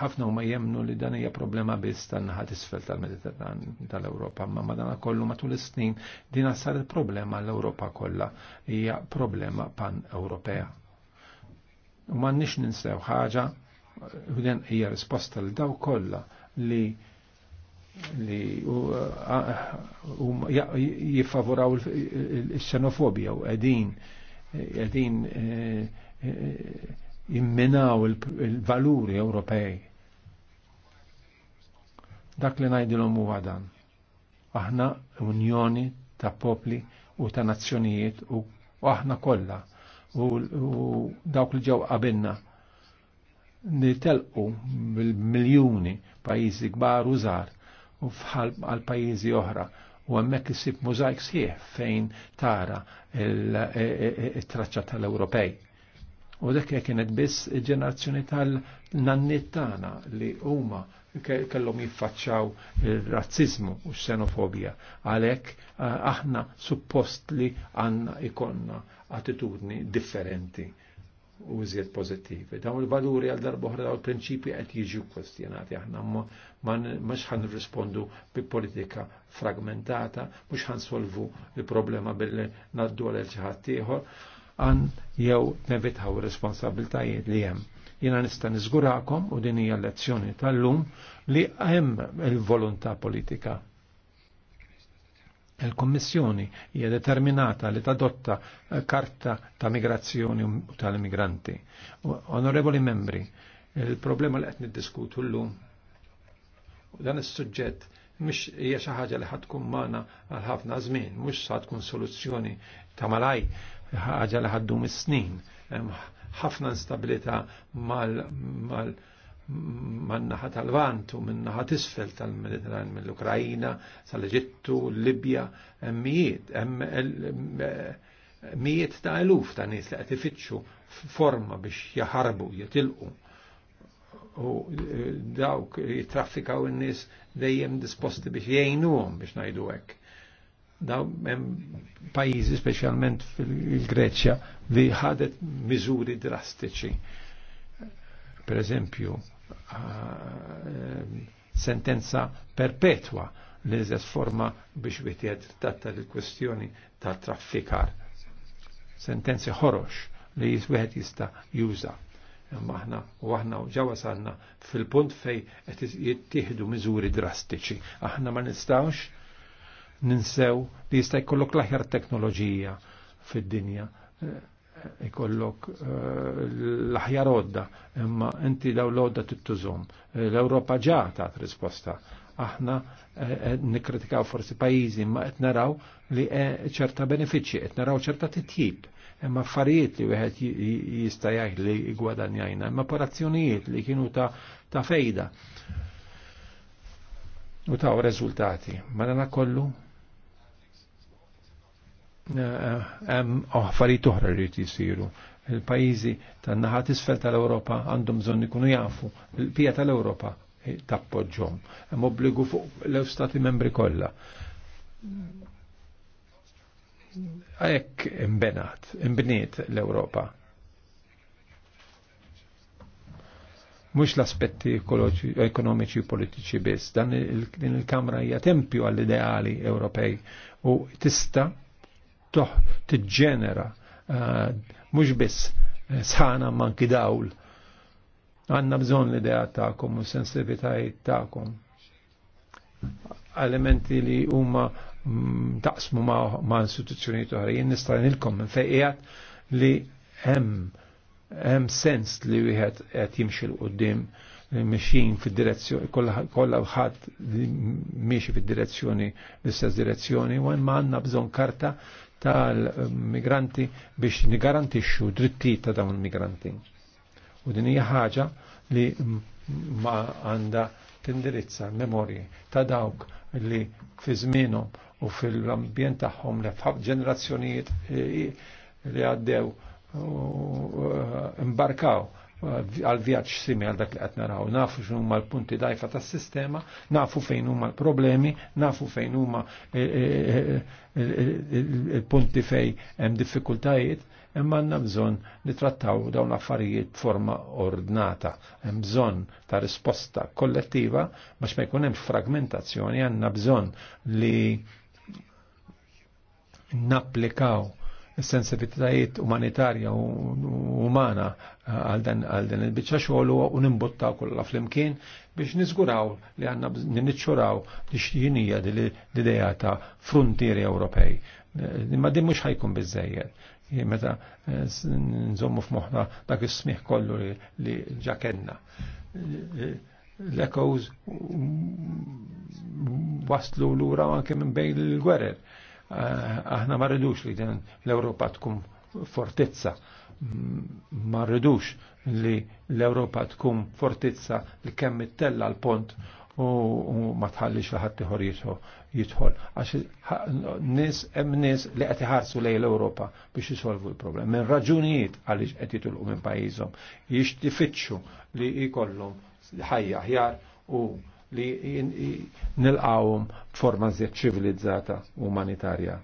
ħafna huma jemnu li dan hija problema biss tan ħad isfel tal-Mediterran tal-Ewropa, ma madana kollu matul is-snin din sar il-problema l-Ewropa kollha hija problema pan-Ewropea. U m'għandniex ninsew ħaġa u din hija risposta l daw kollha li li jiffavoraw il-xenofobija u qegħdin qegħdin eh, eh, jimminaw il-valuri Ewropej. Dak li najdilom huwa dan. Aħna unjoni ta' popli u ta' nazzjonijiet u aħna kollha u dawk li ġew qabilna nitelqu bil-miljuni pajjiżi kbar u żgħar u fħal għal pajjiżi oħra u hemmhekk isib mużajk sħiħ fejn tara il-traċċa tal-Ewropej. U dak kienet biss ġenerazzjoni tal nannittana tagħna li huma kellhom jiffaċċaw ir-razziżmu u x-xenofobija. Għalhekk aħna suppost li għandna ikonna attitudni differenti u żied pozittivi. Dawn il-valuri għal darboħra u il-prinċipi qed jiġu kwestjonati aħna mhux ħan rispondu bi politika fragmentata, mhux ħan solvu il-problema billi naddu għal xi ħadd għan jew nevitħaw responsabiltajiet li hemm. Jena nista niżgurakom u din hija lezzjoni tal-lum li hemm il-volontà politika. Il-Kommissjoni hija determinata li tadotta eh, karta ta' migrazzjoni u tal-immigranti. Onorevoli membri, il-problema li qed niddiskutu llum dan is-suġġett mhix hija xi ħaġa li ħadkun magħna għal ħafna żmien, mhux sa tkun soluzzjoni ta' malaj ħaġa li ħaddu mis-snin. Ħafna instabilità mal, mal man naħa tal-Vant u minn naħa tisfel tal-Mediterran mill ukrajina tal-Eġittu, Libja, hemm mijiet ta' eluf ta' nies li qed ifittxu forma biex jaħarbu, jitilqu. U eh, dawk jitraffikaw in-nies dejjem disposti biex jgħinuhom biex ngħidu hekk daw hemm pajjiżi speċjalment fil-Greċja li ħadet miżuri drastiċi. Per eżempju, ehm, sentenza perpetwa li eżess forma biex wieħed tratta l-kwestjoni ta' traffikar. Sentenzi ħorox li wieħed jista' juża. U aħna u aħna sanna fil-punt fej qed miżuri drastiċi. Aħna ma nistawx ninsew li jista' jkollok l-aħjar teknoloġija fid-dinja eh, ikollok eh, l-aħjar odda, imma inti daw l-odda tittużom. Eh, l ġa ġata risposta. Aħna nikritikaw forsi pajizi, imma qed naraw li ċerta benefiċċji, qed naraw ċerta titjib. Imma affarijiet li wieħed jista' jgħid li jgwadanjajna, imma operazzjonijiet li kienu ta' fejda. U taw rezultati. Ma kollu hemm eh, eh, oh, affarijiet oħra li jisiru il pajjiżi tan-naħa tisfel tal-Ewropa għandhom bżonn ikunu jafu l pija tal-Ewropa eh, tappoġġhom. Hemm obbligu fuq l-Stati membri kollha. Hekk imbenat, imbniet l-Ewropa. Mhux l-aspetti ekonomiċi u politiċi biss, dan il-Kamra hija tempju għall-ideali Ewropej u tista' toħ tiġġenera eh, mhux biss eh, sħana manki dawl. Għanna bżon l-idea ta'kom u sensibilitajiet ta'kom. Elementi li huma mm, taqsmu ma' istituzzjoni oħra. Jien nista' nilkom minn fejqiegħed li hemm hemm sens li wieħed qed jimxi l qudiem mixin fid-direzzjoni, kollha ħadd miexi fid-direzzjoni l-istess direzzjoni, u hemm għandna bżonn karta tal-migranti biex nigarantixxu drittijiet ta' dawn il-migranti. U din hija ħaġa li ma għandha tindirizza memorji ta' dawk li fi żmienhom u fil-ambjent tagħhom li ġenerazzjonijiet eh, li għaddew eh, imbarkaw għal vjaġġ simi għal dak li qed naraw. Nafu x'in ma l-punti dajfa tas-sistema, nafu fejn huma l-problemi, nafu fejn huma e, e, e, l punti fejn hemm diffikultajiet, imma għandna bżonn nitrattaw dawn l-affarijiet b'forma ordnata. Hemm bżonn ta' risposta kollettiva biex ma jkun hemm fragmentazzjoni, għandna bżonn li napplikaw is-sensibilitajiet umanitarja u umana għal dan il-bicċa xogħol u nimbuttaw kollha flimkien biex niżguraw li għandna niċċuraw li x'jinija li dejata ta' frontieri Ewropej. Eh, ma din mux ħajkun bizzejjer. Meta eh, nżommu f'moħħna dak is-smih kollu li ġakenna. Eh, L-ekos waslu lura anke minn bejn il-gwerer. Aħna ma rridux li l-Ewropa tkun fortezza ma rridux li l-Ewropa tkun fortizza li kemm mittella l-pont u ma tħallix laħat tiħor jitħol. Għax nis, em nis li għet iħarsu lej l-Europa biex jisolvu il-problem. Min raġunijiet għalix għet jitulqu minn pajizom. Jix li jikollum ħajja ħjar u li nilqawum forma zjed ċivilizzata umanitarja.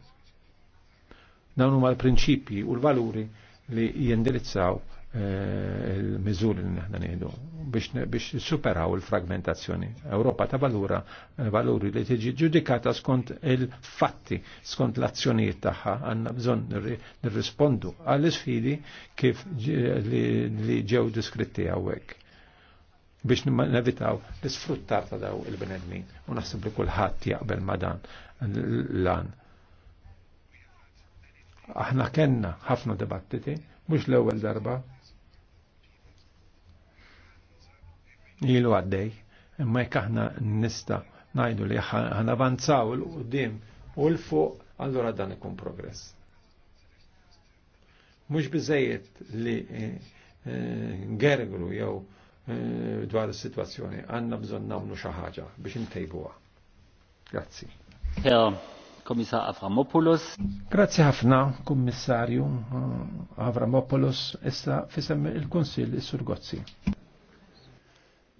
Dawn huma l-prinċipji u l-valuri li jindirizzaw eh, il-mizur li naħna nieħdu biex superaw il-fragmentazzjoni. Ewropa ta' valura, eh, valuri li tiġi ġudikata skont il-fatti, skont l-azzjonijiet tagħha għandna bżonn nirrispondu għall-isfidi kif li ġew diskritti hawnhekk biex nevitaw l-sfruttar ta' daw il-benedmin. U naħseb li kulħadd jaqbel ma' dan l-lan. Aħna kenna ħafna dibattiti, mhux l-ewwel darba. Ilu għaddej, imma jekk aħna nista ngħidu li aħna avanzaw l-qudiem u l-fuq, allura dan ikun progress. Mhux biżejjed li ngerglu eh, eh, jew eh, dwar is-sitwazzjoni, għandna bżonn nagħmlu xi ħaġa biex intejbuha. Grazzi. Komissar Avramopoulos. Grazzi ħafna, Kommissarju eh, Avramopoulos, issa fisem il-Konsil il-Surgozzi.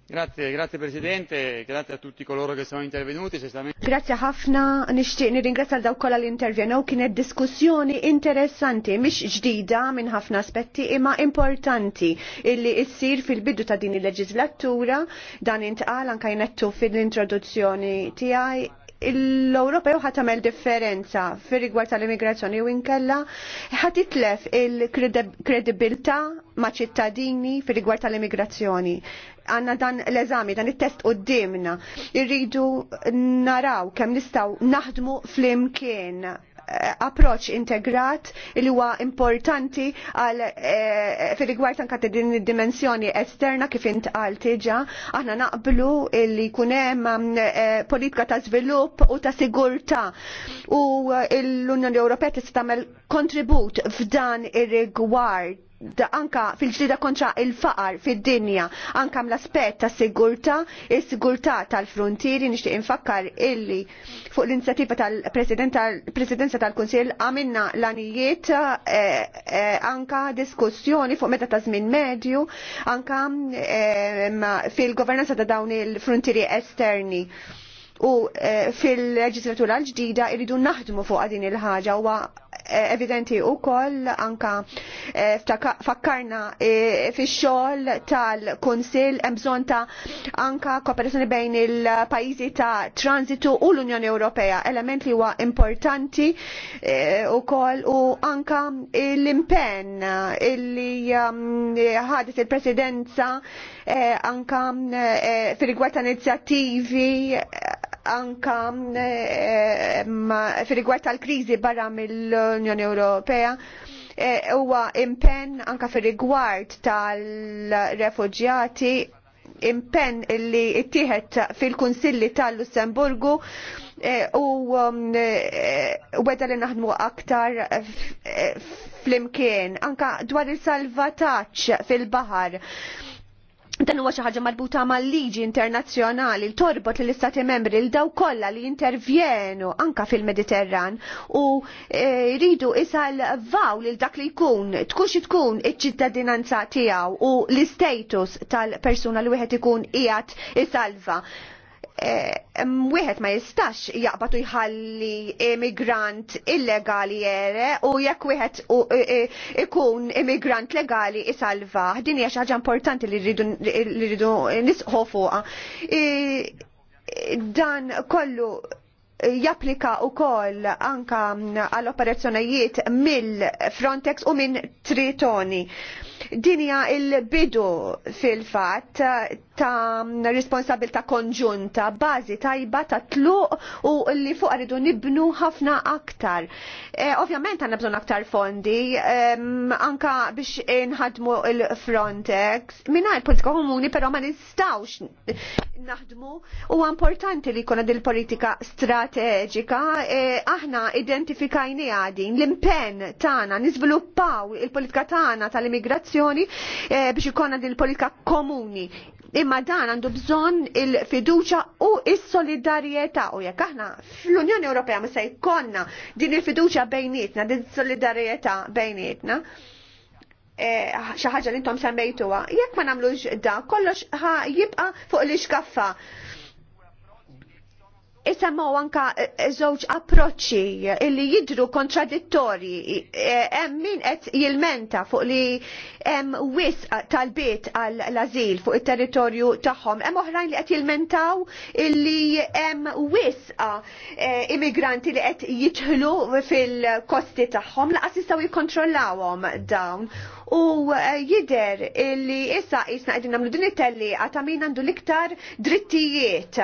Grazie, grazie Presidente, grazie a tutti coloro che sono intervenuti. Grazie ħafna, nixtieq l-daw dawk kollha intervjena u kienet diskussjoni interessanti, mhix ġdida minn ħafna aspetti imma importanti illi ssir fil-bidu ta' din il-leġislatura dan intqal anke jnettu fil-introduzzjoni tiegħi l-Ewropew ħat tagħmel differenza fir rigward tal-immigrazzjoni u inkella ħat itlef il kredibilta ma' ċittadini fir rigward tal-immigrazzjoni. Għanna dan l-eżami, dan it-test d-dimna. Irridu naraw kemm nistgħu naħdmu flimkien Eh, approċċ integrat li huwa importanti għal eh, fil-rigward anka din id-dimensjoni esterna kif intqal tiġa aħna naqblu li jkun hemm eh, politika ta' żvilupp u ta' sigurtà u l-Unjoni Ewropea tista' tagħmel kontribut f'dan ir-rigward anka fil-ġdida kontra il-faqar fid-dinja, anka ml-aspet ta' sigurta, il-sigurta tal-frontieri, nishtiq infakkar illi fuq l-inizjativa tal-presidenza tal-Kunsil għamilna l-anijiet eh, eh, anka diskussjoni fuq meta ta' żmien medju, anka eh, fil-governanza ta' dawn il-frontieri esterni u eh, fil-leġislatura l-ġdida irridu naħdmu fuq din il-ħaġa huwa eh, evidenti u koll anka eh, fakkarna fix-xogħol tal-Kunsill hemm bżonn ta' anka kooperazzjoni bejn il-pajjiżi ta' transitu u l-Unjoni Ewropea, element li huwa importanti koll u anka l-impenn illi ħadet il-presidenza anka fil-rigward inizjattivi anka eh, eh, fil-rigward tal-kriżi barra mill-Unjoni Ewropea eh, huwa impenn anka fil-rigward tal-refuġjati impenn li ittieħed fil-Kunsilli tal-Lussemburgu u um, weda li naħdmu aktar flimkien anka dwar il-salvataċ fil-bahar dan huwa xi ħaġa marbuta mal-liġi internazzjonali li torbot lill istati membri l daw kollha li intervjenu anka fil-Mediterran u e, jridu e, isal vaw lil dak li jkun tkun tkun iċ-ċittadinanza tiegħu u l-istatus tal-persuna li wieħed ikun qiegħed isalva. Eh, wieħed ma jistax jaqbatu jħalli immigrant illegali jere u jekk wieħed e, e, ikun immigrant legali isalva. Din hija xi ħaġa importanti li rridu nisħu fuqha. Dan kollu japplika u koll anka għall operazzjonijiet mill Frontex u minn Tritoni. Dinja il-bidu fil-fat ta' responsabilta' konġunta, bażi tajba ta' tluq u li fuq rridu nibnu ħafna aktar. E, Ovvjament għandna bżonn aktar fondi, e, anka biex nħadmu il-Frontex. Mingħajr politika komuni però ma nistawx naħdmu u importanti li kuna il politika strateġika. E, aħna identifikajni għadin l-impenn tagħna niżviluppaw il-politika tagħna tal-immigrazzjoni e, biex ikonna din il-politika komuni Imma dan għandu bżonn il-fiduċa u il-solidarieta u jekk aħna fl-Unjoni Ewropea ma se jkollna din il-fiduċa bejnietna, din il-solidarieta bejnietna. E, xi ħaġa li intom semmejtuha, jekk ma namluġ da, kollox ħa jibqa' fuq l xkaffa Isemmaw anka e, e, żewġ approċċi illi jidru kontradittorji. E, hemm min qed jilmenta fuq li hemm wis tal-bit għall-azil fuq it-territorju tagħhom. Hemm oħrajn li qed jilmentaw illi hemm wisqa immigranti li qed jidħlu fil-kosti tagħhom laqas jistgħu jikkontrollawhom dawn. U jider illi issa qisna qegħdin nagħmlu din it-telliqa ta' min għandu l-iktar drittijiet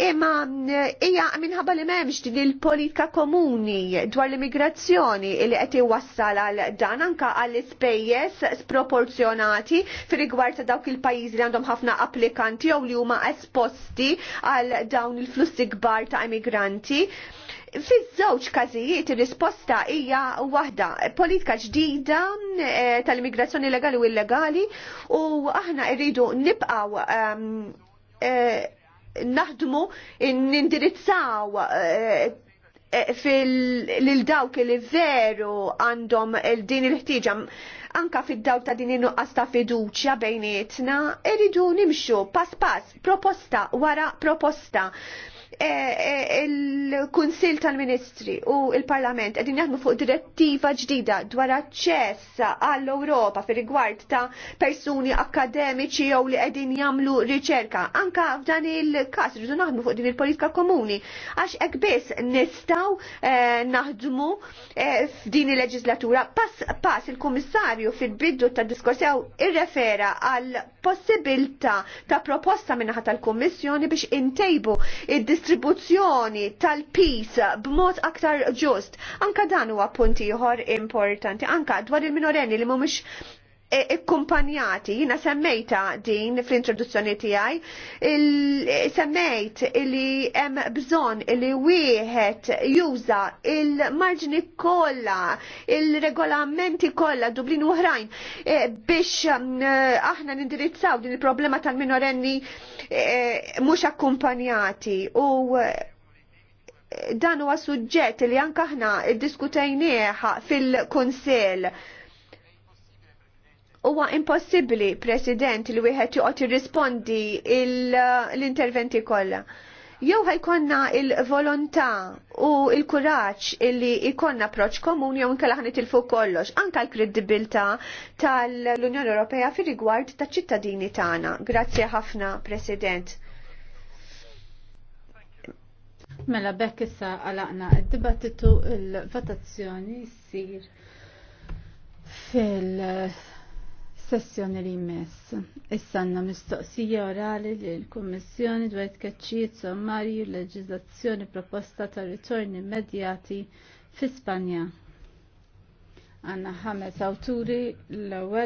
imma eh, hija minħabba li m'hemmx din il-politika komuni dwar l-immigrazzjoni li qed iwassal għal dan anke għall ispejjeż sproporzjonati fi rigward ta' dawk il-pajjiżi li għandhom ħafna applikanti jew li huma esposti għal dawn il-flussi kbar ta' immigranti. Fiż-żewġ każijiet ir-risposta hija waħda, politika ġdida eh, tal-immigrazzjoni legali u illegali u aħna rridu nibqgħu ehm, eh, naħdmu nindirizzaw eh, eh, fil-dawk li veru għandhom din il ħtiġa anka fid dawk ta' din innuqqas ta' fiduċja bejnietna, irridu nimxu pass pass, proposta wara proposta. E, e, il-Kunsil tal-Ministri u il-Parlament għedin jaħdmu fuq direttiva ġdida dwar aċċess għall-Europa fir rigward ta' persuni akademiċi jew li għedin jamlu riċerka. Anka f'dan il-kas rridu naħdmu fuq din il-politika komuni għax hekk biss nistaw e, naħdmu f'din il-leġislatura pass pass il-Kummissarju fil-biddu ta' diskorsew irrefera għal possibilta ta' proposta minnaħat tal-Kummissjoni biex intejbu id distribuzzjoni tal pisa b'mod aktar ġust. Anka dan huwa punti ieħor importanti, anka dwar il-minorenni li mhumiex ikkumpanjati, e, e, jina semmejta din fl-introduzzjoni tijaj, semmejt li hemm bżon li wieħed juża il-marġni kollha, il-regolamenti kollha Dublin oħrajn e, biex mm, aħna nindirizzaw din il-problema tal-minorenni mhux akkumpanjati u dan huwa suġġett li anke aħna ddiskutejnieh fil-Kunsell Huwa impossibbli, President, li wieħed joqgħod jirrispondi l-interventi kollha. Jew ħajkonna il-volontà u il-kuraġġ illi jkollna approċċ komuni jew inkella ħanit il kollox, Anke l-kredibilità tal-Unjoni Ewropea fir-rigward taċ-ċittadini tagħna. Grazzi ħafna, President. Mela bekk issa għalaqna id-dibattitu il-votazzjoni ssir fil- Sessjoni li jmess. Issanna mistoqsija orali li l-Kommissjoni dwar tkeċċijiet sommarji u leġiżlazzjoni proposta ta' ritorni immedjati fi Spanja. Għanna ħames awturi l-ewwel